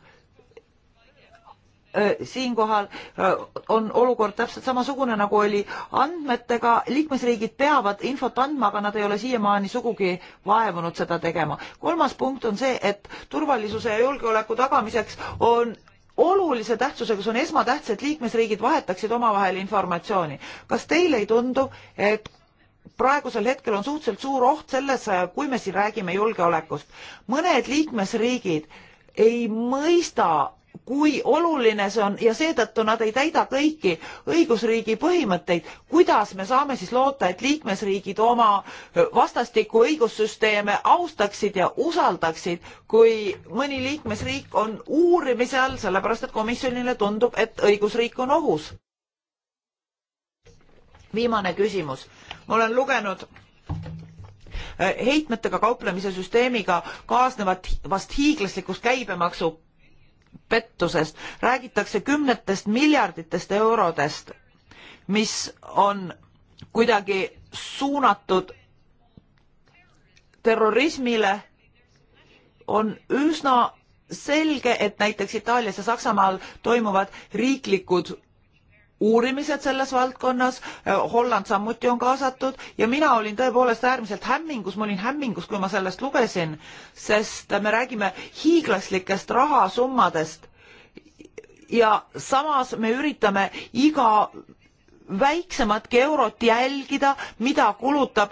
Äh, siinkohal äh, on olukord täpselt samasugune, nagu oli andmetega. liikmesriigid peavad infot andma, aga nad ei ole siiamaani sugugi vaevunud seda tegema. kolmas punkt on see, et turvalisuse ja julgeoleku tagamiseks on olulise tähtsusega, see on esmatähtis, et liikmesriigid vahetaksid omavahel informatsiooni. kas teile ei tundu, et praegusel hetkel on suhteliselt suur oht selles, kui me siin räägime julgeolekust. mõned liikmesriigid ei mõista kui oluline see on ja seetõttu nad ei täida kõiki õigusriigi põhimõtteid. kuidas me saame siis loota, et liikmesriigid oma vastastikku õigussüsteeme austaksid ja usaldaksid, kui mõni liikmesriik on uurimise all, sellepärast et komisjonile tundub, et õigusriik on ohus? viimane küsimus. ma olen lugenud heitmetega kauplemise süsteemiga kaasnevat vast hiiglaslikust käibemaksu pettusest, räägitakse kümnetest miljarditest eurodest, mis on kuidagi suunatud terrorismile, on üsna selge, et näiteks Itaalias ja Saksamaal toimuvad riiklikud uurimised selles valdkonnas, Holland samuti on kaasatud ja mina olin tõepoolest äärmiselt hämmingus, ma olin hämmingus, kui ma sellest lugesin, sest me räägime hiiglaslikest rahasummadest. ja samas me üritame iga väiksematki eurot jälgida, mida kulutab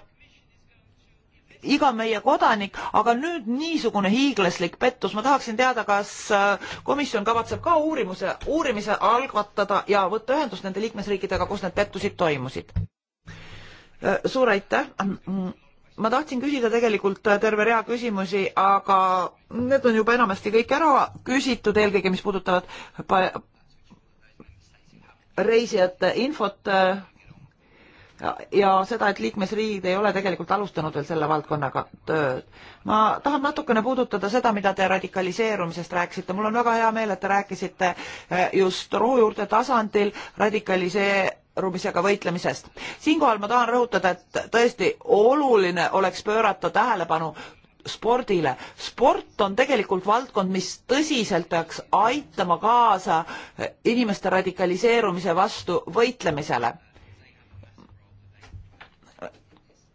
iga meie kodanik, aga nüüd niisugune hiiglaslik pettus, ma tahaksin teada, kas äh, komisjon kavatseb ka uurimuse, uurimise algatada ja võtta ühendust nende liikmesriikidega, kus need pettusid toimusid? Äh, suur aitäh! ma tahtsin küsida tegelikult äh, terve rea küsimusi, aga need on juba enamasti kõik ära küsitud, eelkõige mis puudutavad reisijate infot ja seda, et liikmesriigid ei ole tegelikult alustanud veel selle valdkonnaga tööd. ma tahan natukene puudutada seda, mida te radikaliseerumisest rääkisite. mul on väga hea meel, et te rääkisite eh, just rohujuurte tasandil radikaliseerumisega võitlemisest. siinkohal ma tahan rõhutada, et tõesti oluline oleks pöörata tähelepanu spordile. sport on tegelikult valdkond, mis tõsiselt peaks aitama kaasa eh, inimeste radikaliseerumise vastu võitlemisele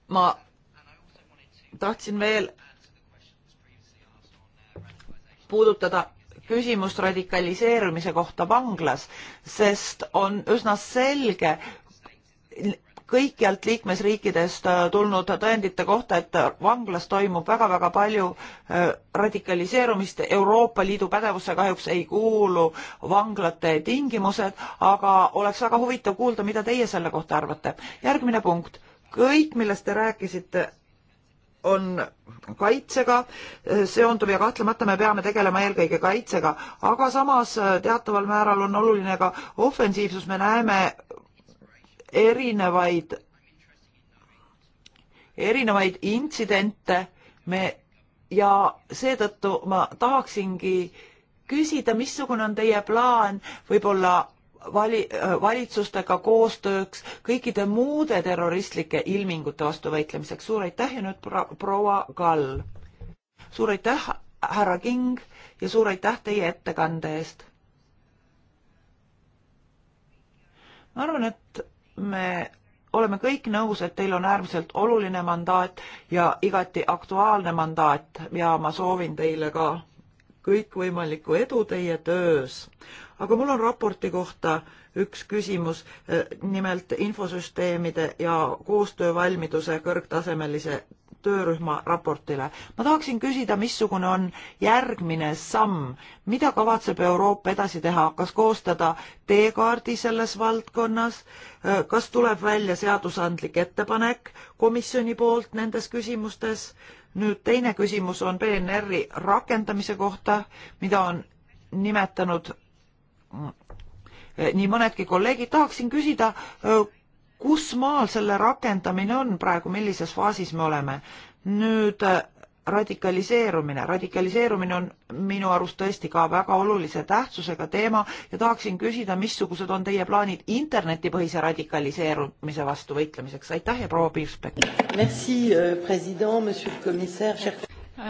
ma tahtsin veel puudutada küsimust radikaliseerumise kohta vanglas, sest on üsna selge kõikjalt liikmesriikidest äh, tulnud tõendite kohta, et vanglas toimub väga-väga palju äh, radikaliseerumist. Euroopa Liidu pädevusse kahjuks ei kuulu vanglate tingimused, aga oleks väga huvitav kuulda, mida teie selle kohta arvate. järgmine punkt kõik, millest te rääkisite, on kaitsega seonduv ja kahtlemata me peame tegelema eelkõige kaitsega, aga samas äh, teataval määral on oluline ka ofensiivsus, me näeme erinevaid, erinevaid intsidente, me ja seetõttu ma tahaksingi küsida, missugune on teie plaan võib-olla vali-, valitsustega koostööks, kõikide muude terroristlike ilmingute vastu võitlemiseks. suur aitäh ja nüüd proua Kall. suur aitäh, härra King ja suur aitäh teie ettekande eest. ma arvan, et me oleme kõik nõus, et teil on äärmiselt oluline mandaat ja igati aktuaalne mandaat ja ma soovin teile ka kõikvõimalikku edu teie töös aga mul on raporti kohta üks küsimus, e, nimelt infosüsteemide ja koostöövalmiduse kõrgtasemelise töörühma raportile. ma tahaksin küsida, missugune on järgmine samm, mida kavatseb Euroopa edasi teha, kas koostada teekaardi selles valdkonnas, e, kas tuleb välja seadusandlik ettepanek komisjoni poolt nendes küsimustes? nüüd teine küsimus on PNR-i rakendamise kohta, mida on nimetanud Eh, nii mõnedki kolleegid, tahaksin küsida, eh, kus maal selle rakendamine on praegu, millises faasis me oleme? nüüd eh, radikaliseerumine. radikaliseerumine on minu arust tõesti ka väga olulise tähtsusega teema ja tahaksin küsida, missugused on teie plaanid internetipõhise radikaliseerumise vastu võitlemiseks. aitäh ja proua Pihlspek! Euh,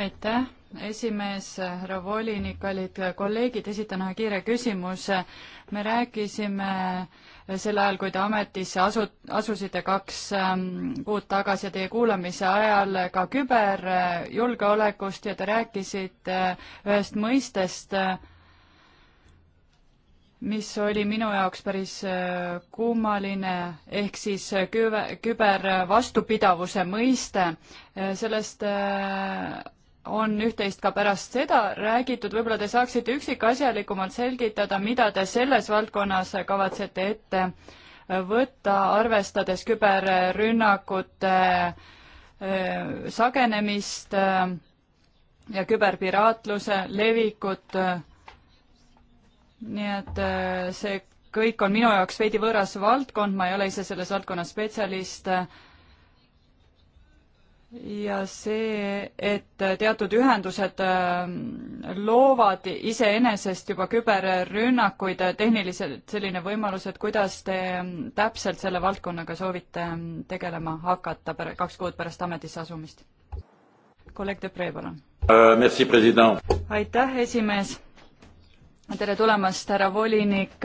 aitäh, esimees, härra volinik, kallid kolleegid, esitan ühe kiire küsimuse. me rääkisime sel ajal, kui te ametisse asu, asusite kaks ähm, kuud tagasi ja teie kuulamise ajal ka küberjulgeolekust ja te rääkisite ühest mõistest, mis oli minu jaoks päris äh, kummaline, ehk siis küber, kübervastupidavuse mõiste. Äh, sellest äh, on üht-teist ka pärast seda räägitud, võib-olla te saaksite üksikasjalikumalt selgitada, mida te selles valdkonnas kavatsete ette võtta, arvestades küberrünnakute äh, sagenemist äh, ja küberpiraatluse levikut. nii et äh, see kõik on minu jaoks veidi võõras valdkond, ma ei ole ise selles valdkonnas spetsialist ja see, et teatud ühendused ähm, loovad iseenesest juba küberrünnakuid, tehniliselt selline võimalus, et kuidas te ähm, täpselt selle valdkonnaga soovite ähm, tegelema hakata pär-, kaks kuud pärast ametisse asumist? kolleeg Depree, palun. Äh, aitäh, esimees tere tulemast, härra volinik,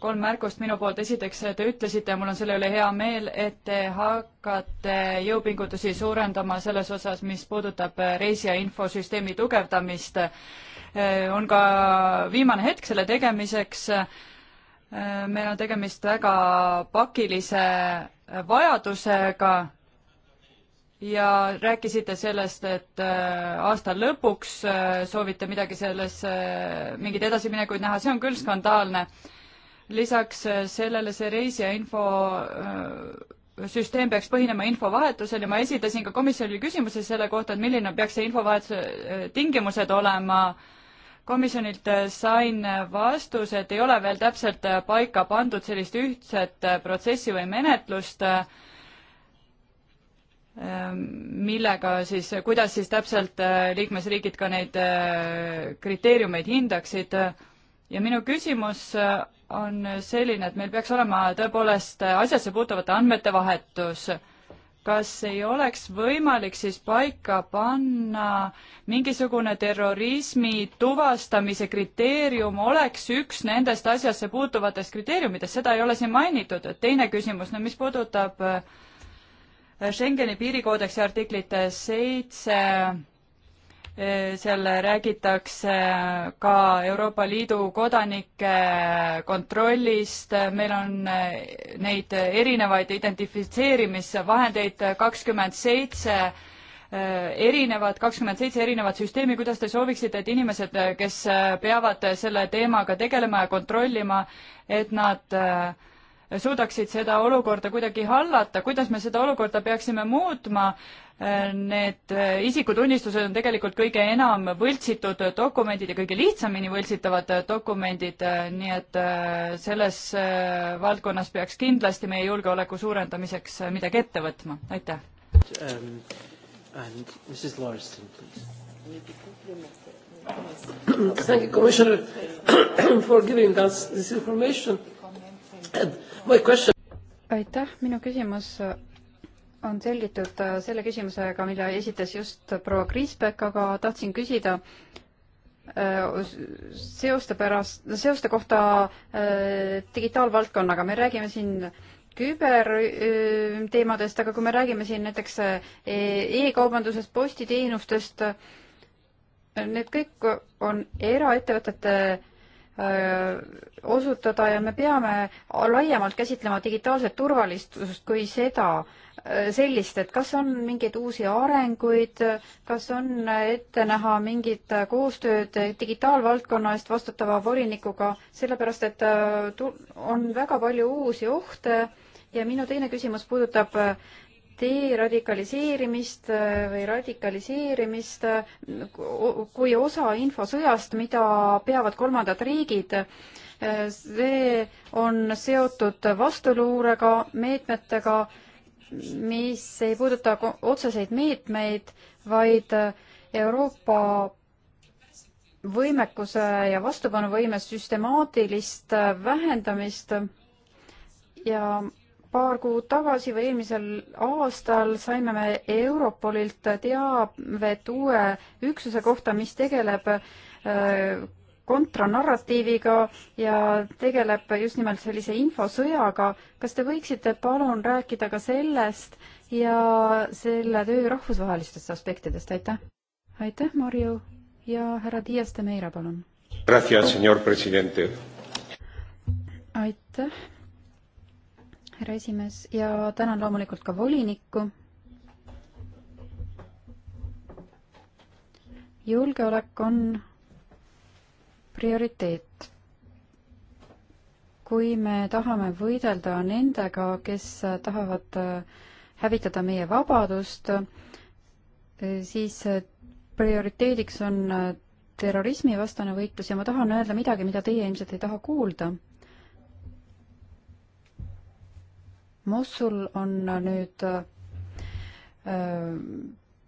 kolm märkust minu poolt, esiteks te ütlesite, mul on selle üle hea meel, et te hakkate jõupingutusi suurendama selles osas, mis puudutab reisija infosüsteemi tugevdamist. on ka viimane hetk selle tegemiseks. meil on tegemist väga pakilise vajadusega ja rääkisite sellest, et äh, aasta lõpuks äh, soovite midagi selles, äh, mingeid edasiminekuid näha, see on küll skandaalne. lisaks sellele see reisija info süsteem peaks põhinema infovahetusel ja ma esitasin ka komisjonile küsimuse selle kohta, et milline peaks see infovahetuse tingimused olema. komisjonilt sain vastuse, et ei ole veel täpselt paika pandud sellist ühtset protsessi või menetlust äh, Ehm, millega siis, kuidas siis täpselt äh, liikmesriigid ka neid äh, kriteeriumeid hindaksid. ja minu küsimus äh, on selline, et meil peaks olema tõepoolest asjasse puutuvate andmete vahetus. kas ei oleks võimalik siis paika panna mingisugune terrorismi tuvastamise kriteerium oleks üks nendest asjasse puutuvatest kriteeriumidest, seda ei ole siin mainitud. teine küsimus, no mis puudutab äh, Schengeni piirikoodeksi artiklite seitse eh, seal räägitakse ka Euroopa Liidu kodanike kontrollist, meil on eh, neid erinevaid identifitseerimisvahendeid kakskümmend seitse, eh, erinevad, kakskümmend seitse erinevat süsteemi, kuidas te sooviksite, et inimesed, kes peavad selle teemaga tegelema ja kontrollima, et nad äh, suudaksid seda olukorda kuidagi hallata, kuidas me seda olukorda peaksime muutma. Need isikutunnistused on tegelikult kõige enam võltsitud dokumendid ja kõige lihtsamini võltsitavad dokumendid, nii et äh, selles äh, valdkonnas peaks kindlasti meie julgeoleku suurendamiseks äh, midagi ette võtma, aitäh um,. And Mrs Lauriston, please. Thank you, Commissioner, for giving us this information aitäh, minu küsimus on selgitud äh, selle küsimusega, mille esitas just proua Kriisbeck, aga tahtsin küsida äh, seoste pärast, seoste kohta äh, digitaalvaldkonnaga, me räägime siin küberteemadest, aga kui me räägime siin näiteks e-kaubandusest, postiteenustest, need kõik on eraettevõtete Äh, osutada ja me peame laiemalt käsitlema digitaalset turvalisust kui seda, äh, sellist, et kas on mingeid uusi arenguid, kas on ette näha mingit koostööd digitaalvaldkonna eest vastutava volinikuga, sellepärast et äh, on väga palju uusi ohte ja minu teine küsimus puudutab deradikaliseerimist äh, või radikaliseerimist äh, kui osa infosõjast, mida peavad kolmandad riigid. Äh, see on seotud vastuluurega, meetmetega, mis ei puuduta otseseid meetmeid, vaid Euroopa võimekuse ja vastupanuvõime süstemaatilist vähendamist ja paar kuud tagasi või eelmisel aastal saime me Europolilt teavet uue üksuse kohta, mis tegeleb äh, kontranarratiiviga ja tegeleb just nimelt sellise infosõjaga. kas te võiksite palun rääkida ka sellest ja selle töö rahvusvahelistest aspektidest, aitäh! aitäh, Marju ja härra Dias de Meira, palun! aitäh! härra esimees, ja tänan loomulikult ka volinikku. julgeolek on prioriteet. kui me tahame võidelda nendega, kes tahavad äh, hävitada meie vabadust, äh, siis äh, prioriteediks on terrorismivastane võitlus ja ma tahan öelda midagi, mida teie ilmselt ei taha kuulda. Mosul on nüüd äh,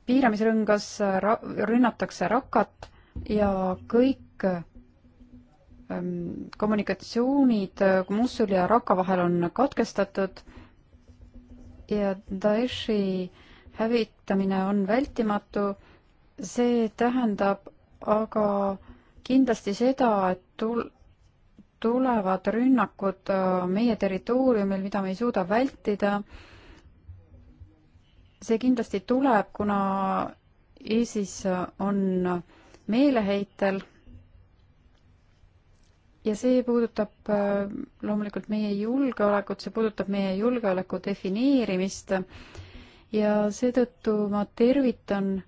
piiramisrõngas ra-, rünnatakse Rakat ja kõik ähm, kommunikatsioonid Mosuli ja Raka vahel on katkestatud ja Daeshi hävitamine on vältimatu. see tähendab aga kindlasti seda, et tul-, tulevad rünnakud äh, meie territooriumil, mida me ei suuda vältida. see kindlasti tuleb, kuna ISIS on meeleheitel. ja see puudutab äh, loomulikult meie julgeolekut, see puudutab meie julgeoleku defineerimist ja seetõttu ma tervitan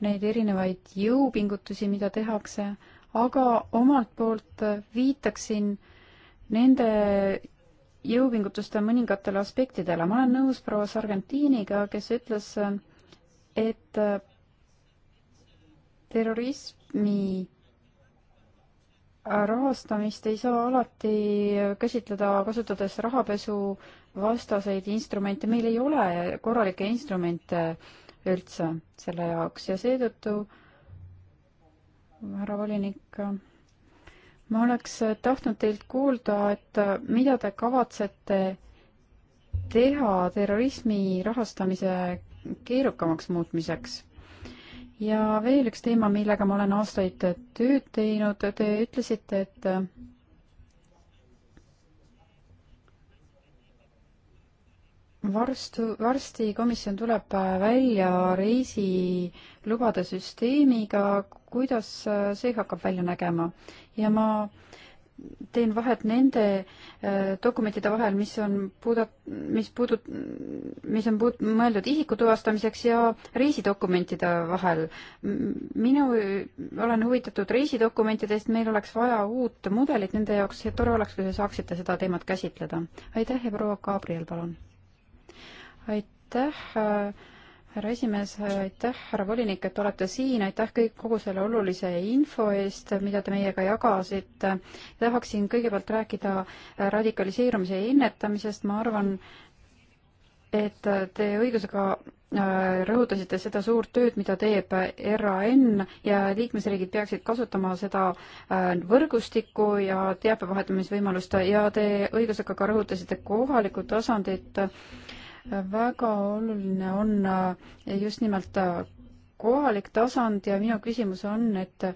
neid erinevaid jõupingutusi, mida tehakse aga omalt poolt viitaksin nende jõupingutuste mõningatele aspektidele. ma olen nõus proua Sargentiniga, kes ütles, et terrorismi rahastamist ei saa alati käsitleda, kasutades rahapesu vastaseid instrumente, meil ei ole korralikke instrumente üldse selle jaoks ja seetõttu äh, härra volinik. ma oleks tahtnud teilt kuulda, et mida te kavatsete teha terrorismi rahastamise keerukamaks muutmiseks ja veel üks teema, millega ma olen aastaid tööd teinud, te ütlesite, et varstu, varsti komisjon tuleb äh, välja reisilubade süsteemiga, kuidas äh, see hakkab välja nägema ja ma teen vahet nende äh, dokumentide vahel, mis on puudat-, mis puudut-, mis on puud-, mõeldud isiku tuvastamiseks ja reisidokumentide vahel. minu, olen huvitatud reisidokumentidest, meil oleks vaja uut mudelit nende jaoks ja tore oleks, kui te saaksite seda teemat käsitleda. aitäh ja proua Gabriel, palun! aitäh, härra esimees, aitäh, härra volinik, et olete siin, aitäh kõik kogu selle olulise info eest, mida te meiega jagasite. tahaksin kõigepealt rääkida radikaliseerumise ennetamisest, ma arvan, et te õigusega äh, rõhutasite seda suurt tööd, mida teeb RAN ja liikmesriigid peaksid kasutama seda äh, võrgustikku ja teabevahetamisvõimalust ja te õigusega ka rõhutasite kohalikku tasandit väga oluline on äh, just nimelt äh, kohalik tasand ja minu küsimus on, et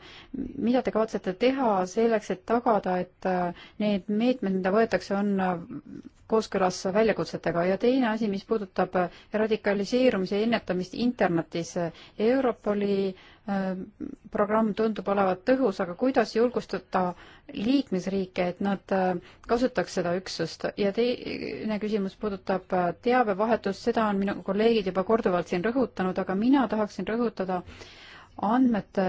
mida te kavatsete teha selleks, et tagada, et äh, need meetmed, mida võetakse, on kooskõlas väljakutsetega ja teine asi, mis puudutab radikaliseerumise ennetamist internetis. Europoli programm tundub olevat tõhus, aga kuidas julgustada liikmesriike, et nad äh, kasutaks seda üksust ja teine küsimus puudutab äh, teabevahetust, seda on minu kolleegid juba korduvalt siin rõhutanud, aga mina tahaksin rõhutada andmete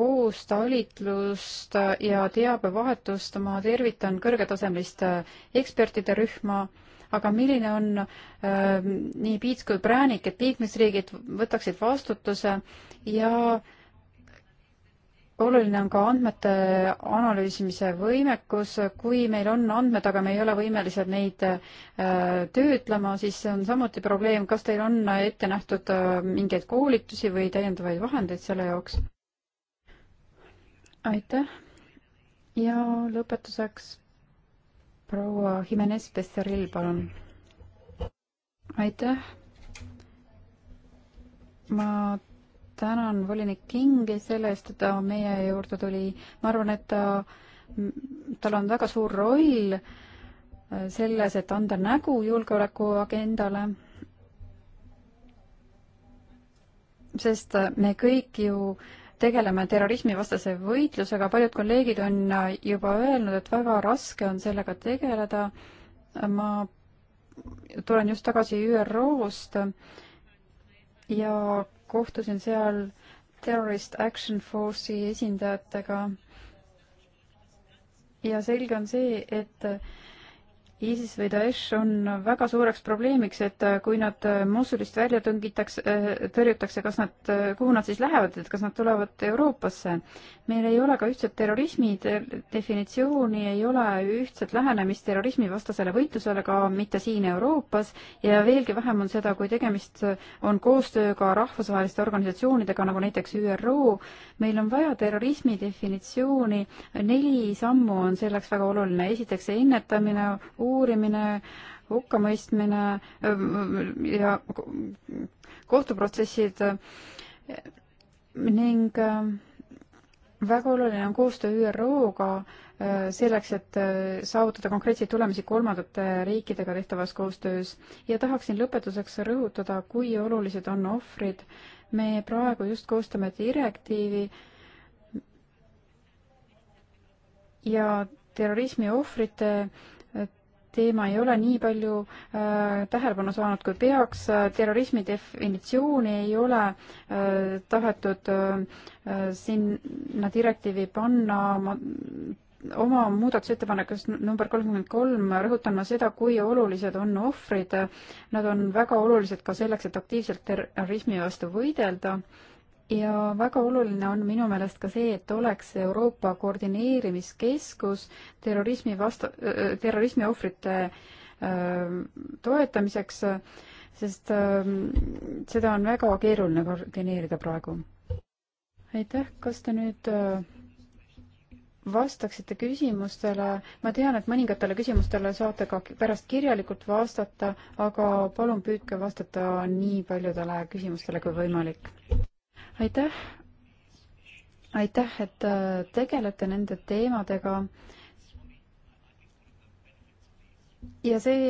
koostalitlust ja teabevahetust, ma tervitan kõrgetasemelist äh, ekspertide rühma, aga milline on äh, nii piits kui präänik, et liikmesriigid võtaksid vastutuse ja äh, oluline on ka andmete analüüsimise võimekus, kui meil on andmed, aga me ei ole võimelised neid äh, töötlema, siis see on samuti probleem, kas teil on ette nähtud äh, mingeid koolitusi või täiendavaid vahendeid selle jaoks? aitäh ja lõpetuseks proua Jimenez Becerril, palun. aitäh ma tänan volinik Kingi selle eest, et ta meie juurde tuli. ma arvan, et ta, tal on väga suur roll äh, selles, et anda nägu julgeolekuagendale. sest äh, me kõik ju tegeleme terrorismivastase võitlusega, paljud kolleegid on äh, juba öelnud, et väga raske on sellega tegeleda. ma tulen just tagasi ÜRO-st ja kohtusin seal Terrorist Action Force'i esindajatega ja selge on see, et ISIS või Daesh on väga suureks probleemiks, et äh, kui nad äh, Mosulist välja tõngitakse, äh, tõrjutakse, kas nad, kuhu nad siis lähevad, et kas nad tulevad Euroopasse? meil ei ole ka ühtset terrorismi definitsiooni, ei ole ühtset lähenemist terrorismivastasele võitlusele ka mitte siin Euroopas ja veelgi vähem on seda, kui tegemist on koostööga rahvusvaheliste organisatsioonidega, nagu näiteks ÜRO. meil on vaja terrorismi definitsiooni, neli sammu on selleks väga oluline, esiteks ennetamine, uurimine, hukkamõistmine äh, ja kohtuprotsessid ning äh, väga oluline on koostöö ÜRO-ga äh, selleks, et saavutada konkreetseid tulemusi kolmandate riikidega tehtavas koostöös ja tahaksin lõpetuseks rõhutada, kui olulised on ohvrid. me praegu just koostame direktiivi ja terrorismi ohvrite teema ei ole nii palju äh, tähelepanu saanud, kui peaks. terrorismi definitsiooni ei ole äh, tahetud äh, sinna direktiivi panna. ma oma muudatusettepanekus number kolmkümmend kolm rõhutan ma seda, kui olulised on ohvrid. Nad on väga olulised ka selleks, et aktiivselt terrorismi vastu võidelda äh, ja väga oluline on minu meelest ka see, et oleks Euroopa koordineerimiskeskus terrorismi vasta-, äh, terrorismi ohvrite ähm, toetamiseks, sest ähm, seda on väga keeruline koordineerida praegu. aitäh, kas te nüüd äh, vastaksite küsimustele, ma tean, et mõningatele küsimustele saate ka pärast kirjalikult vastata, aga palun püüdke vastata nii paljudele küsimustele kui võimalik aitäh, aitäh, et äh, tegelete nende teemadega. ja see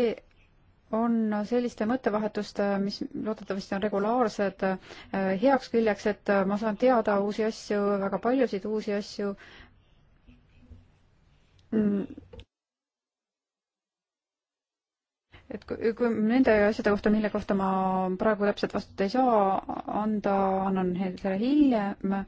on selliste mõttevahetuste, mis loodetavasti on regulaarsed, äh, heaks küljeks, et äh, ma saan teada uusi asju, väga paljusid uusi asju. Mm et kui, kui nende asjade kohta, mille kohta ma praegu täpselt vastata ei saa anda, annan selle hiljem.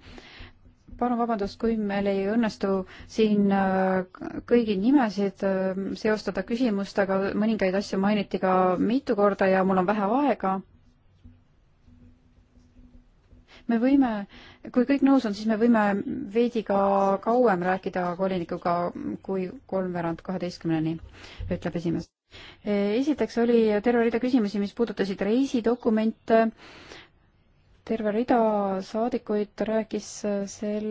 palun vabandust, kui meil ei õnnestu siin äh, kõigi nimesid äh, seostada küsimustega, mõningaid asju mainiti ka mitu korda ja mul on vähe aega. me võime, kui kõik nõus on, siis me võime veidi ka kauem rääkida volinikuga kui kolmveerand kaheteistkümneni, ütleb esimees Eh, esiteks oli terve rida küsimusi, mis puudutasid reisidokumente. terve rida saadikuid rääkis eh, sel,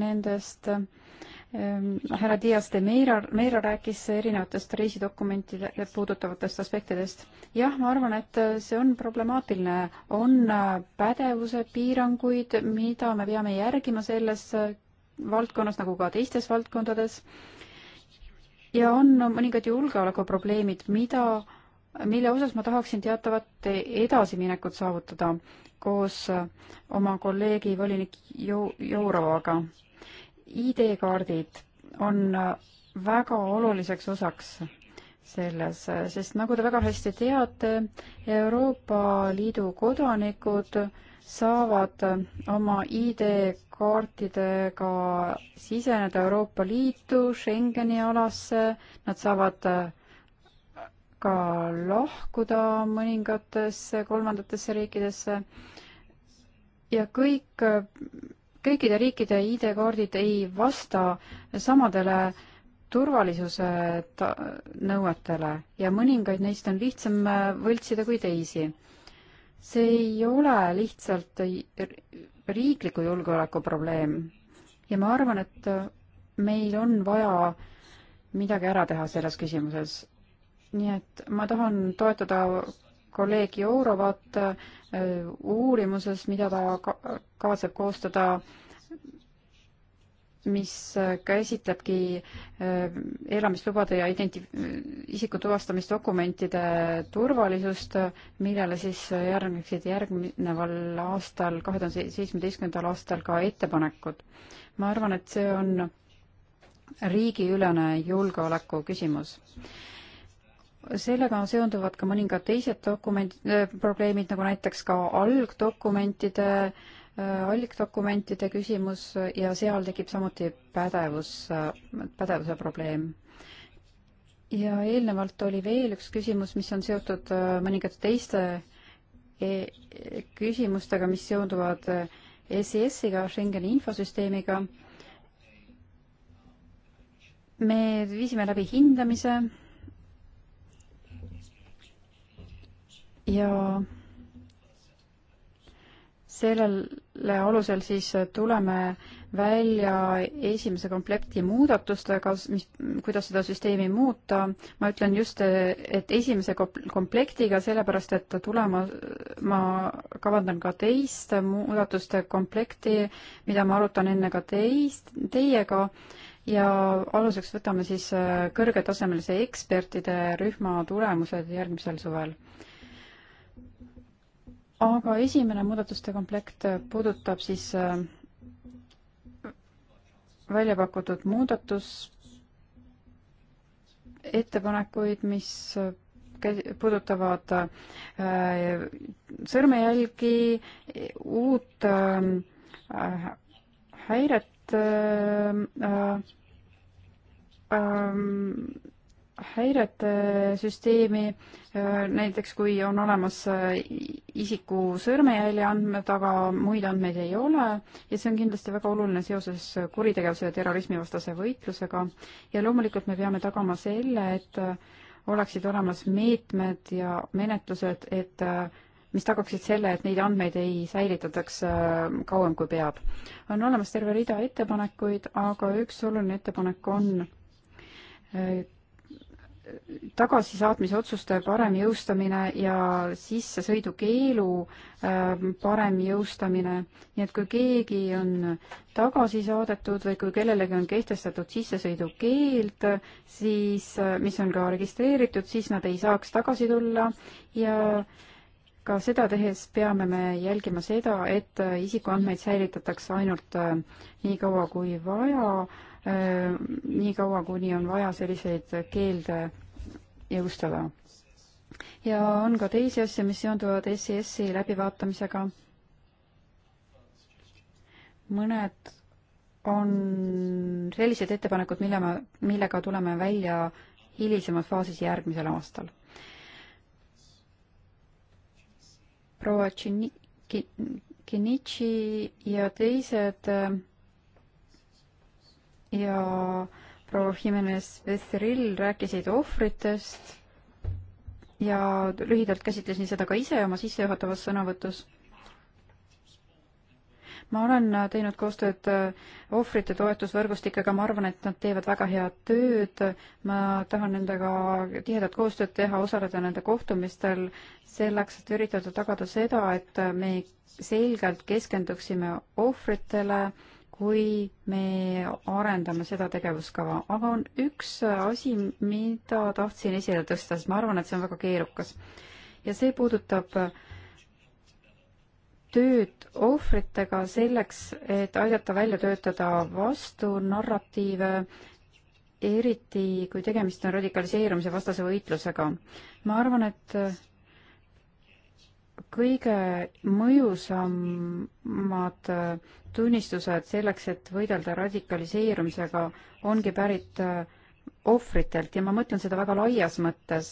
nendest ehm, härra Dias de Meira, Meira rääkis erinevatest reisidokumentide puudutavatest aspektidest. jah, ma arvan, et eh, see on problemaatiline. on pädevuse piiranguid, mida me peame järgima selles valdkonnas nagu ka teistes valdkondades äh, ja on mõningad julgeolekuprobleemid, mida, mille osas ma tahaksin teatavat edasiminekut saavutada koos oma kolleegi volinik Jourovaga. ID-kaardid on väga oluliseks osaks selles, sest nagu te väga hästi teate, Euroopa Liidu kodanikud saavad oma ID kaartidega siseneda Euroopa Liitu, Schengeni alasse, nad saavad äh, ka lahkuda mõningatesse kolmandatesse riikidesse ja kõik, kõikide riikide ID-kaardid ei vasta samadele turvalisuse ta-, nõuetele ja mõningaid neist on lihtsam äh, võltsida kui teisi. see ei ole lihtsalt riikliku julgeoleku probleem ja ma arvan, et meil on vaja midagi ära teha selles küsimuses. nii et ma tahan toetuda kolleeg Jourovat äh, uurimuses, mida ta kavatseb koostada mis äh, käsitlebki äh, elamislubade ja identi-, isiku tuvastamisdokumentide turvalisust, millele siis järgneksid järgneval aastal, kahe tuhande seitsmeteistkümnendal aastal ka ettepanekud. ma arvan, et see on riigiülene julgeoleku küsimus sellega seonduvad ka mõningad teised dokumendid, äh, probleemid, nagu näiteks ka algdokumentide äh, Äh, allikdokumentide küsimus ja seal tekib samuti pädevus, äh, pädevuse probleem. ja eelnevalt oli veel üks küsimus, mis on seotud äh, mõningate teiste e, e küsimustega, mis seonduvad SIS-iga, e Schengeni infosüsteemiga. me viisime läbi hindamise ja sellele alusel siis tuleme välja esimese komplekti muudatustega, mis, kuidas seda süsteemi muuta. ma ütlen just, et esimese komplektiga, sellepärast et tulema, ma kavandan ka teist muudatuste komplekti, mida ma arutan enne ka teist, teiega ja aluseks võtame siis kõrgetasemelise ekspertide rühma tulemused järgmisel suvel aga esimene muudatuste komplekt puudutab siis äh, välja pakutud muudatus, ettepanekuid, mis äh, puudutavad äh, sõrmejälgi, uut häiret häirete süsteemi, äh, näiteks kui on olemas äh, isiku sõrmejälje andmed, aga muid andmeid ei ole ja see on kindlasti väga oluline seoses kuritegevuse ja terrorismivastase võitlusega. ja loomulikult me peame tagama selle, et äh, oleksid olemas meetmed ja menetlused, et mis tagaksid selle, et neid andmeid ei säilitataks kauem, kui peab. on olemas terve rida ettepanekuid, aga üks oluline ettepanek on tagasisaatmise otsuste parem jõustamine ja sissesõidukeelu äh, parem jõustamine. nii et kui keegi on tagasi saadetud või kui kellelegi on kehtestatud sissesõidukeeld, siis, äh, mis on ka registreeritud, siis nad ei saaks tagasi tulla ja ka seda tehes peame me jälgima seda, et äh, isikuandmeid säilitatakse ainult nii kaua kui vaja nii kaua, kuni on vaja selliseid keelde jõustada. ja on ka teisi asju, mis seonduvad SES-i läbivaatamisega. mõned on sellised ettepanekud, mille me, millega tuleme välja hilisemas faasis järgmisel aastal. proua Tšinitši ja teised äh, ja proua Jimenez Becerril rääkisid ohvritest ja lühidalt käsitlesin seda ka ise oma sissejuhatavas sõnavõtus. ma olen teinud koostööd ohvrite toetusvõrgustikega, ma arvan, et nad teevad väga head tööd, ma tahan nendega tihedat koostööd teha, osaleda nende kohtumistel, selleks, et üritada tagada seda, et me selgelt keskenduksime ohvritele kui me arendame seda tegevuskava, aga on üks asi, mida tahtsin esile tõsta, sest ma arvan, et see on väga keerukas. ja see puudutab tööd ohvritega selleks, et aidata välja töötada vastunarratiive, eriti kui tegemist on radikaliseerumise vastase võitlusega. ma arvan, et kõige mõjusamad äh, tunnistused selleks, et võidelda radikaliseerumisega, ongi pärit äh, ohvritelt ja ma mõtlen seda väga laias mõttes.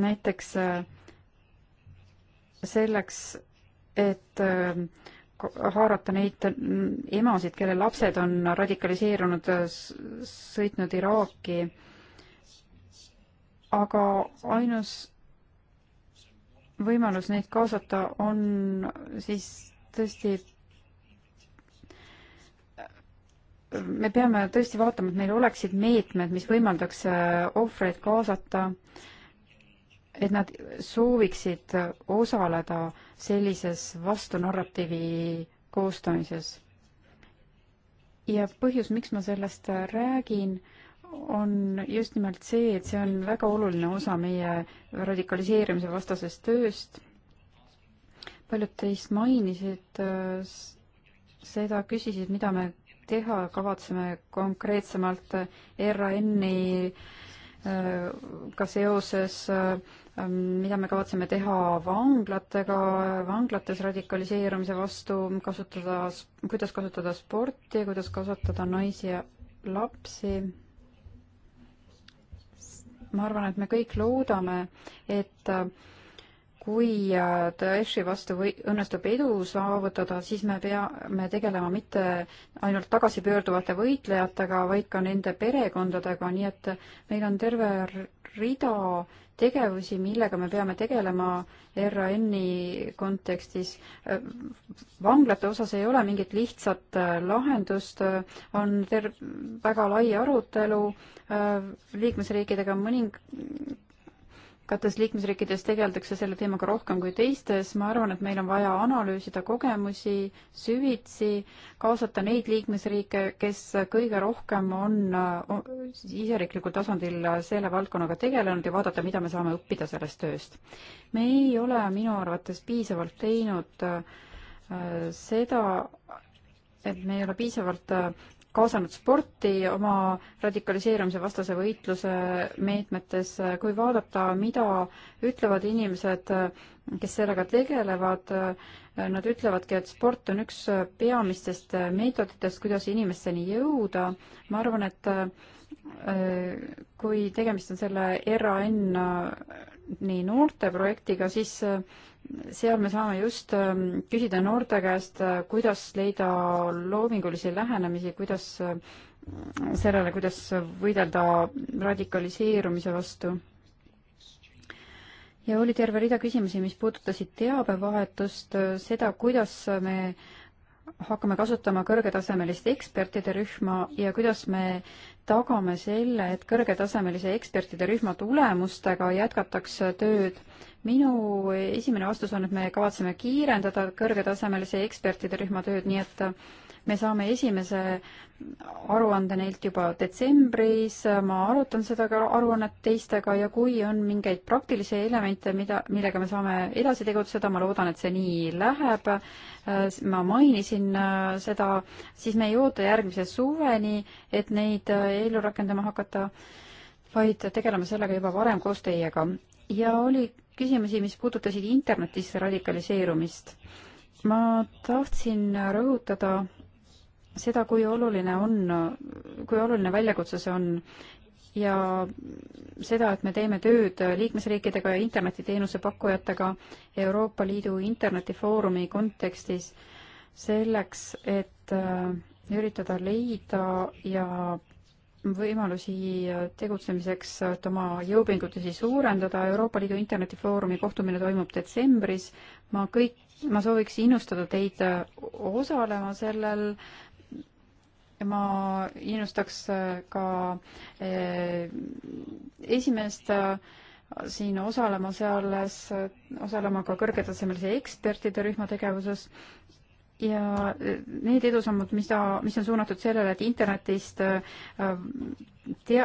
näiteks äh, selleks, et haarata neid emasid, kelle lapsed on radikaliseerunud, sõitnud Iraaki, aga ainus võimalus neid kaasata on siis tõesti me peame tõesti vaatama, et meil oleksid meetmed, mis võimaldaks äh, ohvreid kaasata, et nad sooviksid osaleda sellises vastunarratiivi koostamises. ja põhjus, miks ma sellest räägin, on just nimelt see, et see on väga oluline osa meie radikaliseerimise vastasest tööst. paljud teist mainisid äh, seda, küsisid, mida me teha kavatseme konkreetsemalt RAN-i äh, ka seoses, äh, mida me kavatseme teha vanglatega, vanglates radikaliseerumise vastu, kasutada, kuidas kasutada sporti, kuidas kasutada naisi ja lapsi ma arvan, et me kõik loodame, et äh, kui Daeshi äh, vastu või õnnestub edu saavutada, siis me peame tegelema mitte ainult tagasipöörduvate võitlejatega, vaid ka nende perekondadega, nii et meil on terve rida tegevusi, millega me peame tegelema RAN-i kontekstis. vanglate osas ei ole mingit lihtsat äh, lahendust, äh, on ter-, väga lai arutelu äh, liikmesriikidega, mõning-, mõningates liikmesriikides tegeldakse selle teemaga rohkem kui teistes, ma arvan, et meil on vaja analüüsida kogemusi süvitsi, kaasata neid liikmesriike, kes kõige rohkem on siseriiklikul tasandil selle valdkonnaga tegelenud ja vaadata, mida me saame õppida sellest tööst. me ei ole minu arvates piisavalt teinud äh, seda, et me ei ole piisavalt äh, kaasanud sporti oma radikaliseerumise vastase võitluse meetmetes, kui vaadata, mida ütlevad inimesed, kes sellega tegelevad, nad ütlevadki, et sport on üks peamistest meetoditest, kuidas inimesteni jõuda. ma arvan, et kui tegemist on selle RAN-i noorte projektiga, siis eh, seal me saame just eh, küsida noorte käest, eh, kuidas leida loomingulisi lähenemisi, kuidas sellele, kuidas võidelda radikaliseerumise vastu. ja oli terve rida küsimusi, mis puudutasid teabevahetust, seda, kuidas me äh, hakkame kasutama kõrgetasemelist ekspertide rühma ja kuidas me tagame selle, et kõrgetasemelise ekspertide rühma tulemustega jätkatakse tööd. minu esimene vastus on, et me kavatseme kiirendada kõrgetasemelise ekspertide rühma tööd, nii et äh, me saame esimese aruande neilt juba detsembris, ma arutan seda aruannet teistega ja kui on mingeid praktilisi elemente, mida, millega me saame edasi tegutseda, ma loodan, et see nii läheb, ma mainisin äh, seda, siis me ei oota järgmise suveni, et neid äh, ellu rakendama hakata, vaid tegeleme sellega juba varem koos teiega. ja oli küsimusi, mis puudutasid internetis radikaliseerumist. ma tahtsin rõhutada seda, kui oluline on, kui oluline väljakutse see on ja seda, et me teeme tööd liikmesriikidega ja internetiteenuse pakkujatega Euroopa Liidu internetifoorumi kontekstis selleks, et äh, üritada leida ja võimalusi tegutsemiseks, et oma jõupingutusi suurendada. Euroopa Liidu internetifoorumi kohtumine toimub detsembris. ma kõik, ma sooviks innustada teid osalema sellel ma innustaks äh, ka äh, esimest äh, siin osalema selles, osalema ka kõrgetasemelise ekspertide rühma tegevuses ja need edusammud, mis ta, mis on suunatud sellele, et internetist tea,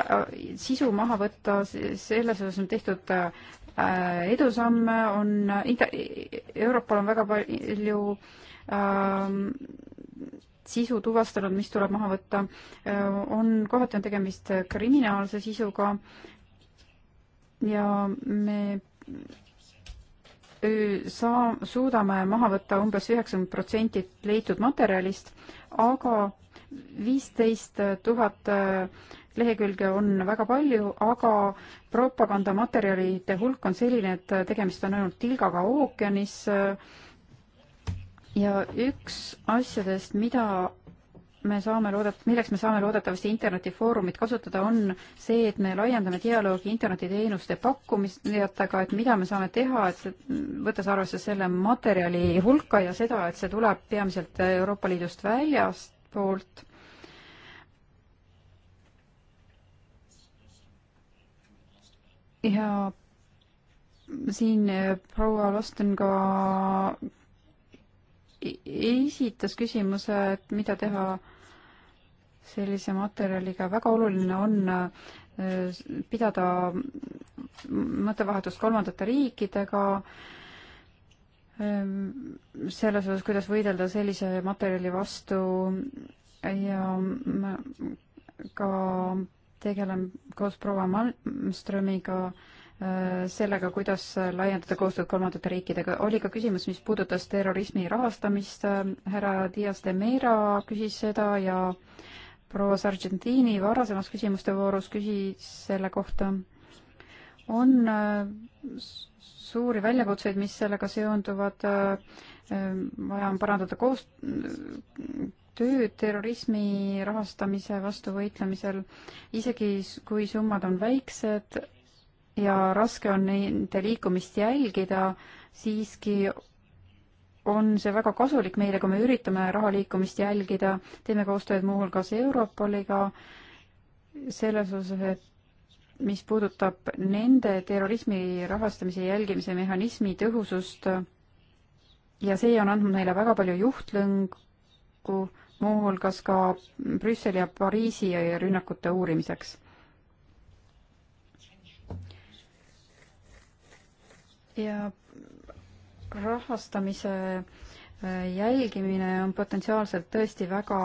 sisu maha võtta, selles osas on tehtud edusamme, on inter-, Euroopal on väga palju ähm, sisu tuvastanud, mis tuleb maha võtta, on, kohati on tegemist kriminaalse sisuga ja me saa, suudame maha võtta umbes üheksakümmend protsenti leitud materjalist, aga viisteist tuhat lehekülge on väga palju, aga propagandamaterjalide hulk on selline, et tegemist on ainult tilgaga ookeanis äh, ja üks asjadest, mida me saame loodet-, milleks me saame loodetavasti internetifoorumit kasutada, on see, et me laiendame dialoogi internetiteenuste pakkumisjatega, et mida me saame teha, et võttes arvesse selle materjali hulka ja seda, et see tuleb peamiselt Euroopa Liidust väljastpoolt ja siin äh, proua Lasten ka esitas küsimuse, et mida teha sellise materjaliga, väga oluline on äh, pidada mõttevahetust kolmandate riikidega, ähm, selles osas, kuidas võidelda sellise materjali vastu ja ka tegelen koos proua Malmströmiga äh, Äh, sellega, kuidas laiendada koostööd kolmandate riikidega. oli ka küsimus, mis puudutas terrorismi rahastamist. Äh, härra Dias de Meira küsis seda ja proua Sargentini varasemas küsimuste voorus küsis selle kohta. on äh, suuri väljakutseid, mis sellega seonduvad. vaja on parandada koos-, tööd terrorismi rahastamise vastu võitlemisel, isegi kui summad on väiksed, ja raske on nende liikumist jälgida, siiski on see väga kasulik meile, kui me üritame raha liikumist jälgida, teeme koostööd muuhulgas Europoliga selles osas, et mis puudutab nende terrorismi rahastamise jälgimise mehhanismi tõhusust ja see on andnud meile väga palju juhtlõngu, muuhulgas ka Brüsseli ja Pariisi rünnakute uurimiseks. ja rahastamise äh, jälgimine on potentsiaalselt tõesti väga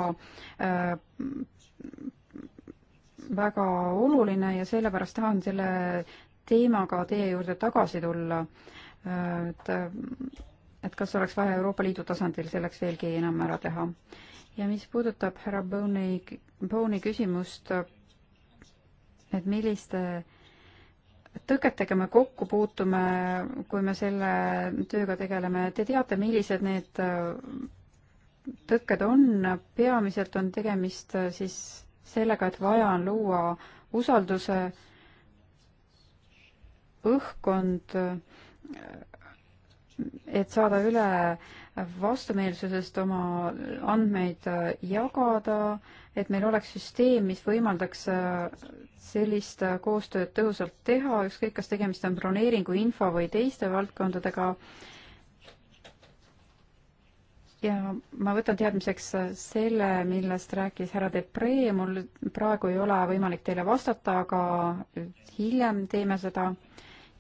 äh, väga oluline ja sellepärast tahan selle teemaga teie juurde tagasi tulla. Äh, et, et kas oleks vaja Euroopa Liidu tasandil selleks veelgi enam ära teha. ja mis puudutab härra Bone'i, Bone'i küsimust, et milliste äh, tõketega me kokku puutume, kui me selle tööga tegeleme, te teate, millised need äh, tõkked on, peamiselt on tegemist äh, siis sellega, et vaja on luua usalduse õhkkond, äh, et saada üle äh, vastumeelsusest oma andmeid äh, jagada, et meil oleks süsteem, mis võimaldaks äh, sellist äh, koostööd tõhusalt teha, ükskõik kas tegemist on broneeringu, info või teiste valdkondadega. ja ma võtan teadmiseks selle, millest rääkis härra Depree, mul praegu ei ole võimalik teile vastata, aga hiljem teeme seda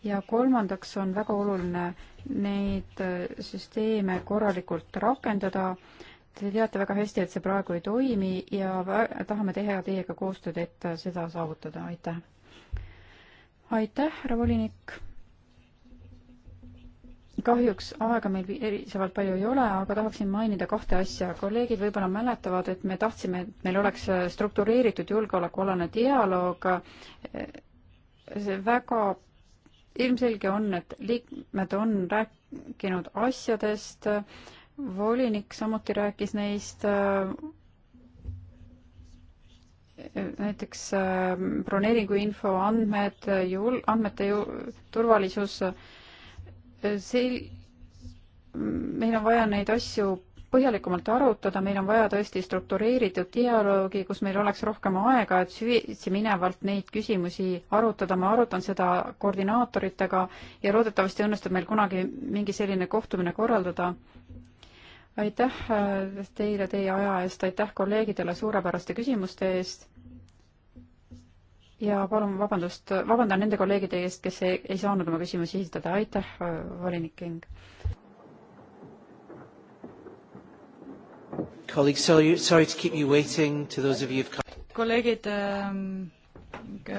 ja kolmandaks on väga oluline neid äh, süsteeme korralikult rakendada. Te teate väga hästi, et see praegu ei toimi ja tahame teha teiega koostööd, et äh, seda saavutada, aitäh. aitäh, härra volinik. kahjuks aega meil piisavalt palju ei ole, aga tahaksin mainida kahte asja. kolleegid võib-olla mäletavad, et me tahtsime, et meil oleks äh, struktureeritud julgeolekualane dialoog. see väga ilmselge on, et liikmed on rääkinud asjadest, volinik samuti rääkis neist, näiteks ähm, broneeringuinfo andmed, jul-, andmete ju-, turvalisus, see, meil on vaja neid asju põhjalikumalt arutada, meil on vaja tõesti struktureeritud dialoogi, kus meil oleks rohkem aega, et süvitsi minevalt neid küsimusi arutada, ma arutan seda koordinaatoritega ja loodetavasti õnnestub meil kunagi mingi selline kohtumine korraldada. aitäh äh, teile teie aja eest, aitäh kolleegidele suurepäraste küsimuste eest ja palun vabandust, vabandan nende kolleegide eest, kes ei, ei saanud oma küsimusi esitada, aitäh, äh, volinik King! Colleagues, sorry, sorry to keep you waiting to those of you who've come. kolleegid, ähm,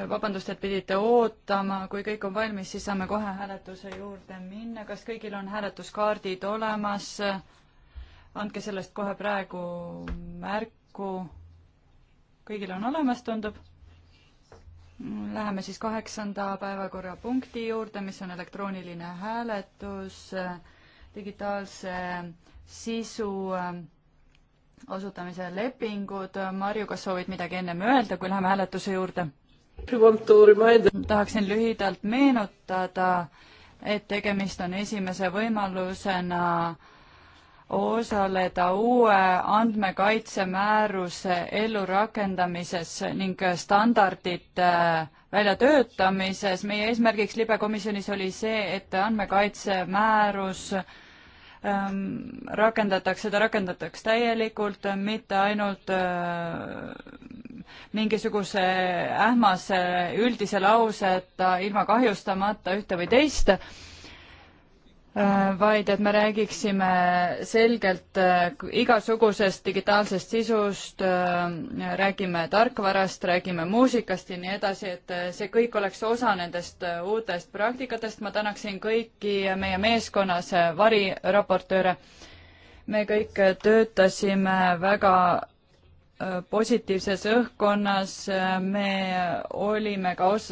vabandust, et pidite ootama, kui kõik on valmis, siis saame kohe hääletuse juurde minna, kas kõigil on hääletuskaardid olemas? andke sellest kohe praegu märku. kõigil on olemas, tundub? Läheme siis kaheksanda päevakorrapunkti juurde, mis on elektrooniline hääletus digitaalse sisu ähm, osutamise lepingud. Marju, kas soovid midagi ennem öelda, kui läheme hääletuse juurde? tahaksin lühidalt meenutada, et tegemist on esimese võimalusena osaleda uue andmekaitsemääruse ellurakendamises ning standardite väljatöötamises. meie eesmärgiks libekomisjonis oli see, et andmekaitsemäärus ähm, rakendatakse, seda rakendatakse täielikult, mitte ainult äh, mingisuguse ähmase üldise lauseta, ilma kahjustamata ühte või teist äh,, Äh, vaid et me räägiksime selgelt äh, igasugusest digitaalsest sisust, äh, räägime tarkvarast, räägime muusikast ja nii edasi, et see kõik oleks osa nendest uutest praktikatest. ma tänaksin kõiki meie meeskonnas variraportööre. me kõik töötasime väga positiivses õhkkonnas, me olime ka os-,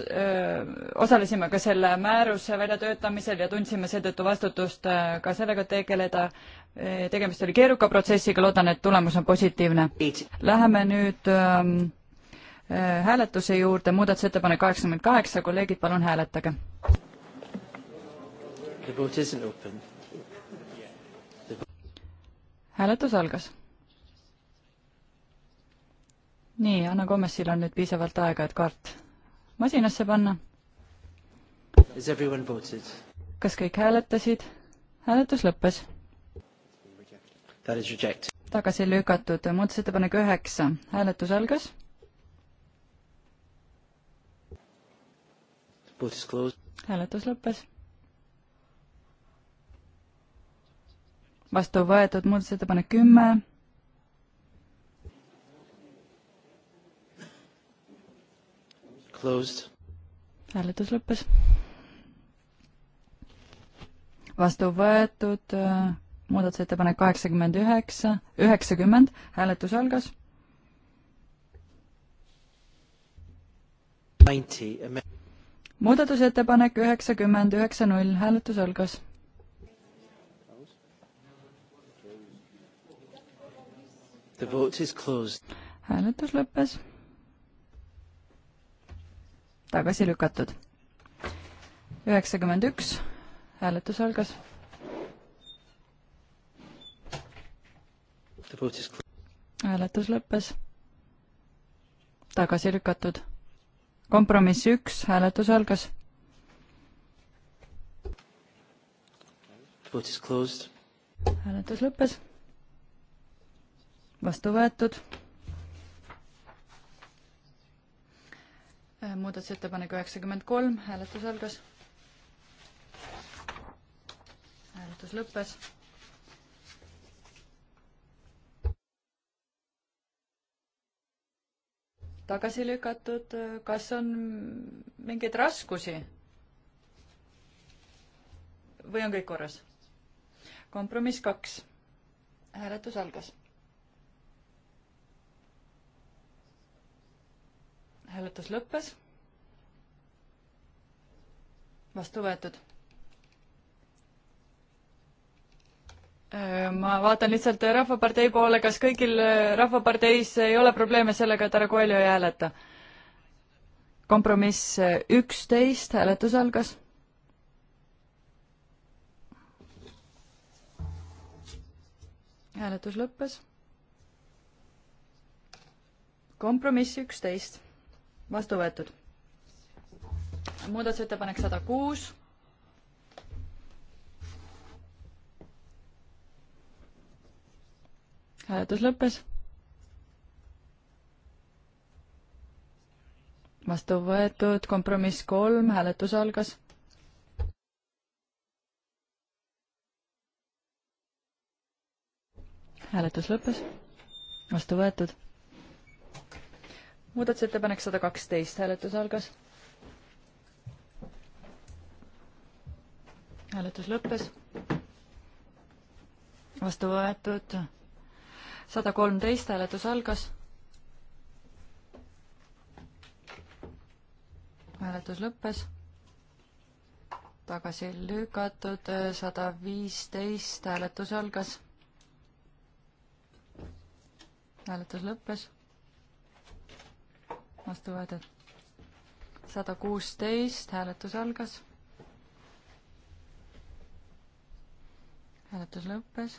osalesime ka selle määruse väljatöötamisel ja tundsime seetõttu vastutust äh, ka sellega tegeleda. tegemist oli keeruka protsessiga, loodan, et tulemus on positiivne. Läheme nüüd ähm, äh, hääletuse juurde, muudatusettepanek kaheksakümmend kaheksa, kolleegid, palun hääletage. hääletus algas nii, Anna Komesil on nüüd piisavalt aega, et kaart masinasse panna. kas kõik hääletasid? hääletus lõppes. tagasi lükatud muudatusettepanek üheksa, hääletus algas. hääletus lõppes. vastu võetud muudatusettepanek kümme hääletus lõppes. vastu võetud äh, muudatusettepanek kaheksakümmend üheksa, üheksakümmend, hääletus algas. muudatusettepanek üheksakümmend üheksa null, hääletus algas. hääletus lõppes tagasi lükatud. üheksakümmend üks, hääletus algas. hääletus lõppes. tagasi lükatud. kompromiss üks, hääletus algas. hääletus lõppes. vastu võetud Äh, muudatusettepanek üheksakümmend kolm, hääletus algas. hääletus lõppes. tagasi lükatud, äh, kas on mingeid raskusi? või on kõik korras? kompromiss kaks. hääletus algas hääletus lõppes. vastu võetud. Äh, ma vaatan lihtsalt Rahvapartei poole, kas kõigil äh, Rahvaparteis ei ole probleeme sellega, et härra Koelju ei hääleta? kompromiss äh, üksteist, hääletus algas hääletus lõppes. kompromiss üksteist vastu võetud. muudatusettepanek sada kuus. hääletus lõppes. vastu võetud, kompromiss kolm, hääletus algas hääletus lõppes, vastu võetud muudatusettepanek sada kaksteist, hääletus algas. hääletus lõppes. vastu võetud sada kolmteist, hääletus algas. hääletus lõppes. tagasi lükatud sada viisteist, hääletus algas. hääletus lõppes vastu võetud. sada kuusteist, hääletus algas. hääletus lõppes.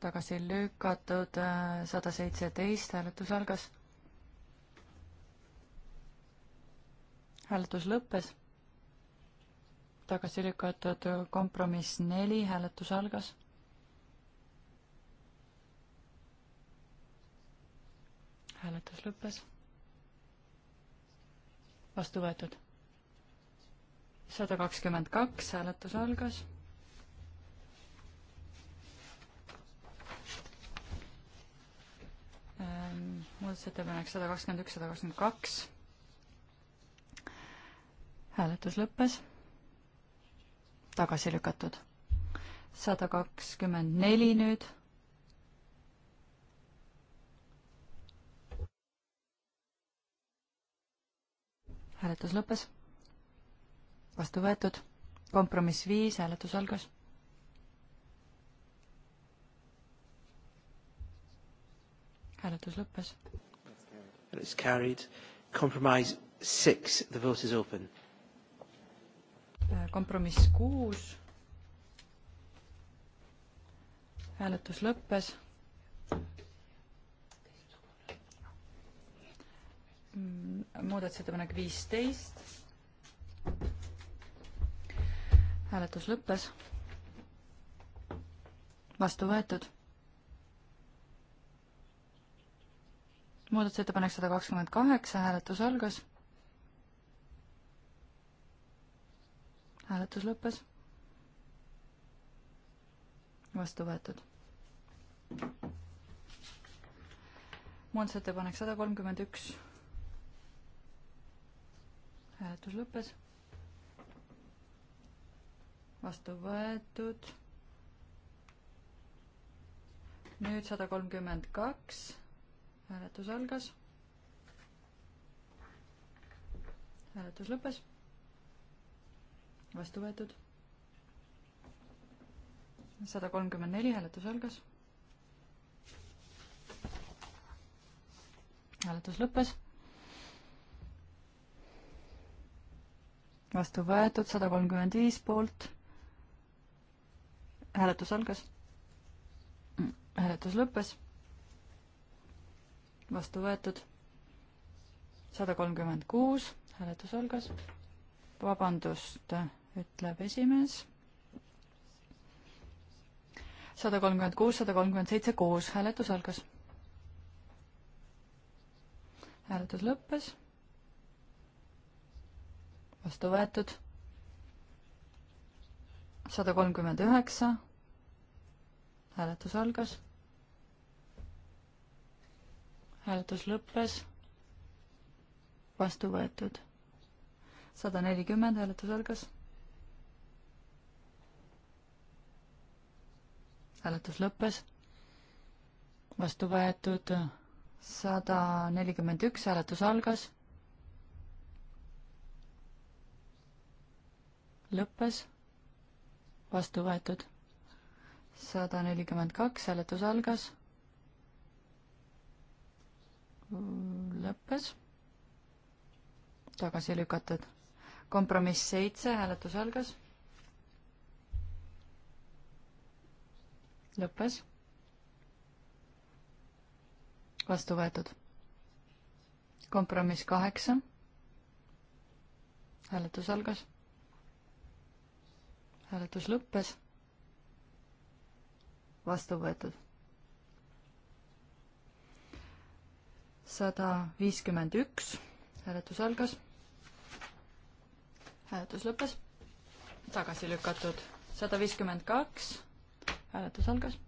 tagasi lükatud äh, sada seitseteist, hääletus algas. hääletus lõppes. tagasi lükatud kompromiss neli, hääletus algas hääletus lõppes. vastu võetud. sada kakskümmend kaks, hääletus algas. Ähm, muudatusettepanek sada kakskümmend üks, sada kakskümmend kaks. hääletus lõppes. tagasi lükatud. sada kakskümmend neli nüüd hääletus lõppes. vastu võetud. kompromiss viis, hääletus algas. hääletus lõppes. It's carried. Compromise six, the vote is open. kompromiss kuus. hääletus lõppes Mm, muudatusettepanek viisteist. hääletus lõppes. vastu võetud. muudatusettepanek sada kakskümmend kaheksa, hääletus algas. hääletus lõppes. vastu võetud muudatusettepanek sada kolmkümmend üks hääletus lõppes. vastu võetud. nüüd sada kolmkümmend kaks, hääletus algas. hääletus lõppes. vastu võetud sada kolmkümmend neli hääletus algas. hääletus lõppes vastu võetud, sada kolmkümmend viis poolt. hääletus algas. hääletus lõppes. vastu võetud. sada kolmkümmend kuus, hääletus algas. vabandust, ütleb esimees. sada kolmkümmend kuus, sada kolmkümmend seitse koos, hääletus algas. hääletus lõppes vastu võetud. sada kolmkümmend üheksa, hääletus algas. hääletus lõppes, vastu võetud. sada nelikümmend, hääletus algas. hääletus lõppes, vastu võetud sada nelikümmend üks, hääletus algas lõppes, vastu võetud. sada nelikümmend kaks, hääletus algas, lõppes, tagasi lükatud. kompromiss seitse, hääletus algas, lõppes, vastu võetud. kompromiss kaheksa hääletus algas hääletus lõppes. vastu võetud. sada viiskümmend üks, hääletus algas. hääletus lõppes. tagasi lükatud. sada viiskümmend kaks, hääletus algas.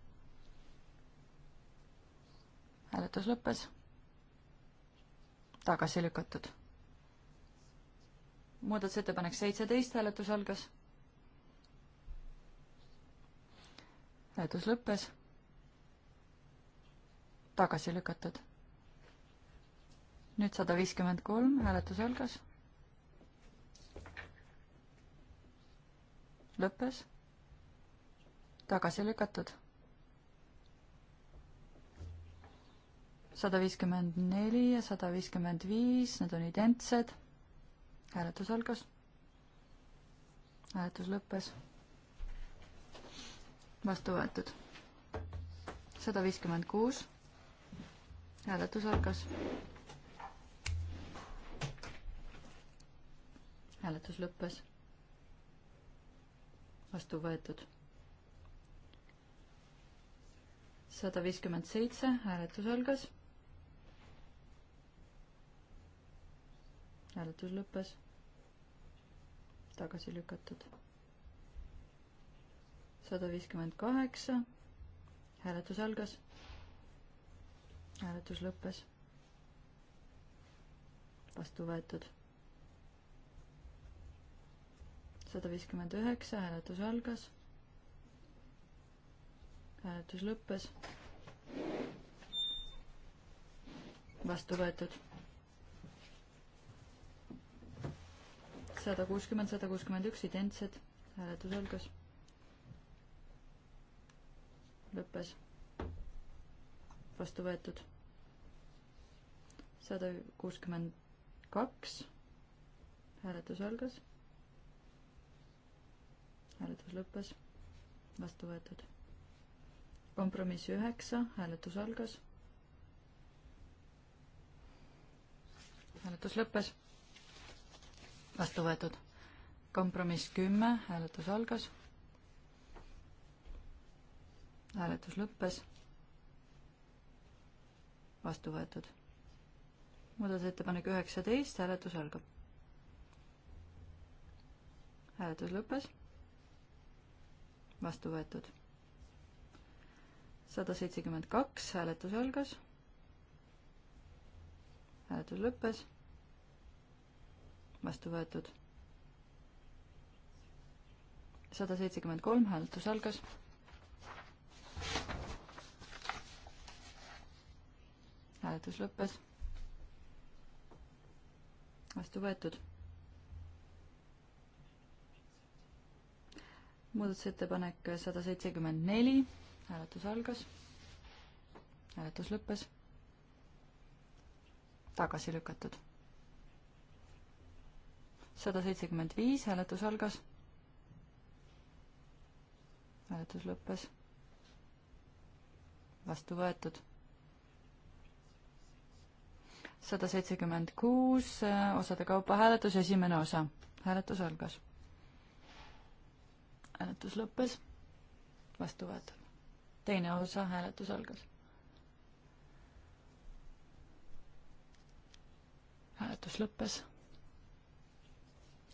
hääletus lõppes. tagasi lükatud muudatusettepanek seitseteist hääletus algas. hääletus lõppes. tagasi lükatud. nüüd sada viiskümmend kolm, hääletus algas. lõppes. tagasi lükatud. sada viiskümmend neli ja sada viiskümmend viis, need on identsed. hääletus algas. hääletus lõppes vastu võetud. sada viiskümmend kuus, hääletus algas. hääletus lõppes. vastu võetud. sada viiskümmend seitse, hääletus algas. hääletus lõppes. tagasi lükatud sada viiskümmend kaheksa. hääletus algas. hääletus lõppes. vastu võetud. sada viiskümmend üheksa, hääletus algas. hääletus lõppes. vastu võetud. sada kuuskümmend, sada kuuskümmend üks, identsed. hääletus algas lõppes. vastu võetud. sada kuuskümmend kaks. hääletus algas. hääletus lõppes. vastu võetud. kompromiss üheksa, hääletus algas. hääletus lõppes. vastu võetud. kompromiss kümme, hääletus algas hääletus lõppes. vastu võetud. muudatusettepanek üheksateist, hääletus algab. hääletus lõppes. vastu võetud. sada seitsekümmend kaks, hääletus algas. hääletus lõppes. vastu võetud. sada seitsekümmend kolm, hääletus algas hääletus lõppes. vastu võetud. muudatusettepanek sada seitsekümmend neli, hääletus algas. hääletus lõppes. tagasi lükatud. sada seitsekümmend viis, hääletus algas. hääletus lõppes vastu võetud. sada seitsekümmend kuus osade kaupa hääletus, esimene osa. hääletus algas. hääletus lõppes, vastu võetud. teine osa, hääletus algas. hääletus lõppes,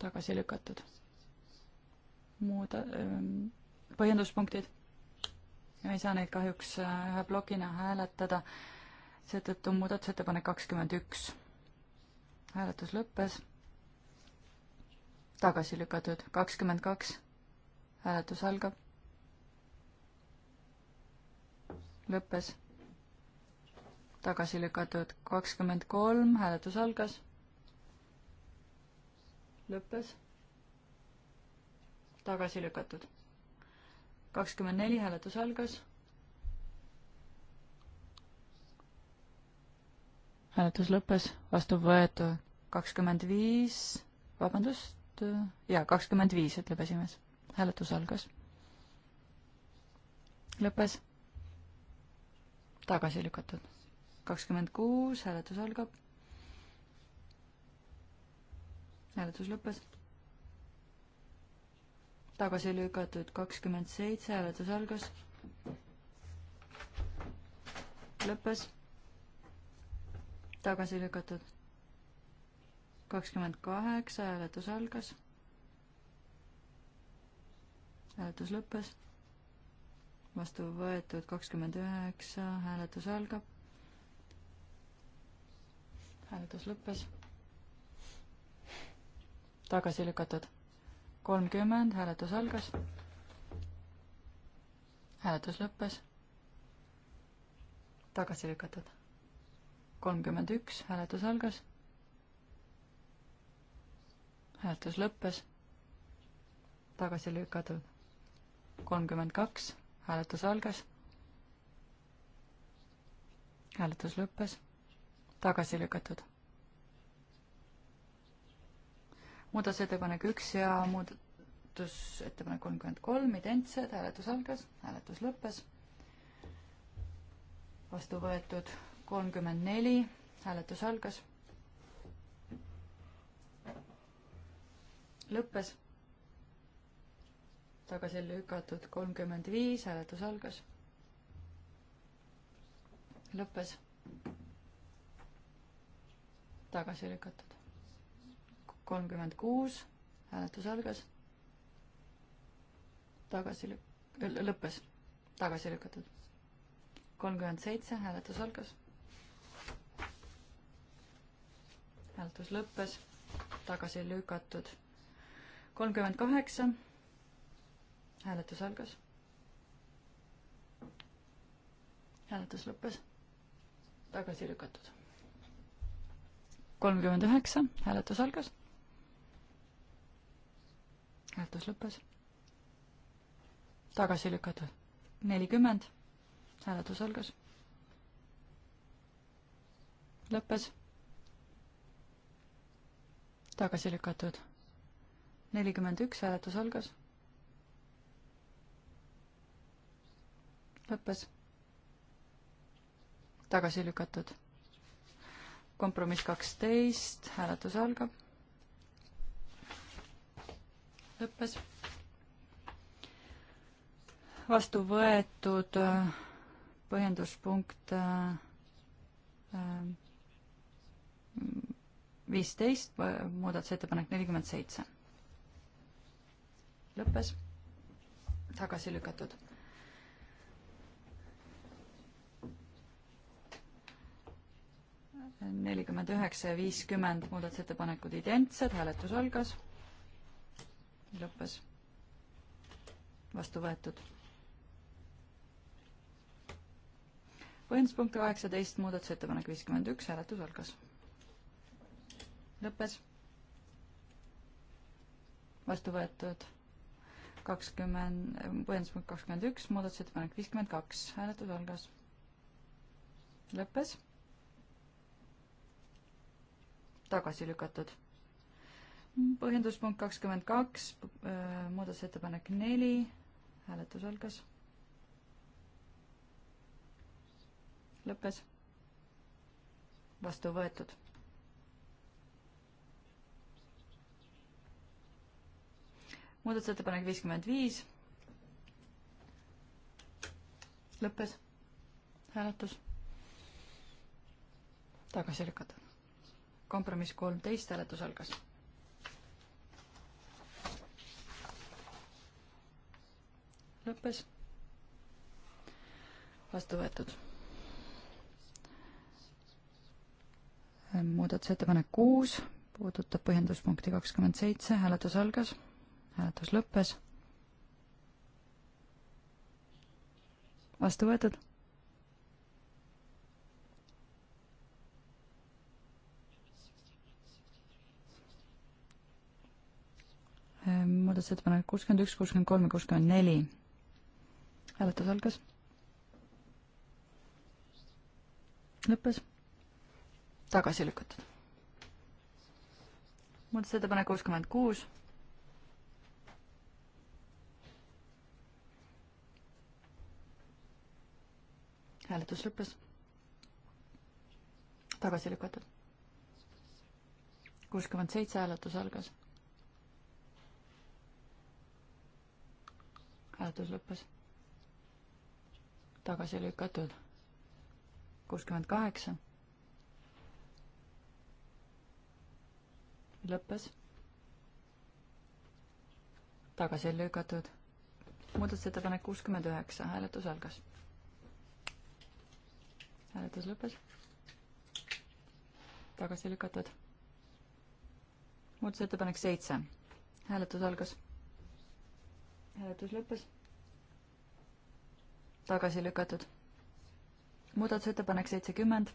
tagasi lükatud. muud ähm, põhjenduspunktid me ei saa neid kahjuks äh, ühe plokina hääletada, seetõttu muudatusettepanek kakskümmend üks. hääletus lõppes, tagasi lükatud, kakskümmend kaks, hääletus algab, lõppes, tagasi lükatud, kakskümmend kolm, hääletus algas, lõppes, tagasi lükatud kakskümmend neli hääletus algas. hääletus lõppes, vastu võetud kakskümmend viis, vabandust, jaa, kakskümmend viis, ütleb esimees. hääletus algas. lõppes. tagasi lükatud. kakskümmend kuus, hääletus algab. hääletus lõppes tagasi lükatud kakskümmend seitse, hääletus algas. lõppes. tagasi lükatud kakskümmend kaheksa, hääletus algas. hääletus lõppes. vastu võetud kakskümmend üheksa, hääletus algab. hääletus lõppes. tagasi lükatud kolmkümmend, hääletus algas. hääletus lõppes. tagasi lükatud. kolmkümmend üks, hääletus algas. hääletus lõppes. tagasi lükatud. kolmkümmend kaks, hääletus algas. hääletus lõppes. tagasi lükatud muudatusettepanek üks ja muudatusettepanek kolmkümmend kolm identsed, hääletus algas, hääletus lõppes. vastu võetud kolmkümmend neli, hääletus algas. lõppes. tagasi lükatud kolmkümmend viis, hääletus algas. lõppes. tagasi lükatud kolmkümmend kuus, hääletus algas, tagasi lük-, äh, lõppes, tagasi lükatud. kolmkümmend seitse, hääletus algas, hääletus lõppes, tagasi lükatud. kolmkümmend kaheksa, hääletus algas, hääletus lõppes, tagasi lükatud kolmkümmend üheksa, hääletus algas hääletus lõppes. tagasi lükatud. nelikümmend, hääletus algas. lõppes. tagasi lükatud. nelikümmend üks, hääletus algas. lõppes. tagasi lükatud. kompromiss kaksteist, hääletus algab lõppes. vastu võetud äh, põhjenduspunkt äh, äh, viisteist, muudatusettepanek nelikümmend seitse. lõppes, tagasi lükatud. nelikümmend üheksa ja viiskümmend muudatusettepanekud identsed, hääletus algas lõppes. vastu võetud. põhjenduspunkt kaheksateist, muudatusettepanek viiskümmend üks, hääletus algas. lõppes. vastu võetud kakskümmend, põhjenduspunkt kakskümmend üks, muudatusettepanek viiskümmend kaks, hääletus algas. lõppes. tagasi lükatud põhjenduspunkt kakskümmend kaks, äh, muudatusettepanek neli, hääletus algas. lõppes. vastu võetud. muudatusettepanek viiskümmend viis. lõppes. hääletus. tagasi lükatud. kompromiss kolmteist, hääletus algas lõppes. vastu võetud. muudatusettepanek kuus puudutab põhjenduspunkti kakskümmend seitse, hääletus algas, hääletus lõppes. vastu võetud muudatusettepanek kuuskümmend üks, kuuskümmend kolm ja kuuskümmend neli hääletus algas. lõppes. tagasi lükatud. muudatusettepanek kuuskümmend kuus. hääletus lõppes. tagasi lükatud. kuuskümmend seitse hääletus algas. hääletus lõppes tagasi lükatud. kuuskümmend kaheksa. lõppes. tagasi lükatud. muudatusettepanek kuuskümmend üheksa, hääletus algas. hääletus lõppes. tagasi lükatud. muudatusettepanek seitse, hääletus algas. hääletus lõppes tagasi lükatud. muudatusettepanek seitsekümmend.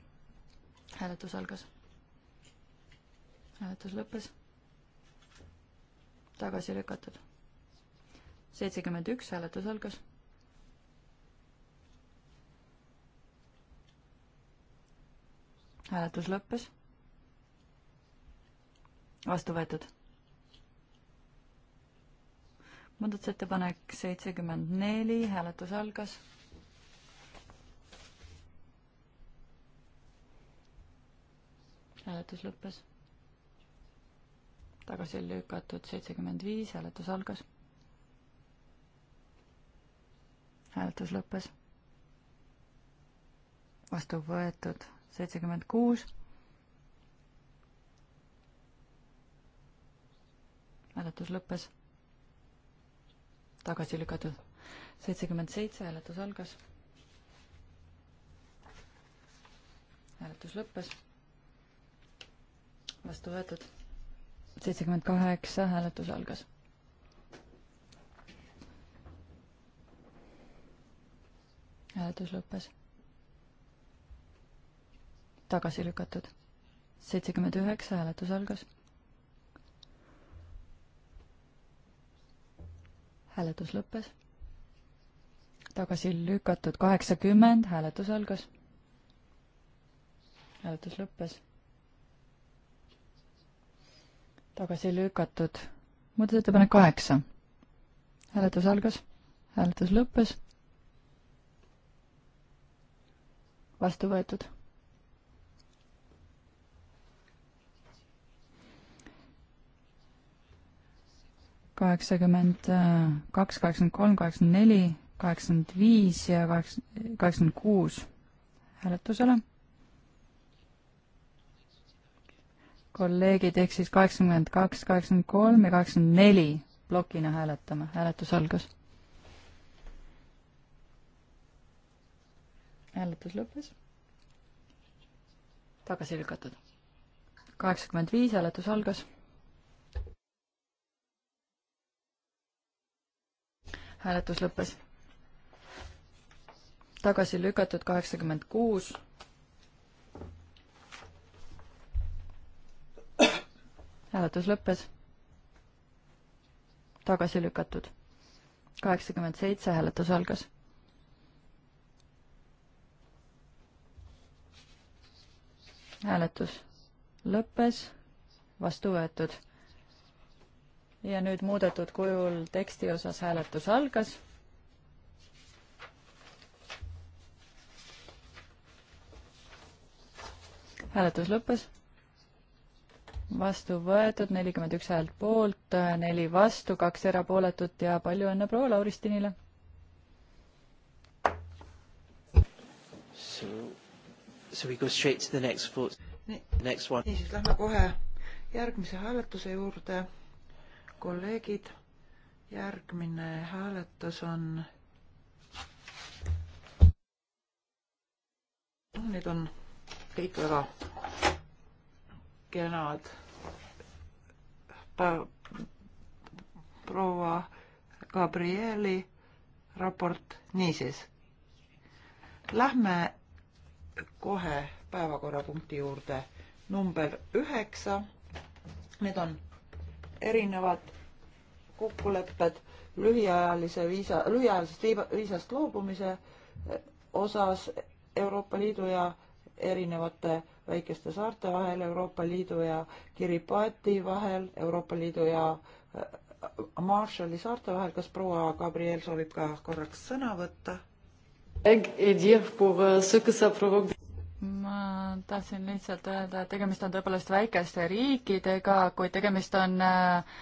hääletus algas. hääletus lõppes. tagasi lükatud. seitsekümmend üks, hääletus algas. hääletus lõppes. vastu võetud muudatusettepanek seitsekümmend neli, hääletus algas. hääletus lõppes. tagasi lükatud seitsekümmend viis, hääletus algas. hääletus lõppes. vastu võetud seitsekümmend kuus. hääletus lõppes. tagasi lükatud seitsekümmend seitse, hääletus algas. hääletus lõppes vastu võetud. seitsekümmend kaheksa, hääletus algas. hääletus lõppes. tagasi lükatud. seitsekümmend üheksa, hääletus algas. hääletus lõppes. tagasi lükatud kaheksakümmend, hääletus algas. hääletus lõppes tagasi lükatud. muudatusettepanek kaheksa. hääletus algas, hääletus lõppes. vastu võetud. kaheksakümmend kaks, kaheksakümmend kolm, kaheksakümmend neli, kaheksakümmend viis ja kaheksa, kaheksakümmend kuus hääletusele kolleegid, ehk siis kaheksakümmend kaks, kaheksakümmend kolm ja kaheksakümmend neli plokina hääletame, hääletus algas. hääletus lõppes. tagasi lükatud. kaheksakümmend viis, hääletus algas. hääletus lõppes. tagasi lükatud kaheksakümmend kuus hääletus lõppes. tagasi lükatud. kaheksakümmend seitse hääletus algas. hääletus lõppes, vastu võetud. ja nüüd muudetud kujul teksti osas hääletus algas. hääletus lõppes vastu võetud, nelikümmend üks häält poolt, neli vastu, kaks erapooletut ja palju õnne proua Lauristinile! So, so we go straight to the next vote, next one. niisiis, lähme kohe järgmise hääletuse juurde. kolleegid, järgmine hääletus on Need on kõik väga kenad proua Gabrieli raport. niisiis, lähme kohe päevakorrapunkti juurde number üheksa. Need on erinevad kokkulepped lühiajalise viisa, lühiajalisest viisast loobumise eh, osas Euroopa Liidu ja erinevate väikeste saarte vahel Euroopa Liidu ja Kiribati vahel, Euroopa Liidu ja äh, Marshalli saarte vahel. kas proua Gabriel soovib ka korraks sõna võtta? ma tahtsin lihtsalt öelda, et tegemist on tõepoolest väikeste riikidega, kuid tegemist on äh,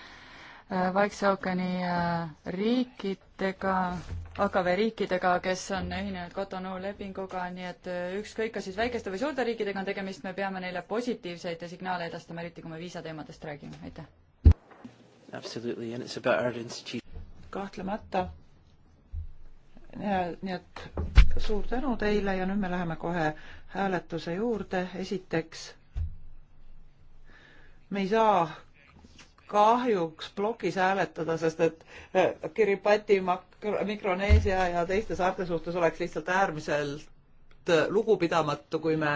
äh, Vaikse ookeani riikidega AKV riikidega, kes on ühinenud Cotonou lepinguga, nii et äh, ükskõik, kas siis väikeste või suurte riikidega on tegemist, me peame neile positiivseid signaale edastama, eriti kui me viisateemadest räägime, aitäh. kahtlemata. nii et suur tänu teile ja nüüd me läheme kohe hääletuse juurde, esiteks me ei saa kahjuks plokis hääletada, sest et äh, Kiribati mak-, Mikroneesia ja teiste saarte suhtes oleks lihtsalt äärmiselt lugupidamatu, kui me,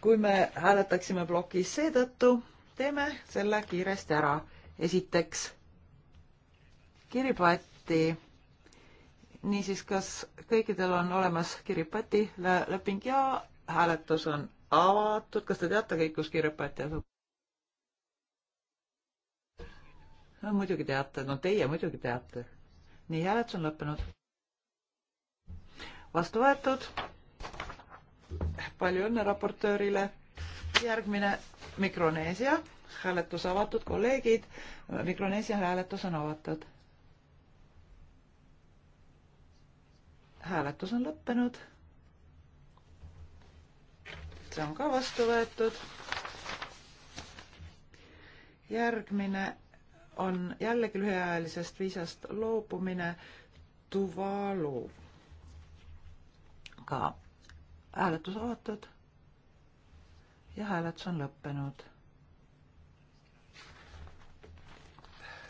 kui me hääletaksime plokis, seetõttu teeme selle kiiresti ära. esiteks Kiribati. niisiis, kas kõikidel on olemas Kiribati leping ja hääletus on avatud, kas te teate kõik, kus Kiribati asub? no muidugi teate, no teie muidugi teate nii, hääletus on lõppenud. vastu võetud. palju õnne raportöörile. järgmine Mikroneesia, hääletus avatud, kolleegid. Mikroneesia hääletus on avatud. hääletus on lõppenud. see on ka vastu võetud. järgmine on jällegi lühiajalisest viisast loobumine Tuvalu. ka hääletus avatud ja hääletus on lõppenud.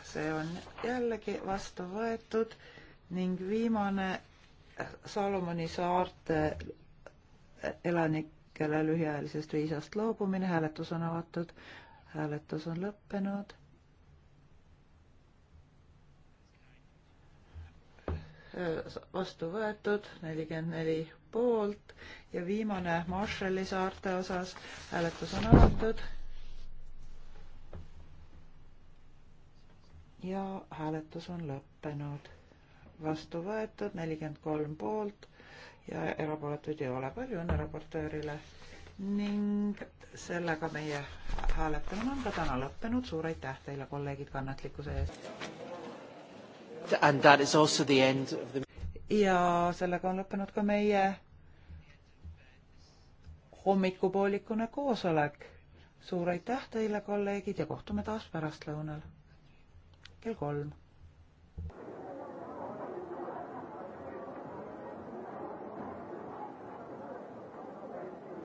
see on jällegi vastu võetud ning viimane Salomoni saarte elanikele lühiajalisest viisast loobumine, hääletus on avatud, hääletus on lõppenud vastu võetud, nelikümmend neli poolt ja viimane Marshalli saarte osas hääletus on avatud. ja hääletus on lõppenud. vastu võetud nelikümmend kolm poolt ja erapooletuid ei ole. palju õnne raportöörile ning sellega meie hääletamine on ka täna lõppenud. suur aitäh teile, kolleegid, kannatlikkuse eest! and that is also the end of the ja sellega on lõppenud ka meie hommikupoolikune koosolek. suur aitäh teile, kolleegid, ja kohtume taas pärastlõunal kell kolm.